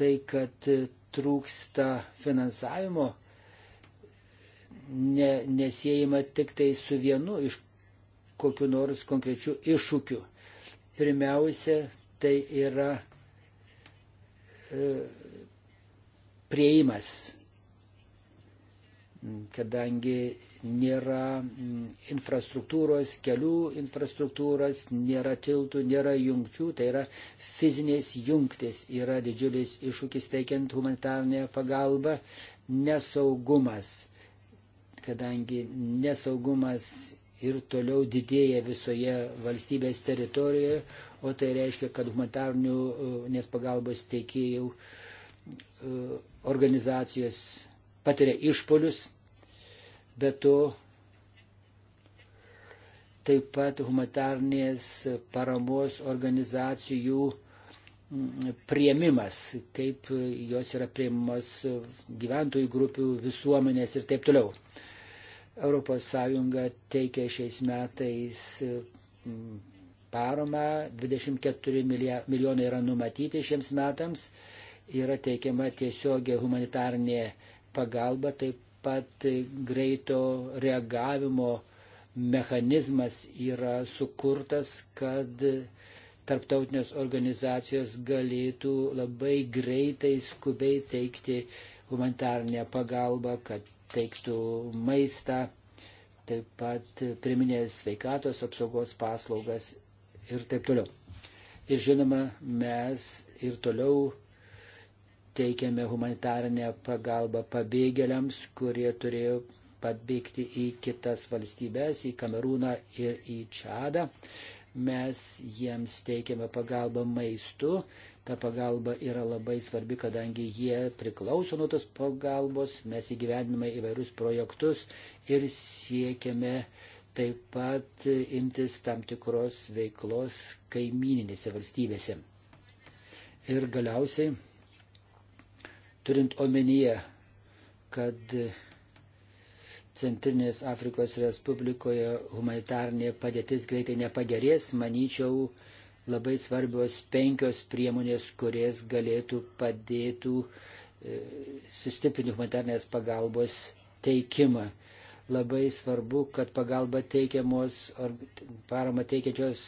Tai, kad trūksta finansavimo, ne, nesėjama tik tai su vienu iš kokiu nors konkrečiu iššūkiu. Pirmiausia, tai yra e, prieimas, kadangi nėra mm, infrastruktūros, kelių infrastruktūros, nėra tiltų, nėra jungčių, tai yra fizinės jungtis yra didžiulis iššūkis teikiant humanitarnę pagalbą, nesaugumas, kadangi nesaugumas ir toliau didėja visoje valstybės teritorijoje, o tai reiškia, kad humanitarnių uh, nes pagalbos teikėjų uh, E, organizacijos patiria išpolius, bet to taip pat humanitarnės paramos organizacijų prieimimas, kaip jos yra prieimimas gyventojų grupių, visuomenės ir taip toliau. ES teikia šiais metais paramą, 24 milijonai yra numatyti šiems metams yra teikiama tiesiogė humanitarnė pagalba, taip pat greito reagavimo mechanizmas yra sukurtas, kad tarptautinės organizacijos galėtų labai greitai, skubiai teikti humanitarnę pagalbą, kad teiktų maistą, taip pat priminės sveikatos apsaugos paslaugas ir taip toliau. Ir žinoma, mes ir toliau teikiame humanitarinę pagalbą pabėgėliams, kurie turėjo pabėgti į kitas valstybės, į Kamerūną ir į Čadą. Mes jiems teikiame pagalbą maistu. Ta pagalba yra labai svarbi, kadangi jie priklauso nuo tos pagalbos. Mes įgyvendiname įvairius projektus ir siekiame taip pat imtis tam tikros veiklos kaimininėse valstybėse. Ir galiausiai turint omenyje, kad Centrinės Afrikos Respublikoje humanitarnė padėtis greitai nepagerės, manyčiau, labai svarbios penkios priemonės, kurias galėtų padėtų e, sustiprinti humanitarnės pagalbos teikimą. Labai svarbu, kad pagalba teikiamos, parama teikiančios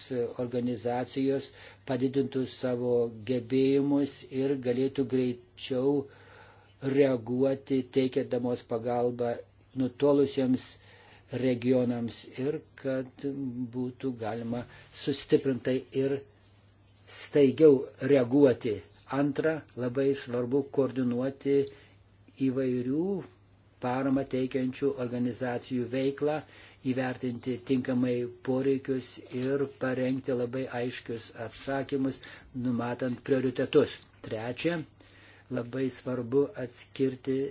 organizacijos padidintų savo gebėjimus ir galėtų greičiau uh, reaguoti teikėdamos pagalbą nutolusiems regionams ir kad būtų galima sustiprintai ir staigiau reaguoti. Antra, labai svarbu koordinuoti įvairių paramą teikiančių organizacijų veiklą, įvertinti tinkamai poreikius ir parengti labai aiškius atsakymus, numatant prioritetus. Trečia, Labai svarbu atskirti e,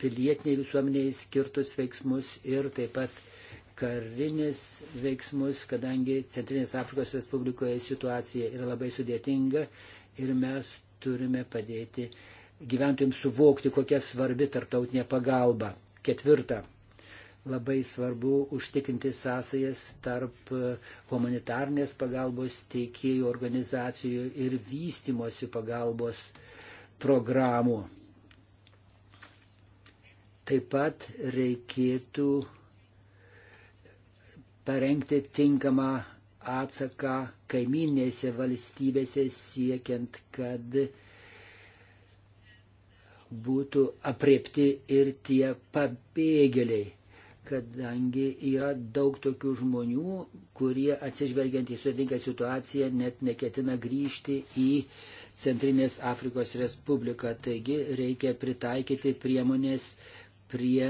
pilietiniai visuomeniai skirtus veiksmus ir taip pat karinis veiksmus, kadangi Centrinės Afrikos Respublikoje situacija yra labai sudėtinga ir mes turime padėti gyventojams suvokti, kokia svarbi tarptautinė pagalba. Ketvirta. Labai svarbu užtikrinti sąsajas tarp e, humanitarnės pagalbos teikėjų organizacijų ir vystimosi pagalbos programų. Taip pat reikėtų parengti tinkamą atsaką kaiminėse valstybėse siekiant, kad būtų apriepti ir tie pabėgėliai, kadangi yra daug tokių žmonių, kurie atsižvelgiant į sudėtingą situaciją net neketina grįžti į uh, Centrinės Afrikos Respubliką. Taigi reikia pritaikyti priemonės prie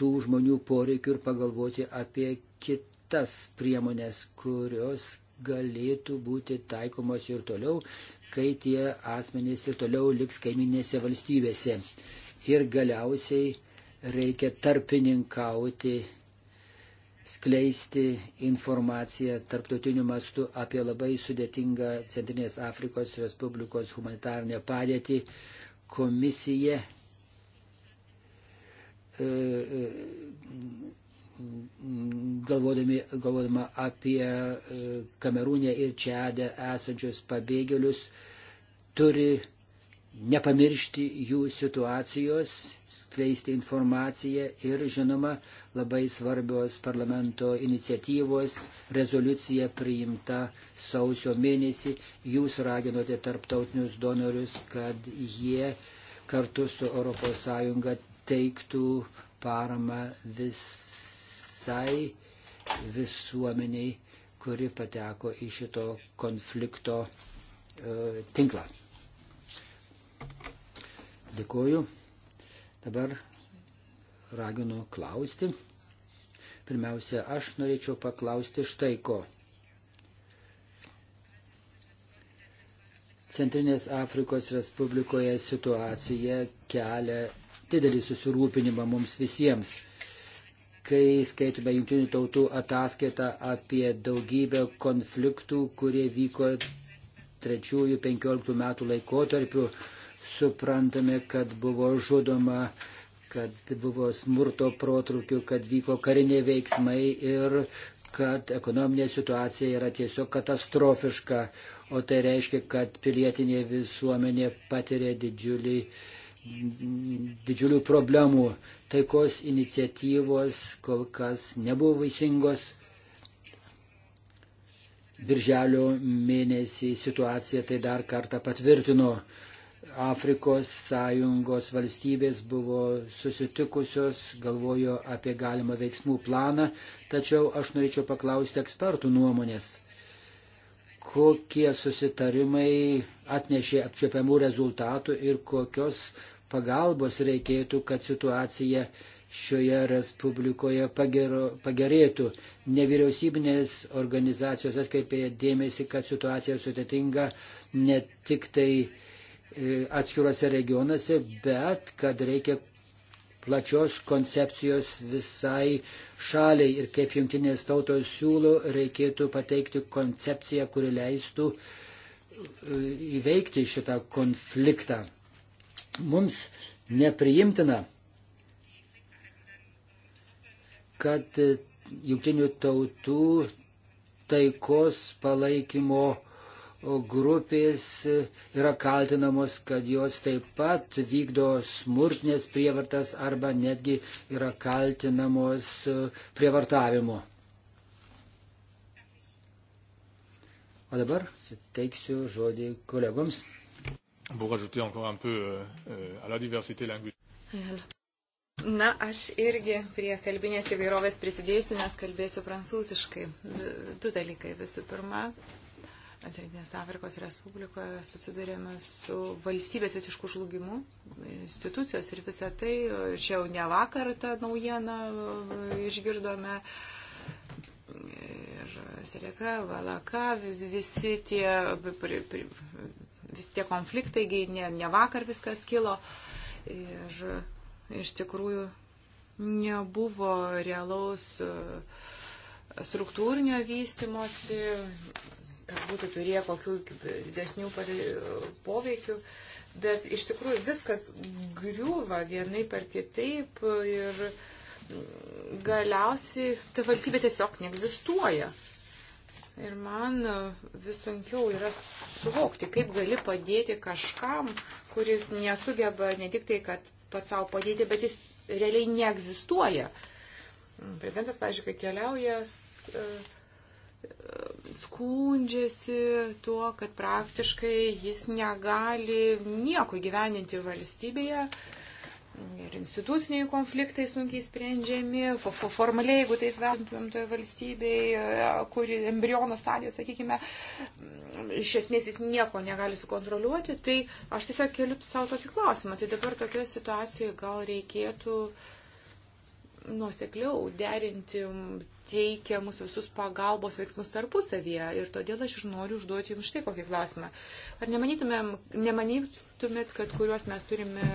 tų žmonių poreikių ir pagalvoti apie kitas priemonės, kurios galėtų būti taikomos ir toliau, kai tie asmenys ir toliau liks kaiminėse valstybėse. Ir galiausiai reikia tarpininkauti skleisti informaciją tarptautiniu mastu apie labai sudėtingą Centrinės Afrikos Respublikos humanitarnę padėtį. Komisija e, e, galvodami, galvodama apie e, Kamerūnę ir Čedę esančius pabėgėlius, turi nepamiršti jų situacijos, skleisti informaciją ir, žinoma, labai svarbios parlamento iniciatyvos, rezoliucija priimta sausio mėnesį. Jūs raginote tarptautinius donorius, kad jie kartu su ES teiktų paramą visai visuomeniai, kuri pateko į šito konflikto e, tinklą. Dėkuoju. Dabar raginu klausti. Pirmiausia, aš norėčiau paklausti štai ko. Centrinės Afrikos Respublikoje situacija kelia didelį susirūpinimą mums visiems. Kai skaitome Junktinių tautų ataskaitą apie daugybę konfliktų, kurie vyko 3-15 metų laikotarpiu, suprantame, kad buvo žudoma, kad buvo smurto protrukių, kad vyko kariniai veiksmai ir kad ekonominė situacija yra tiesiog katastrofiška, o tai reiškia, kad pilietinė visuomenė patiria didžiulį, didžiulių problemų. Taikos iniciatyvos kol kas nebuvo vaisingos. Birželio mėnesį situacija tai dar kartą patvirtino. Afrikos sąjungos valstybės buvo susitikusios, galvojo apie galimą veiksmų planą, tačiau aš norėčiau paklausti ekspertų nuomonės, kokie susitarimai atnešė apčiopiamų rezultatų ir kokios pagalbos reikėtų, kad situacija šioje Respublikoje pagero, pagerėtų. Nevyriausybinės organizacijos atkreipė dėmesį, kad situacija sudėtinga ne tik tai E, atskiruose regionuose, bet kad reikia plačios koncepcijos visai šaliai ir kaip jungtinės tautos siūlo, reikėtų pateikti koncepciją, kuri leistų e, įveikti šitą konfliktą. Mums nepriimtina, kad e, jungtinių tautų taikos palaikymo grupės yra kaltinamos, kad jos taip pat vykdo smurtinės prievartas arba netgi yra kaltinamos e, prievartavimu. O dabar suteiksiu žodį kolegoms. Euh, euh, Na, aš irgi prie kalbinės įvairovės prisidėsiu, nes kalbėsiu prancūziškai. Du dalykai. Visų pirma, Centrinės Afrikos Respublikoje susidurėme su valstybės visiškų žlugimu, institucijos ir visą tai. Čia jau ne vakar tą naujieną išgirdome. Ir Sereka, Valaka, vis, visi tie, pri, pri, visi tie konfliktai, ne, ne vakar viskas kilo. Ir iš tikrųjų nebuvo realaus e, struktūrinio vystimosi kas būtų turėję kokių didesnių poveikių. Bet iš tikrųjų viskas griūva vienai per kitaip ir galiausiai ta valstybė tiesiog neegzistuoja. Ir man vis sunkiau yra suvokti, kaip gali padėti kažkam, kuris nesugeba ne tik tai, kad pats savo padėti, bet jis realiai neegzistuoja. Prezidentas, pažiūrėk, kai keliauja, e, skundžiasi tuo, kad praktiškai jis negali nieko gyveninti valstybėje. Ir instituciniai konfliktai sunkiai sprendžiami, formaliai, jeigu taip vertintumėm toje valstybėje, kuri embriono stadijos, sakykime, iš esmės jis nieko negali sukontroliuoti, tai aš tiesiog keliu savo tokį klausimą. Tai dabar tokioje situacijoje gal reikėtų uh, nuosekliau derinti teikiamus visus pagalbos veiksmus tarpusavyje. Ir todėl aš ir noriu užduoti Jums štai kokį klausimą. Ar nemanytumėt, kad kuriuos mes turime,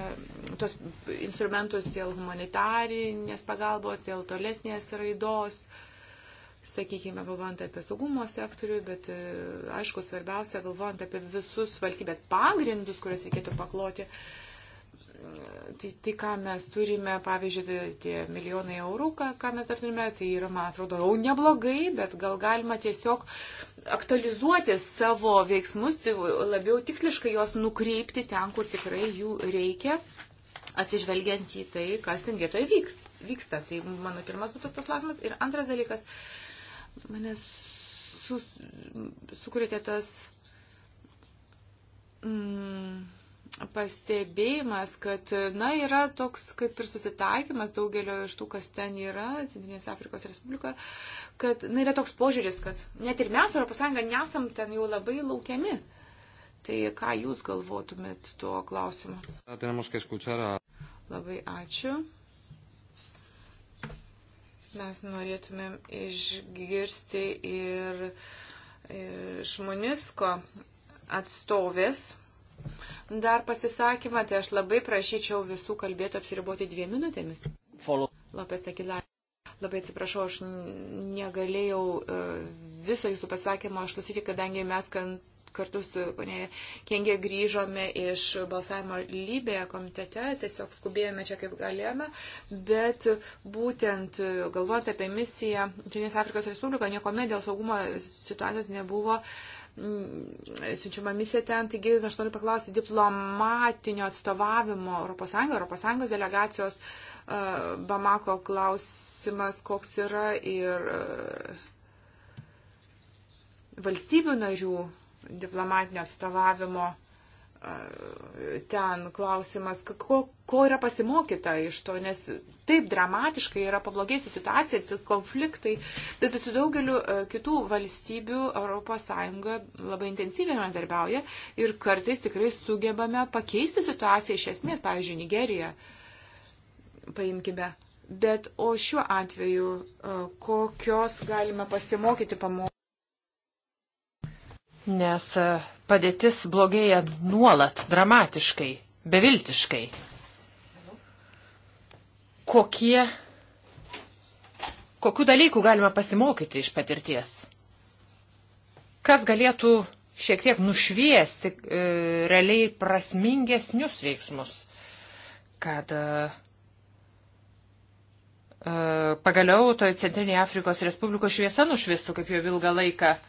tos instrumentus dėl humanitarinės pagalbos, dėl tolesnės raidos, sakykime, galvojant apie saugumo sektorių, bet e, aišku, svarbiausia, galvojant apie visus valstybės pagrindus, kuriuos reikėtų pakloti. Uh, tai, tai ką mes turime, pavyzdžiui, tai tie milijonai eurų, ką, ką mes dar turime, tai yra, man atrodo, jau neblogai, bet gal galima tiesiog aktualizuoti savo veiksmus, tai labiau tiksliškai juos nukreipti ten, kur tikrai jų reikia, atsižvelgiant į tai, kas ten vietoje vyksta. Tai mano pirmas būtų tas klausimas. Ir antras dalykas, mane su, sukūrėte tas. Mm, pastebėjimas, kad, na, yra toks kaip ir susitaikymas daugelio iš tų, kas ten yra, Centrinės Afrikos Respublika, kad, na, yra toks požiūris, kad net ir mes, Europos Sąjunga, nesam ten jau labai laukiami. Tai ką jūs galvotumėt tuo klausimu? Labai ačiū. Mes norėtumėm išgirsti ir, ir žmonisko atstovės dar pasisakymą, tai aš labai prašyčiau visų kalbėtų apsiriboti dviem minutėmis. Follow. Lopes Tekilar. Labai atsiprašau, aš negalėjau e, viso jūsų pasakymo išklausyti, kadangi mes kartu su ponė Kengė grįžome iš balsavimo lybėje komitete, tiesiog skubėjome čia kaip galėjome, bet būtent galvojant apie misiją Činės Afrikos Respublikoje, niekuomet dėl saugumo situacijos nebuvo uh, Mm, siunčiama misija ten, taigi aš noriu paklausti diplomatinio atstovavimo ES, ES delegacijos e, Bamako klausimas, koks yra ir e, valstybių narių diplomatinio atstovavimo ten klausimas, ko, ko yra pasimokyta iš to, nes taip dramatiškai yra pablogėjusi situacija, konfliktai. Tad su daugeliu e, kitų valstybių ES labai intensyviai bendarbiauja ir kartais tikrai sugebame pakeisti situaciją iš esmės, pavyzdžiui, Nigeriją. Paimkime. Bet o šiuo atveju, e, kokios galime pasimokyti pamokų? Nes uh padėtis blogėja nuolat, dramatiškai, beviltiškai. Kokie, kokiu dalykų galima pasimokyti iš patirties? Kas galėtų šiek tiek nušviesti e, realiai prasmingesnius veiksmus, kad e, e pagaliau toje Centrinėje Afrikos Respublikos šviesa nušvistų, kaip jau ilgą laiką e,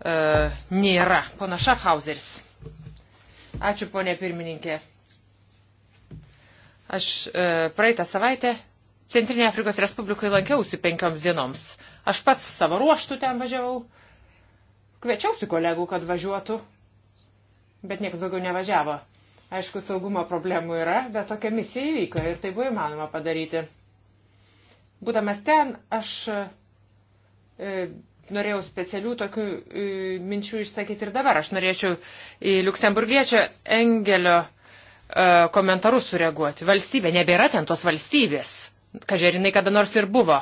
E, nėra. Pana Šafhauseris. Ačiū, ponė pirmininkė. Aš e, praeitą savaitę Centrinė Afrikos Respublikai lankiausi penkioms dienoms. Aš pats savo ruoštų ten važiavau. Kviečiausi kolegų, kad važiuotų, bet niekas daugiau nevažiavo. Aišku, saugumo problemų yra, bet tokia misija įvyko ir tai buvo įmanoma padaryti. Būdamas ten, aš e, norėjau specialių tokių e, minčių išsakyti ir dabar. Aš norėčiau į Luksemburgiečio Engelio e, komentarus sureaguoti. Valstybė, nebėra ten tos valstybės. Kažerinai kada nors ir buvo.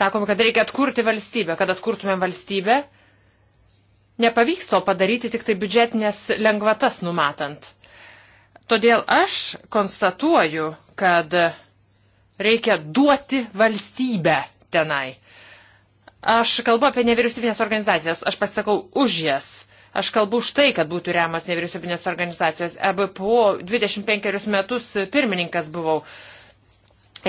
Sakom, kad reikia atkurti valstybę. Kad atkurtumėm valstybę, nepavyks to padaryti tik tai biudžetinės lengvatas numatant. Todėl aš konstatuoju, kad reikia duoti valstybę tenai Aš kalbu apie nevyriausybinės organizacijas, aš pasisakau už jas. Aš kalbu už tai, kad būtų remos nevyriausybinės organizacijos. EBPO 25 metus pirmininkas buvau.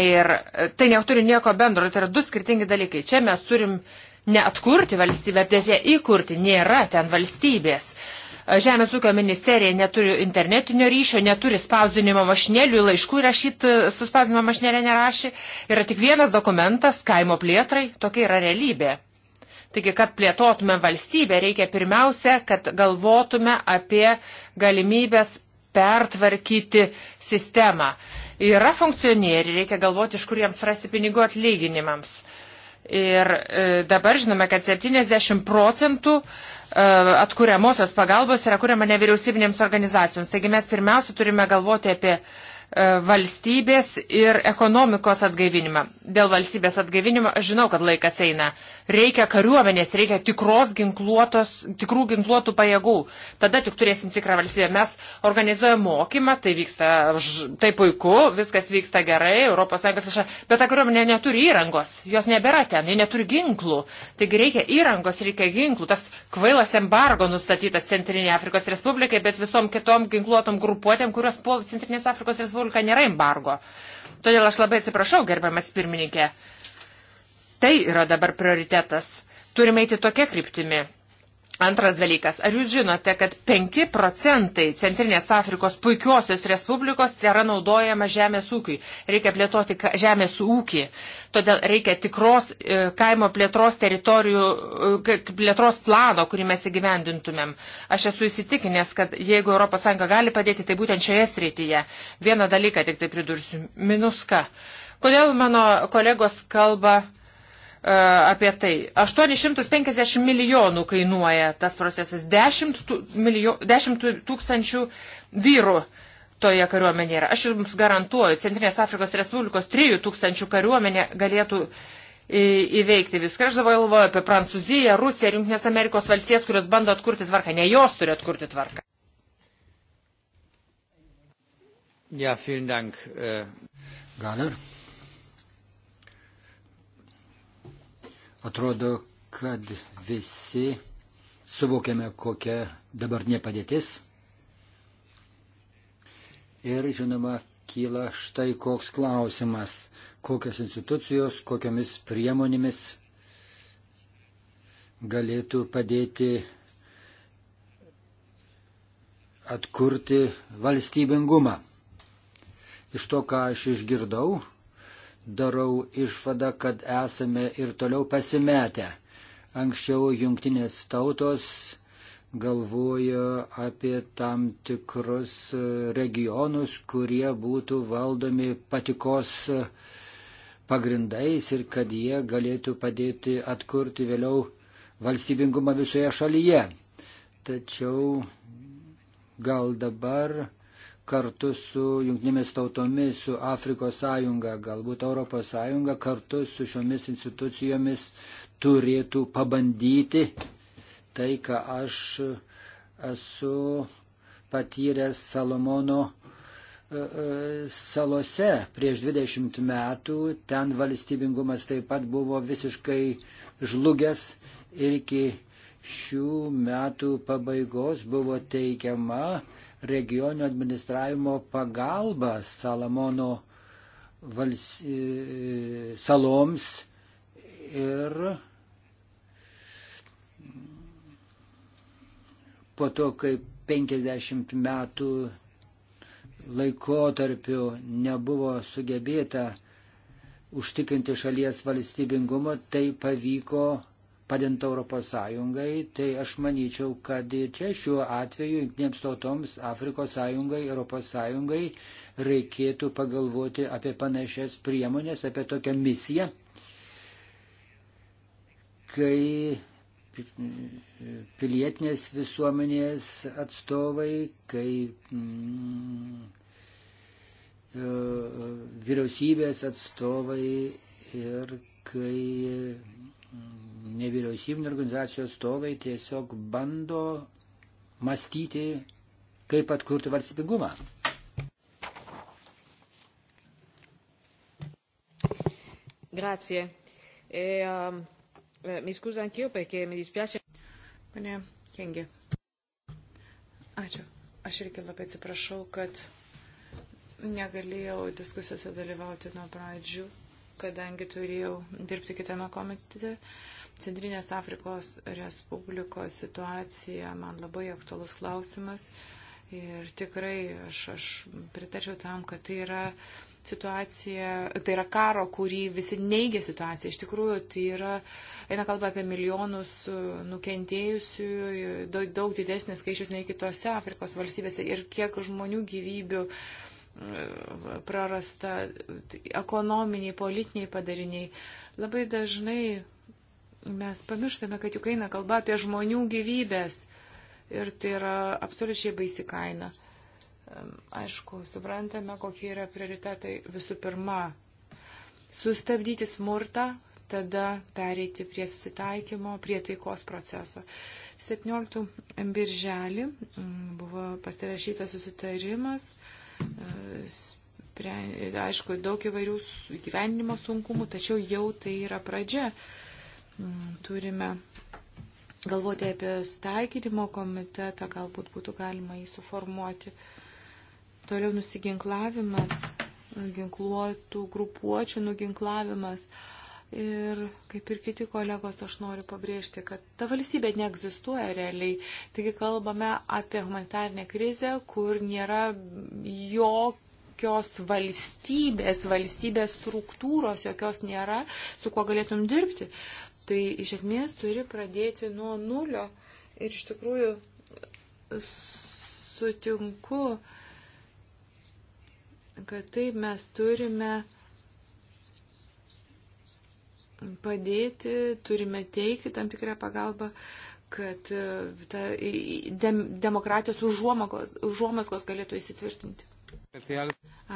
Ir tai neturi nieko bendro, tai yra du skirtingi dalykai. Čia mes turim neatkurti valstybę, bet ją įkurti. Nėra ten valstybės. Uh, Žemės ūkio ministerija neturi internetinio ryšio, neturi spausdinimo mašinėlių, laiškų rašyti e, su spausdinimo mašinėlė nerašė. Yra tik vienas dokumentas kaimo plėtrai, tokia yra realybė. Taigi, kad plėtotume valstybę, reikia pirmiausia, kad galvotume apie galimybės pertvarkyti sistemą. Yra funkcionieriai, reikia galvoti, iš kur jiems rasti pinigų atlyginimams. Ir e, dabar žinome, kad 70 procentų e, E, atkuriamosios pagalbos yra kuriama nevyriausybinėms organizacijoms. Taigi mes pirmiausia turime galvoti apie E, valstybės ir ekonomikos atgaivinimą. Dėl valstybės atgaivinimo aš žinau, kad laikas eina. Reikia kariuomenės, reikia tikros ginkluotos, tikrų ginkluotų pajėgų. Tada tik turėsim tikrą valstybę. Mes organizuojame mokymą, tai vyksta, tai puiku, viskas vyksta gerai, Europos Sąjungos, bet ta kariuomenė neturi įrangos, jos nebėra ten, jie neturi ginklų. Taigi reikia įrangos, reikia ginklų. Tas kvailas embargo nustatytas Centrinė Afrikos Respublikai, bet visom kitom ginkluotom grupuotėm, kurios puola Centrinės Afrikos Respublikai Respublika nėra embargo. Todėl aš labai atsiprašau, gerbiamas pirmininkė. Tai yra dabar prioritetas. Turime eiti tokia kryptimi. Antras dalykas, ar jūs žinote, kad 5 procentai Centrinės Afrikos puikiosios respublikos yra naudojama žemės ūkiui? Reikia plėtoti žemės ūkį, todėl reikia tikros e, kaimo plėtros teritorijų, e, plėtros plano, kurį mes įgyvendintumėm. Aš esu įsitikinęs, kad jeigu ES gali padėti, tai būtent šioje srityje. Vieną dalyką tik tai pridursiu. Minuska. Kodėl mano kolegos kalba E, apie tai. 850 milijonų kainuoja tas procesas. 10, milijo, 10 tūkstančių vyrų toje kariuomenėje. Aš jums garantuoju, Centrinės Afrikos Respublikos 3 tūkstančių kariuomenė galėtų įveikti viską. Aš dabar galvoju apie Prancūziją, Rusiją ir Junktinės Amerikos valstijas, kurios bando atkurti tvarką. Ne jos turi atkurti tvarką. Ja, vielen Dank. Äh. Galer. Atrodo, kad visi suvokiame, kokia dabartinė padėtis. Ir, žinoma, kyla štai koks klausimas, kokios institucijos, kokiamis priemonėmis galėtų padėti atkurti valstybingumą. Iš to, ką aš išgirdau, darau išvadą, kad esame ir toliau pasimetę. Anksčiau jungtinės tautos galvojo apie tam tikrus regionus, kurie būtų valdomi patikos pagrindais ir kad jie galėtų padėti atkurti vėliau valstybingumą visoje šalyje. Tačiau gal dabar kartu su jungtinėmis tautomis, su Afrikos sąjunga, galbūt Europos sąjunga kartu su šiomis institucijomis turėtų pabandyti tai, ką aš esu patyręs Salomono e, e, salose prieš 20 metų. Ten valstybingumas taip pat buvo visiškai žlugęs ir iki šių metų pabaigos buvo teikiama regioninio administravimo pagalba Salamono vals, e, saloms ir po to, kai 50 metų laikotarpiu nebuvo sugebėta užtikrinti šalies valstybingumo, tai pavyko padinta Europos Sąjungai, tai aš manyčiau, kad čia šiuo atveju jungtinėms tautoms, Afrikos Sąjungai, Europos Sąjungai reikėtų pagalvoti apie panašias priemonės, apie tokią misiją, kai pilietinės visuomenės atstovai, kai mm, e, vyriausybės atstovai ir kai mm, nevyriausybinio organizacijos atstovai tiesiog bando mąstyti, kaip atkurti valstybingumą. Grazie. E, um, eh, mi scuso anch'io perché mi dispiace. Pane Kengė. Ačiū. Aš irgi labai atsiprašau, kad negalėjau diskusijose dalyvauti nuo pradžių, kadangi turėjau dirbti kitame komitete. Uh, Centrinės Afrikos Respublikos situacija man labai aktualus klausimas ir tikrai aš, aš pritačiau tam, kad tai yra situacija, tai yra karo, kurį visi neigia situacija. Iš tikrųjų, tai yra, eina kalba apie milijonus nukentėjusių, daug, daug didesnis skaičius nei kitose Afrikos valstybėse ir kiek žmonių gyvybių e, prarasta, tai ekonominiai, politiniai padariniai. Labai dažnai mes pamirštame, kad juk eina kalba apie žmonių gyvybės. Ir tai yra absoliučiai baisi kaina. Aišku, suprantame, kokie yra prioritetai. Visų pirma, sustabdyti smurtą, tada pereiti prie susitaikymo, prie taikos proceso. 17 birželį mm, buvo pasirašytas susitarimas e, aišku, daug įvairių gyvenimo sunkumų, tačiau jau tai yra pradžia turime galvoti apie staikinimo komitetą, galbūt būtų galima jį suformuoti. Toliau nusiginklavimas, ginkluotų grupuočių nuginklavimas. Ir kaip ir kiti kolegos, aš noriu pabrėžti, kad ta valstybė neegzistuoja realiai. Taigi kalbame apie humanitarnę krizę, kur nėra jokio jokios valstybės, valstybės struktūros, jokios nėra, su kuo galėtum dirbti tai iš esmės turi pradėti nuo nulio. Ir iš tikrųjų sutinku, kad taip mes turime padėti, turime teikti tam tikrą pagalbą kad e, ta dem, demokratijos užuomaskos galėtų įsitvirtinti.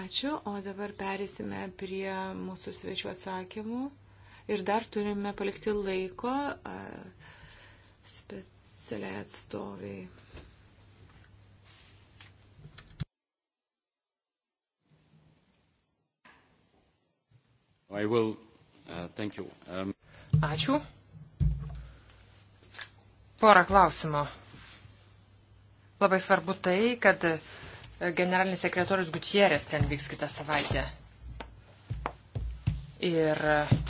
Ačiū, o dabar perėsime prie mūsų svečių atsakymų. Ir dar turime palikti laiko specialiai atstoviai. I will. Uh, thank you. Um... Ačiū. Porą klausimų. Labai svarbu tai, kad generalinis sekretorius Gutierrez ten vyks kitą savaitę. Ir uh,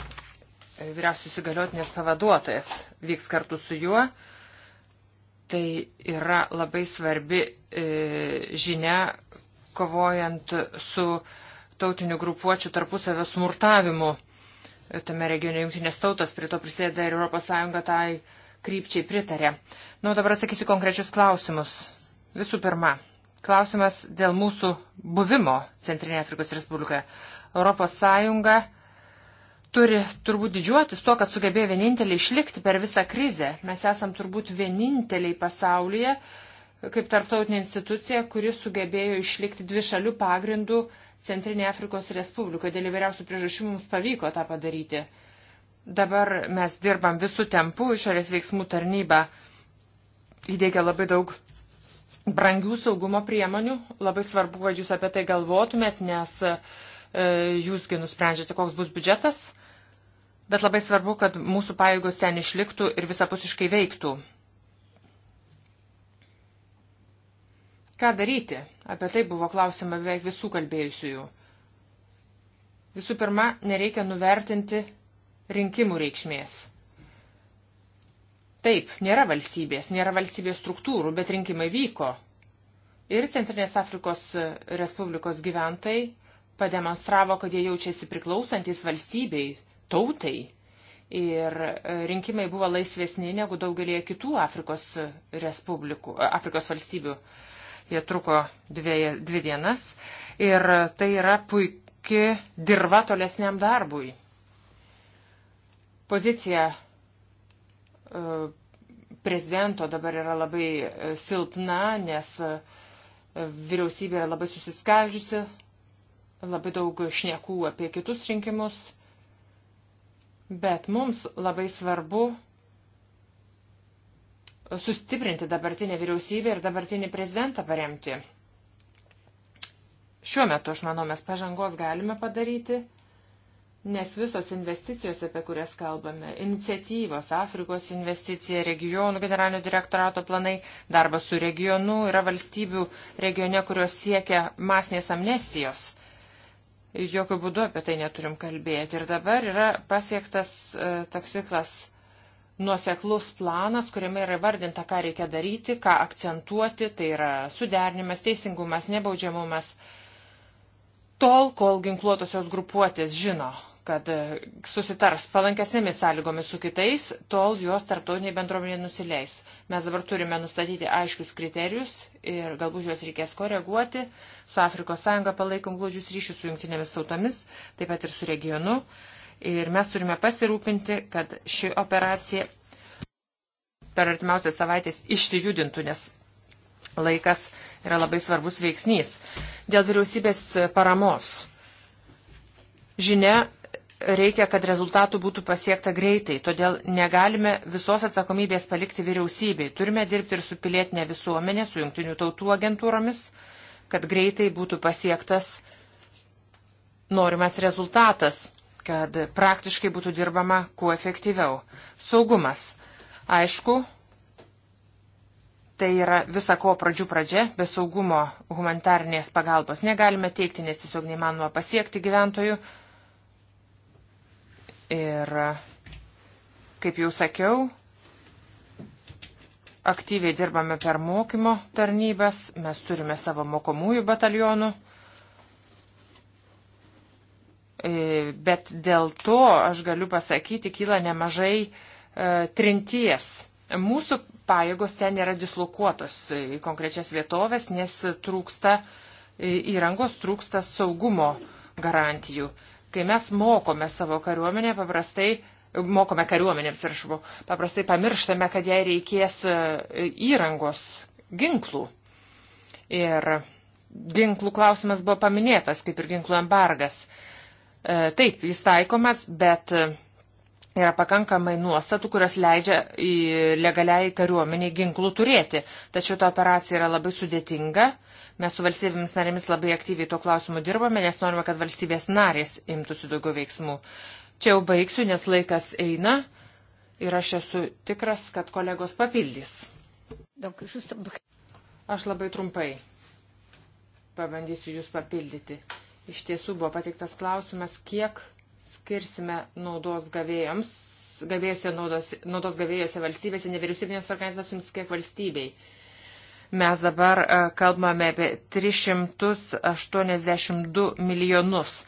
vyriausios įgaliotinės pavaduotojas vyks kartu su juo. Tai yra labai svarbi e, žinia, kovojant su tautinių grupuočių tarpusavio smurtavimu. E, tame regione jungtinės tautos prie to prisėda ir ES tai krypčiai pritarė. Na, nu, dabar atsakysiu konkrečius klausimus. Visų pirma, klausimas dėl mūsų buvimo Centrinėje Afrikos Respublikoje. ES turi turbūt didžiuotis tuo, kad sugebėjo vieninteliai išlikti per visą krizę. Mes esam turbūt vieninteliai pasaulyje, kaip tarptautinė institucija, kuri sugebėjo išlikti dvi šalių pagrindų Centrinė Afrikos Respublika. Dėl įvairiausių priežasčių mums pavyko tą padaryti. Dabar mes dirbam visų tempų, išorės veiksmų tarnyba įdėgia labai daug brangių saugumo priemonių. Labai svarbu, kad jūs apie tai galvotumėt, nes uh, E, jūsgi nusprendžiate, koks bus biudžetas, bet labai svarbu, kad mūsų pajėgos ten išliktų ir visapusiškai veiktų. Ką daryti? Apie tai buvo klausima beveik visų kalbėjusiųjų. Visų pirma, nereikia nuvertinti rinkimų reikšmės. Taip, nėra valstybės, nėra valstybės struktūrų, bet rinkimai vyko. Ir Centrinės Afrikos Respublikos gyventojai pademonstravo, kad jie jaučiasi priklausantis valstybei, tautai. Ir e, rinkimai buvo laisvesni negu daugelie kitų Afrikos, e, Afrikos valstybių. Jie truko dvi, dvi dienas. Ir tai yra puikia dirba tolesniam darbui. Pozicija e, prezidento dabar yra labai silpna, nes vyriausybė yra labai susiskaldžiusi, labai daug šnekų apie kitus rinkimus, bet mums labai svarbu sustiprinti dabartinę vyriausybę ir dabartinį prezidentą paremti. Šiuo metu, aš manau, mes pažangos galime padaryti, nes visos investicijos, apie kurias kalbame, iniciatyvos, Afrikos investicija, regionų generalinio direktorato planai, darbas su regionu, yra valstybių regione, kurios siekia masinės amnestijos jokių būdų apie tai neturim kalbėti. Ir dabar yra pasiektas e, toks tikslas nuoseklus planas, kuriame yra vardinta, ką reikia daryti, ką akcentuoti, tai yra sudernimas, teisingumas, nebaudžiamumas, tol, kol ginkluotosios grupuotės žino, kad e, susitars palankesnėmis sąlygomis su kitais, tol juos tarptautiniai bendruomenė nusileis. Mes dabar turime nustatyti aiškius kriterijus ir galbūt juos reikės koreguoti. Su Afrikos Sąjunga palaikom glūdžius ryšius su jungtinėmis tautomis, taip pat ir su regionu. Ir mes turime pasirūpinti, kad ši operacija per artimiausias savaitės išsijudintų, nes laikas yra labai svarbus veiksnys. Dėl vyriausybės paramos. Žinia, reikia, kad rezultatų būtų pasiekta greitai, todėl negalime visos atsakomybės palikti vyriausybei. Turime dirbti ir su pilietinė visuomenė, su jungtinių tautų agentūromis, kad greitai būtų pasiektas norimas rezultatas, kad praktiškai būtų dirbama kuo efektyviau. Saugumas. Aišku, tai yra visa ko pradžių pradžia, be saugumo humanitarnės pagalbos negalime teikti, nes tiesiog neįmanoma pasiekti gyventojų Ir, kaip jau sakiau, aktyviai dirbame per mokymo tarnybas, mes turime savo mokomųjų batalionų. E, bet dėl to, aš galiu pasakyti, kyla nemažai e, trinties. Mūsų pajėgos ten yra dislokuotos į konkrečias vietovės, nes trūksta įrangos, trūksta saugumo garantijų. Kai mes mokome savo kariuomenę, paprastai mokome kariuomenę, atsiprašau, paprastai pamirštame, kad jai reikės e, įrangos, ginklų. Ir ginklų klausimas buvo paminėtas, kaip ir ginklų embargas. E, taip, jis taikomas, bet e, yra pakankamai nuostatų, kurios leidžia legaliai kariuomeniai ginklų turėti. Tačiau ta operacija yra labai sudėtinga Mes su valstybėmis narėmis labai aktyviai tuo klausimu dirbame, nes norime, kad valstybės narės imtųsi daugiau veiksmų. Čia jau baigsiu, nes laikas eina ir aš esu tikras, kad kolegos papildys. Aš labai trumpai pabandysiu jūs papildyti. Iš tiesų buvo pateiktas klausimas, kiek skirsime naudos gavėjams, gavėjose naudos, naudos gavėjose valstybėse, nevyriausybinės organizacijoms, kiek valstybei. Mes dabar e, kalbame apie 382 milijonus.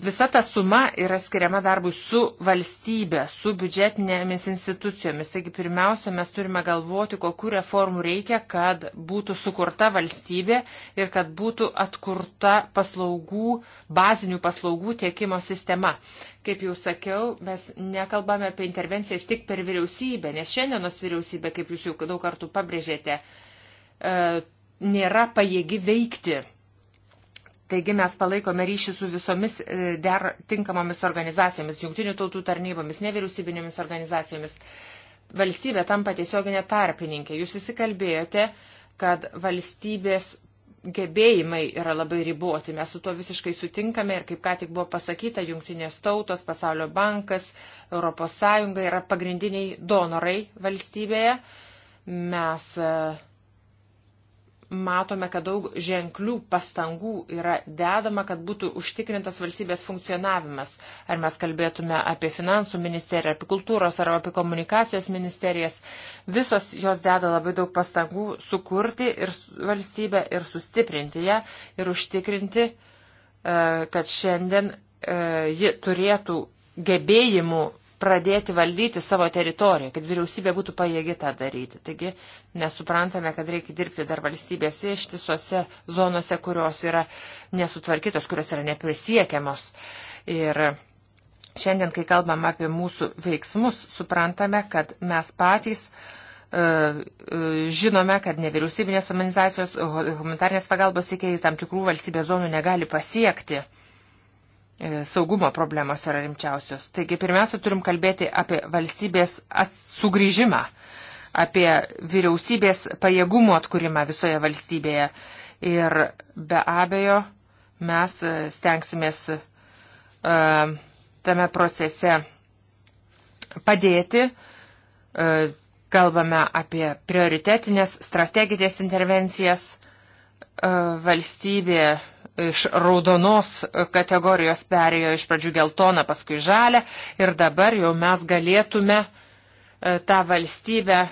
Visa ta suma yra skiriama darbui su valstybe, su biudžetinėmis institucijomis. Taigi pirmiausia, mes turime galvoti, kokiu reformų reikia, kad būtų sukurta valstybė ir kad būtų atkurta paslaugų, bazinių paslaugų tiekimo sistema. Kaip jau sakiau, mes nekalbame apie intervencijas tik per vyriausybę, nes šiandienos vyriausybė, kaip jūs jau daug kartų pabrėžėte, E, nėra pajėgi veikti. Taigi mes palaikome ryšį su visomis e, der tinkamomis organizacijomis, jungtinių tautų tarnybomis, nevyriausybinėmis organizacijomis. Valstybė tampa tiesioginė tarpininkė. Jūs visi kalbėjote, kad valstybės gebėjimai yra labai riboti. Mes su tuo visiškai sutinkame ir kaip ką tik buvo pasakyta, jungtinės tautos, pasaulio bankas, ES yra pagrindiniai donorai valstybėje. Mes uh, matome, kad daug ženklių pastangų yra dedama, kad būtų užtikrintas valstybės funkcionavimas. Ar mes kalbėtume apie finansų ministeriją, apie kultūros ar apie komunikacijos ministerijas, visos jos deda labai daug pastangų sukurti ir valstybę ir sustiprinti ją ir užtikrinti, e, kad šiandien e, ji turėtų gebėjimų pradėti valdyti savo teritoriją, kad vyriausybė būtų pajėgi tą daryti. Taigi nesuprantame, kad reikia dirbti dar valstybės ištisose zonose, kurios yra nesutvarkytos, kurios yra neprisiekiamos. Ir šiandien, kai kalbam apie mūsų veiksmus, suprantame, kad mes patys e, e, žinome, kad nevyriausybinės organizacijos humanitarnės pagalbos iki tam tikrų valstybės zonų negali pasiekti. E, saugumo problemos yra rimčiausios. Taigi pirmiausia, turim kalbėti apie valstybės sugrįžimą, apie vyriausybės pajėgumo atkūrimą visoje valstybėje. Ir be abejo, mes e, stengsimės uh, tame procese padėti. Uh, kalbame apie prioritetinės strateginės intervencijas. Uh, valstybė iš raudonos kategorijos perėjo iš pradžių geltoną, paskui žalę ir dabar jau mes galėtume e, tą valstybę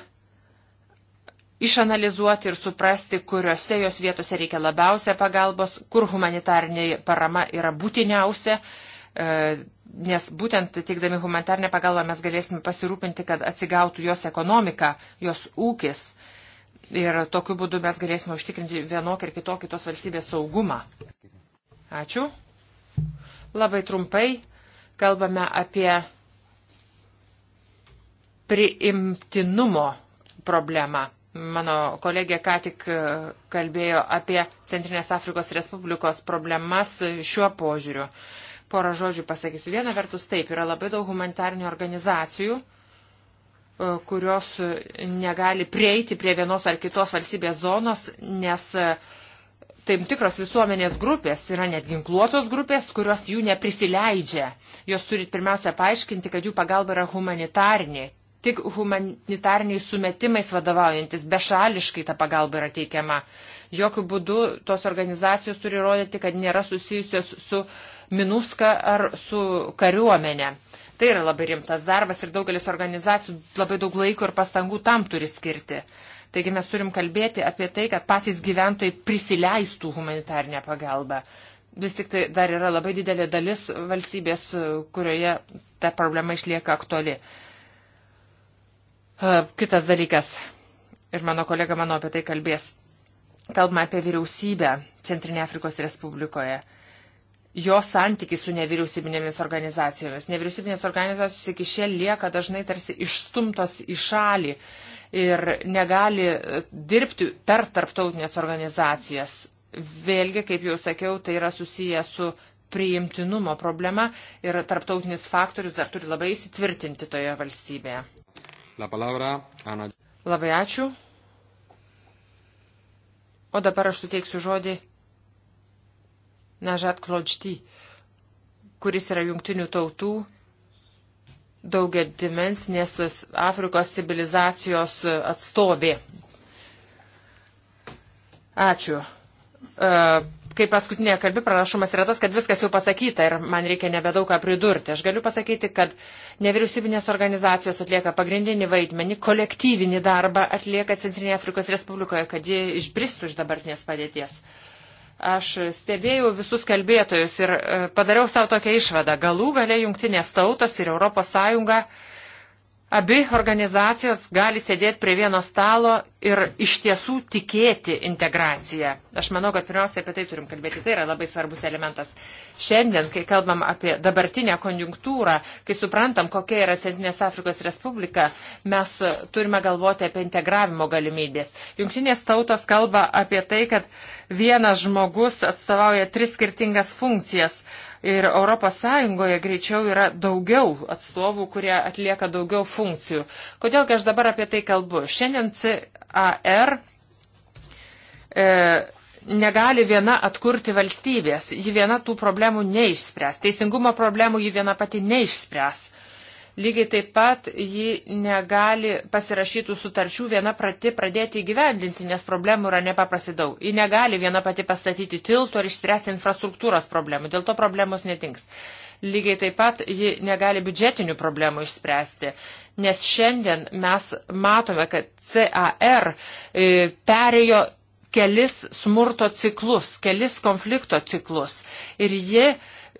išanalizuoti ir suprasti, kuriuose jos vietose reikia labiausia pagalbos, kur humanitarniai parama yra būtiniausia, e, nes būtent teikdami humanitarnę pagalbą mes galėsime pasirūpinti, kad atsigautų jos ekonomika, jos ūkis Ir tokiu būdu mes galėsime užtikrinti vienokį ir kitokį tos valstybės saugumą. Ačiū. Labai trumpai kalbame apie priimtinumo problemą. Mano kolegė ką tik e, kalbėjo apie Centrinės Afrikos Respublikos problemas šiuo požiūriu. Porą žodžių pasakysiu. Viena vertus taip, yra labai daug humanitarnių organizacijų, E, kurios negali prieiti prie vienos ar kitos valstybės zonos, nes e, tam tikros visuomenės grupės yra net ginkluotos grupės, kurios jų neprisileidžia. Jos turi pirmiausia paaiškinti, kad jų pagalba yra humanitarnė. Tik humanitarniais sumetimais vadovaujantis, bešališkai ta pagalba yra teikiama. Jokių būdų tos organizacijos turi rodyti, kad nėra susijusios su Minuska ar su kariuomenė. Tai yra labai rimtas darbas ir daugelis organizacijų labai daug laiko ir pastangų tam turi skirti. Taigi mes turim kalbėti apie tai, kad patys gyventojai prisileistų humanitarnę pagalbą. Vis tik tai dar yra labai didelė dalis valstybės, kurioje ta problema išlieka aktuali. E, kitas dalykas, ir mano kolega mano apie tai kalbės, kalbama apie vyriausybę Centrinė Afrikos Respublikoje jo santykiai su nevyriausybinėmis organizacijomis. Nevyriausybinės organizacijos iki šiol lieka dažnai tarsi išstumtos į šalį ir negali e, dirbti per tarptautinės organizacijas. Vėlgi, kaip jau sakiau, tai yra susiję su priimtinumo problema ir tarptautinis faktorius dar turi labai įsitvirtinti toje valstybėje. Palabra, Labai ačiū. O dabar aš suteiksiu žodį Nažat Klodžty, kuris yra jungtinių tautų daugia dimensinės Afrikos civilizacijos atstovė. Ačiū. E, kai paskutinė kalbi pranašumas yra tas, kad viskas jau pasakyta ir man reikia nebedaug ką pridurti. Aš galiu pasakyti, kad nevyriausybinės organizacijos atlieka pagrindinį vaidmenį, kolektyvinį darbą atlieka Centrinė Afrikos Respublikoje, kad ji išbristų iš dabartinės padėties. Uh, Aš stebėjau visus kalbėtojus ir e, padariau savo tokią išvadą. Galų gale jungtinės tautos ir Europos Sąjunga uh, Abi organizacijos gali sėdėti prie vieno stalo ir iš tiesų tikėti integraciją. Aš manau, kad pirmiausia apie tai turim kalbėti. Tai yra labai svarbus elementas. Šiandien, kai kalbam apie dabartinę konjunktūrą, kai suprantam, kokia yra Centrinės Afrikos Respublika, mes turime galvoti apie integravimo galimybės. Junktinės tautos kalba apie tai, kad vienas žmogus atstovauja tris skirtingas funkcijas. Uh, Ir ES greičiau yra daugiau atstovų, kurie atlieka daugiau funkcijų. Kodėl aš dabar apie tai kalbu? Šiandien CAR e, negali viena atkurti valstybės. Ji viena tų problemų neišspręs. Teisingumo problemų ji viena pati neišspręs. Lygiai taip pat ji negali pasirašytų sutarčių viena pati pradėti įgyvendinti, nes problemų yra nepaprastai daug. Ji negali viena pati pastatyti tiltų ar išspręsti infrastruktūros problemų, dėl to problemos netinks. Lygiai taip pat ji negali biudžetinių problemų išspręsti, nes šiandien mes matome, kad CAR e, perėjo kelis smurto ciklus, kelis konflikto ciklus ir ji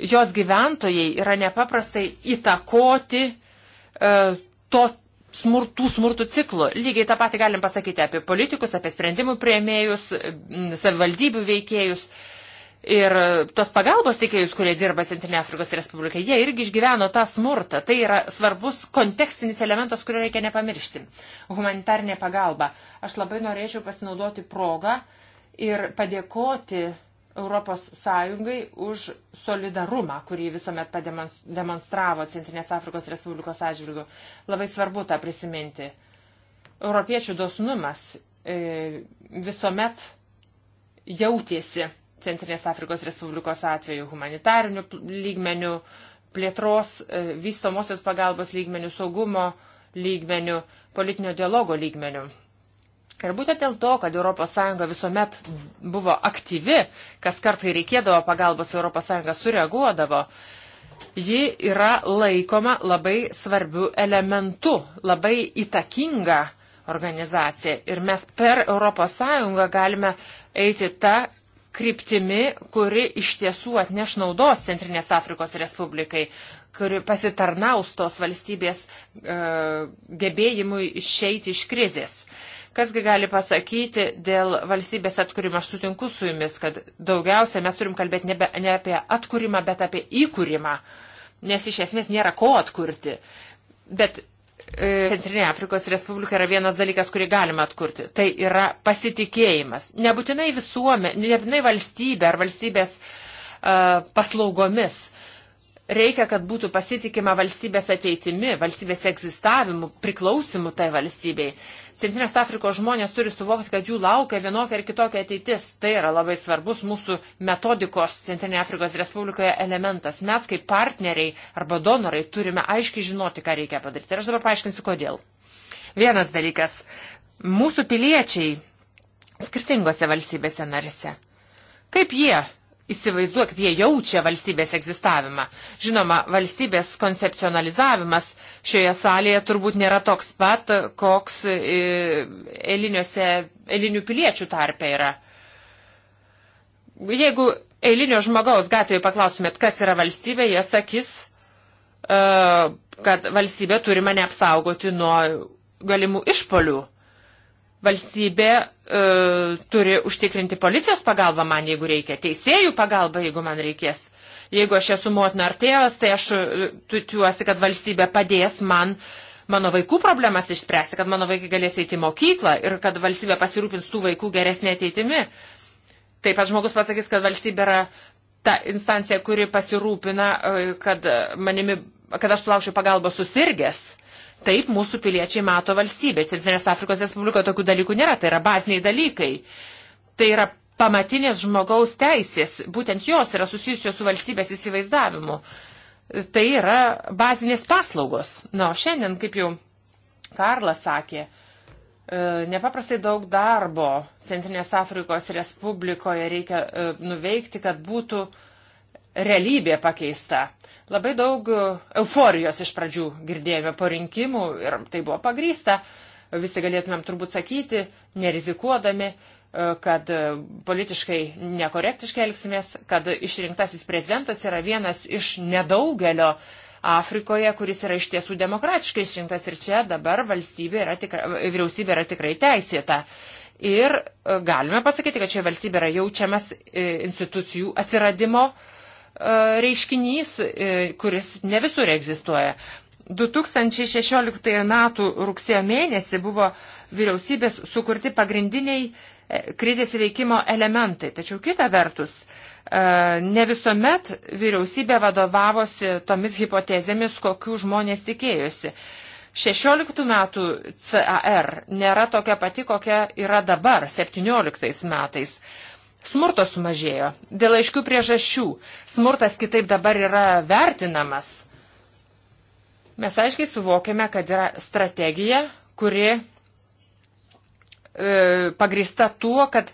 jos gyventojai yra nepaprastai įtakoti e, to smurtų smurtų ciklo. Lygiai tą patį galim pasakyti apie politikus, apie sprendimų prieimėjus, savivaldybių veikėjus. Ir tos pagalbos teikėjus, kurie dirba Centrinė Afrikos Respublika, jie irgi išgyveno tą smurtą. Tai yra svarbus kontekstinis elementas, kurio reikia nepamiršti. Humanitarinė pagalba. Aš labai norėčiau pasinaudoti progą ir padėkoti uh, ES už solidarumą, kurį visuomet pademonstravo Centrinės Afrikos Respublikos atžvilgių. Labai svarbu tą prisiminti. Europiečių dosnumas e, visuomet jautėsi Centrinės Afrikos Respublikos atveju humanitarinių lygmenių, plėtros, e, vystomosios pagalbos lygmenių, saugumo lygmenių, politinio dialogo lygmenių. Ir būtent dėl to, kad ES visuomet buvo aktyvi, kas kartai reikėdavo pagalbos ES sureaguodavo, ji yra laikoma labai svarbių elementų, labai įtakinga organizacija. Ir mes per ES galime eiti tą kryptimi, kuri iš tiesų atneš naudos Centrinės Afrikos Respublikai, kuri pasitarnaus tos valstybės e, gebėjimui išeiti iš krizės. E, Kasgi gali pasakyti dėl valstybės atkūrimo? Aš sutinku su jumis, kad daugiausia mes turim kalbėti nebe, ne apie atkūrimą, bet apie įkūrimą, nes iš esmės nėra ko atkurti. Bet e, Centrinė Afrikos Respublika yra vienas dalykas, kurį galima atkurti. Tai yra pasitikėjimas. Nebūtinai visuomenė, nebūtinai valstybė ar valstybės uh, paslaugomis. Uh, Reikia, kad būtų pasitikima valstybės ateitimi, valstybės egzistavimu, priklausimu tai valstybei. Centrinės Afrikos žmonės turi suvokti, kad jų laukia vienokia ir kitokia ateitis. Tai yra labai svarbus mūsų metodikos Centrinė Afrikos Respublikoje elementas. Mes kaip partneriai arba donorai turime aiškiai žinoti, ką reikia padaryti. Ir aš dabar paaiškinsiu, kodėl. Vienas dalykas. Mūsų piliečiai skirtingose valstybėse narise. Kaip jie įsivaizduoja, kaip jie jaučia valstybės egzistavimą. Žinoma, valstybės koncepcionalizavimas šioje salėje turbūt nėra toks pat, koks eilinių piliečių tarpe yra. Jeigu eilinio žmogaus gatvėje paklausumėt, kas yra valstybė, jie sakys, e, kad valstybė turi mane apsaugoti nuo galimų išpolių. Valstybė e, turi užtikrinti policijos pagalbą man, jeigu reikia, teisėjų pagalbą, jeigu man reikės. Jeigu aš esu motina ar tėvas, tai aš e, tikiuosi, kad valstybė padės man mano vaikų problemas išspręsti, kad mano vaikai galės eiti į mokyklą ir kad valstybė pasirūpins tų vaikų geresnė ateitimi. Taip pat žmogus pasakys, kad valstybė yra ta instancija, kuri pasirūpina, e, kad, e, manimi, kad aš sulaušiu pagalbą susirgęs. Taip mūsų piliečiai mato valstybė. Centrinės Afrikos Respublikoje tokių dalykų nėra, tai yra baziniai dalykai. Tai yra pamatinės žmogaus teisės, būtent jos yra susijusios su valstybės įsivaizdavimu. Tai yra bazinės paslaugos. Na, o šiandien, kaip jau Karlas sakė, e, nepaprastai daug darbo Centrinės Afrikos Respublikoje reikia e, nuveikti, kad būtų uh, realybė pakeista. Labai daug euforijos iš pradžių girdėjome po rinkimų ir tai buvo pagrysta. Visi galėtumėm turbūt sakyti, nerizikuodami, e, kad e, politiškai nekorektiškai elgsimės, kad išrinktasis prezidentas yra vienas iš nedaugelio Afrikoje, kuris yra iš tiesų demokratiškai išrinktas ir čia dabar valstybė yra tikra, vyriausybė yra tikrai teisėta. Ir e, galime pasakyti, kad čia valstybė yra jaučiamas institucijų atsiradimo uh, reiškinys, e, kuris ne visur egzistuoja. 2016 m. rugsėjo mėnesį buvo vyriausybės sukurti pagrindiniai e, krizės veikimo elementai. Tačiau kita vertus, e, ne visuomet vyriausybė vadovavosi tomis hipotezėmis, kokių žmonės tikėjosi. 16 metų CAR nėra tokia pati, kokia yra dabar, 17 metais. Smurto sumažėjo dėl aiškių priežasčių. Smurtas kitaip dabar yra vertinamas. Mes aiškiai suvokiame, kad yra strategija, kuri e, pagrįsta tuo, kad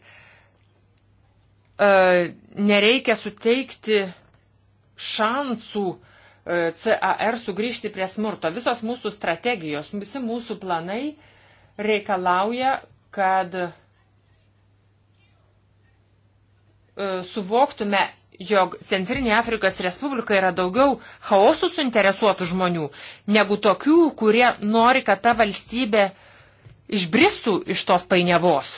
e, nereikia suteikti šansų e, CAR sugrįžti prie smurto. Visos mūsų strategijos, visi mūsų planai reikalauja, kad E, suvoktume, jog Centrinė Afrikos Respublika yra daugiau chaosų suinteresuotų žmonių, negu tokių, kurie nori, kad ta valstybė išbristų iš tos painiavos.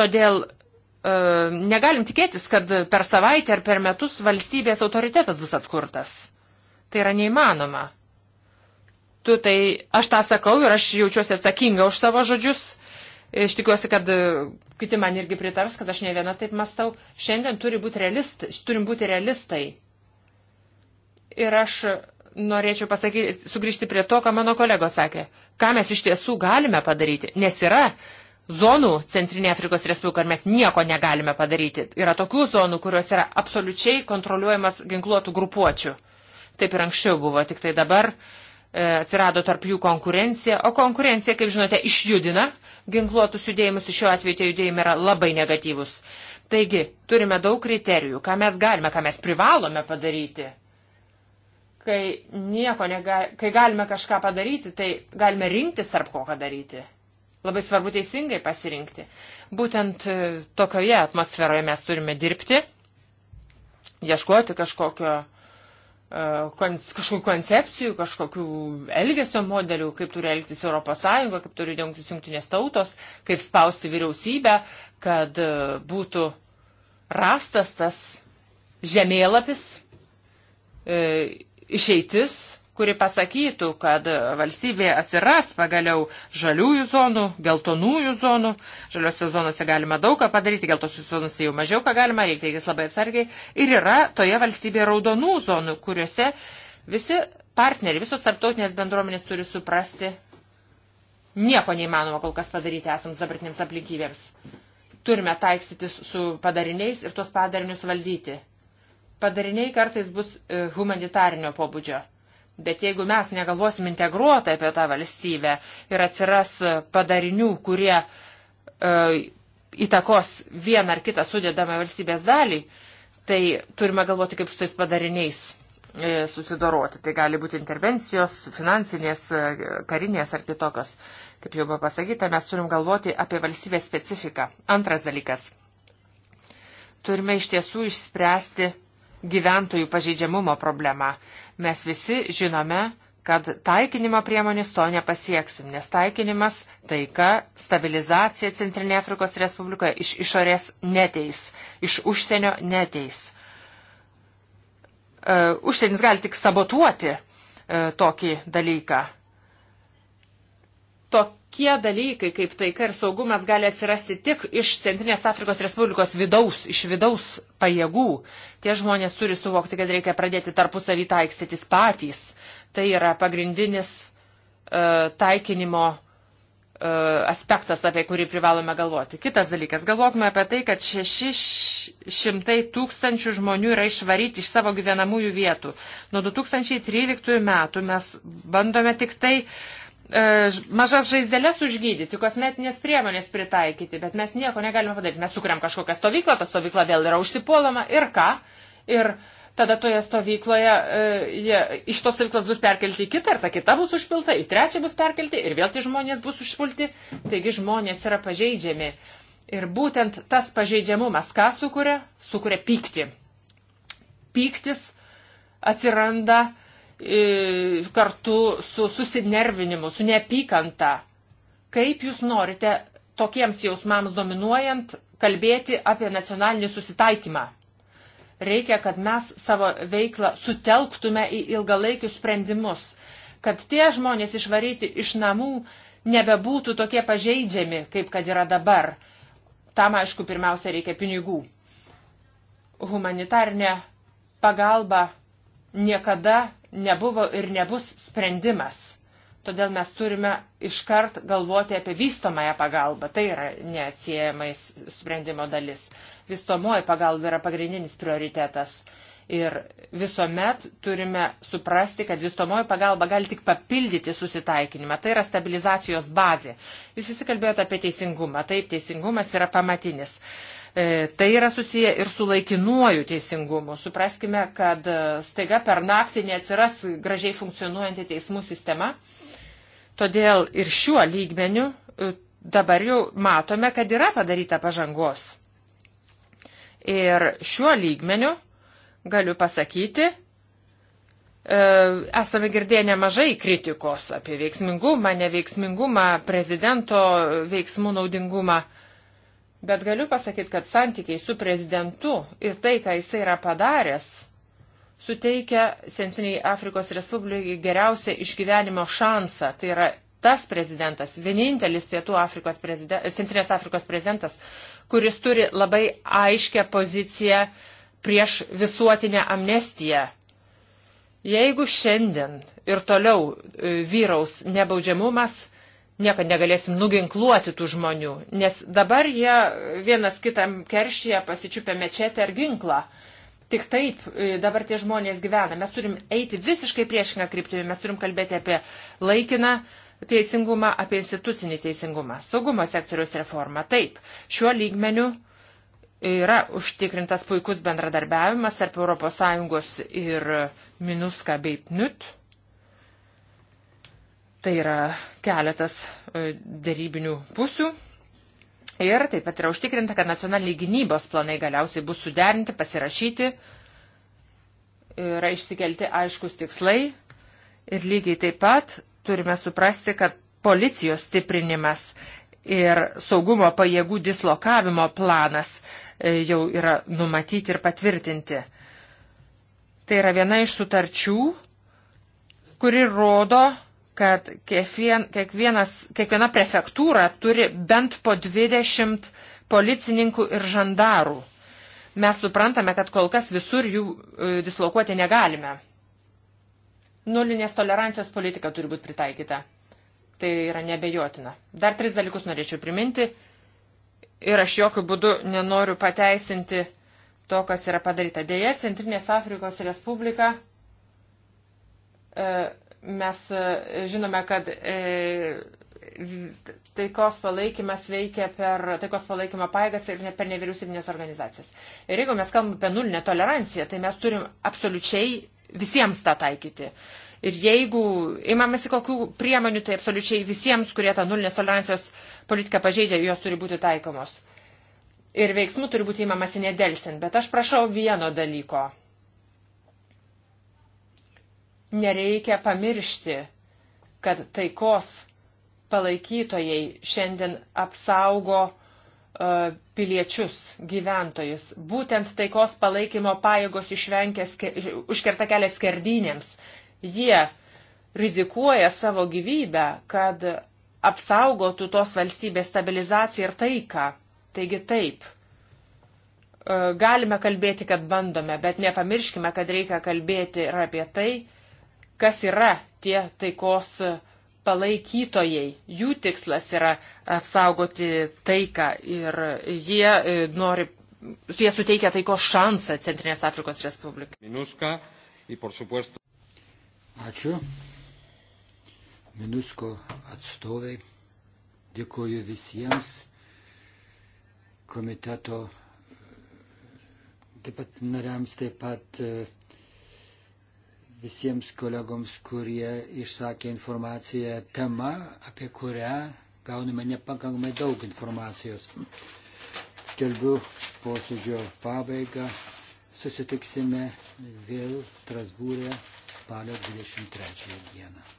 Todėl e, negalim tikėtis, kad per savaitę ar per metus valstybės autoritetas bus atkurtas. Tai yra neįmanoma. Tu tai, aš tą sakau ir aš jaučiuosi atsakinga už savo žodžius Iš tikiuosi, kad e, kiti man irgi pritars, kad aš ne viena taip mastau. Šiandien turi būti realist, turim būti realistai. Ir aš norėčiau pasakyti, sugrįžti prie to, ką mano kolegos sakė. Ką mes iš tiesų galime padaryti? Nes yra zonų Centrinė Afrikos Respublika, ar mes nieko negalime padaryti. Yra tokių zonų, kurios yra absoliučiai kontroliuojamas ginkluotų grupuočių. Taip ir anksčiau buvo, tik tai dabar uh, E, atsirado tarp jų konkurencija, o konkurencija, kaip žinote, išjudina ginkluotus judėjimus, šiuo atveju tie judėjimai yra labai negatyvus. Taigi, turime daug kriterijų, ką mes galime, ką mes privalome padaryti. Kai, nega, kai galime kažką padaryti, tai galime rinktis tarp ko ką daryti. Labai svarbu teisingai pasirinkti. Būtent e, tokioje atmosferoje mes turime dirbti, ieškoti kažkokio E, kažkokių koncepcijų, kažkokių elgesio modelių, kaip turi elgtis ES, kaip turi jungtis jungtinės tautos, kaip spausti vyriausybę, kad e, būtų rastas tas žemėlapis, e, išeitis kuri pasakytų, kad valstybėje atsiras pagaliau žaliųjų zonų, geltonųjų zonų. Žaliuose zonose galima daug ką padaryti, geltosiuose zonose jau mažiau ką galima, reikia elgtis labai atsargiai. Ir yra toje valstybėje raudonų zonų, kuriuose visi partneriai, visos tarptautinės bendruomenės turi suprasti, nieko neįmanoma kol kas padaryti esams dabartinėms aplinkybėms. Turime taikstytis su padariniais ir tuos padarinius valdyti. Padariniai kartais bus e, humanitarinio pobūdžio Bet jeigu mes negalvosim integruotai apie tą valstybę ir atsiras padarinių, kurie e, įtakos vieną ar kitą sudėdamą valstybės dalį, tai turime galvoti, kaip su tais padariniais e, susidoroti. Tai gali būti intervencijos, finansinės, e, karinės ar kitokios. Kaip jau buvo pasakyta, mes turim galvoti apie valstybės specifiką. Antras dalykas. Turime iš tiesų išspręsti gyventojų pažeidžiamumo problemą. Mes visi žinome, kad taikinimo priemonės to nepasieksim, nes taikinimas taika, stabilizacija Centrinė Afrikos Respublikoje iš išorės neteis, iš užsienio neteis. Uh, užsienis gali tik sabotuoti uh, tokį dalyką. Tok tokie dalykai kaip taika ir saugumas gali atsirasti tik iš Centrinės Afrikos Respublikos vidaus, iš vidaus pajėgų. Tie žmonės turi suvokti, kad reikia pradėti tarpusavį taikstytis patys. Tai yra pagrindinis uh, taikinimo uh, aspektas, apie kurį privalome galvoti. Kitas dalykas, galvokime apie tai, kad 600 tūkstančių žmonių yra išvaryti iš savo gyvenamųjų vietų. Nuo 2013 metų mes bandome tik tai uh, E, mažas žaizdelės užgydyti, kosmetinės priemonės pritaikyti, bet mes nieko negalime padaryti. Mes sukuriam kažkokią stovyklą, ta stovykla vėl yra užsipuolama ir ką? Ir tada toje stovykloje e, jie iš tos stovyklos bus perkelti į kitą, ir ta kita bus užpilta, į trečią bus perkelti, ir vėl tie žmonės bus užpulti. Taigi žmonės yra pažeidžiami. Ir būtent tas pažeidžiamumas, ką sukuria? Sukuria pykti. Pyktis atsiranda uh, kartu su susinervinimu, su neapykanta. Kaip jūs norite tokiems jausmams dominuojant kalbėti apie nacionalinį susitaikymą? Reikia, kad mes savo veiklą sutelktume į ilgalaikius sprendimus, kad tie žmonės išvaryti iš namų nebebūtų tokie pažeidžiami, kaip kad yra dabar. Tam, aišku, pirmiausia reikia pinigų. Humanitarnė pagalba niekada nebuvo ir nebus sprendimas. Todėl mes turime iškart galvoti apie vystomąją pagalbą. Tai yra neatsiejamai sprendimo dalis. Vystomoji pagalba yra pagrindinis prioritetas. Ir visuomet turime suprasti, kad vystomoji pagalba gali tik papildyti susitaikinimą. Tai yra stabilizacijos bazė. Jūs visi kalbėjote apie teisingumą. Taip, teisingumas yra pamatinis. Uh, E, tai yra susiję ir su laikinuoju teisingumu. Supraskime, kad e, staiga per naktį neatsiras gražiai funkcionuojanti teismų sistema. Todėl ir šiuo lygmeniu e, dabar jau matome, kad yra padaryta pažangos. Ir šiuo lygmeniu galiu pasakyti, esame girdėję nemažai kritikos apie veiksmingumą, neveiksmingumą, prezidento veiksmų naudingumą. Bet galiu pasakyti, kad santykiai su prezidentu ir tai, ką jisai yra padaręs, suteikia Centriniai Afrikos Respublikai geriausią išgyvenimo šansą. Tai yra tas prezidentas, vienintelis Pietų Afrikos prezident, Centrinės Afrikos prezidentas, kuris turi labai aiškę poziciją prieš visuotinę amnestiją. Jeigu šiandien ir toliau e, vyraus nebaudžiamumas, niekad negalėsim nuginkluoti tų žmonių, nes dabar jie vienas kitam keršyje pasičiupia mečetę ar ginklą. Tik taip e, dabar tie žmonės gyvena. Mes turim eiti visiškai priešingą kryptimį, mes turim kalbėti apie laikiną teisingumą, apie institucinį teisingumą. Saugumo sektoriaus reforma. Taip, šiuo lygmeniu yra užtikrintas puikus bendradarbiavimas tarp ES ir Minuska bei PNUT Tai yra keletas e, dėrybinių pusių. Ir taip pat yra užtikrinta, kad nacionaliniai gynybos planai galiausiai bus suderinti, pasirašyti, yra išsikelti aiškus tikslai. Ir lygiai taip pat turime suprasti, kad policijos stiprinimas ir saugumo pajėgų dislokavimo planas e, jau yra numatyti ir patvirtinti. Tai yra viena iš sutarčių, kuri rodo, kad kiekvien, kiekvienas, kiekviena prefektūra turi bent po 20 policininkų ir žandarų. Mes suprantame, kad kol kas visur jų e, dislokuoti negalime. Nulinės tolerancijos politika turi būti pritaikyta. Tai yra nebejotina. Dar tris dalykus norėčiau priminti. Ir aš jokių būdų nenoriu pateisinti to, kas yra padaryta. Deja, Centrinės Afrikos Respublika e, Mes e, žinome, kad e, taikos palaikymas veikia per taikos palaikymo paėgas ir ne per nevyriausybinės organizacijas. Ir jeigu mes kalbame apie nulinę toleranciją, tai mes turim absoliučiai visiems tą taikyti. Ir jeigu imamasi kokių priemonių, tai absoliučiai visiems, kurie tą nulinės tolerancijos politiką pažeidžia, jos turi būti taikomos. Ir veiksmų turi būti imamasi nedelsin. Bet aš prašau vieno dalyko nereikia pamiršti, kad taikos palaikytojai šiandien apsaugo e, piliečius, gyventojus. Būtent taikos palaikymo pajėgos išvengia, užkerta kelią skerdynėms. Jie rizikuoja savo gyvybę, kad apsaugotų tos valstybės stabilizaciją ir taiką. Taigi taip, e, galime kalbėti, kad bandome, bet nepamirškime, kad reikia kalbėti ir apie tai, kas yra tie taikos palaikytojai. Jų tikslas yra apsaugoti taiką ir jie e, nori, jie suteikia taikos šansą Centrinės Afrikos Respublikai. Minuska, y por supuesto. Ačiū. Minusko atstovai. Dėkuoju visiems komiteto taip pat nariams, taip pat e, visiems kolegoms, kurie išsakė informaciją tema, apie kurią gauname nepakankamai daug informacijos. Skelbiu posėdžio pabaigą. Susitiksime vėl Strasbūrė spalio 23 dieną.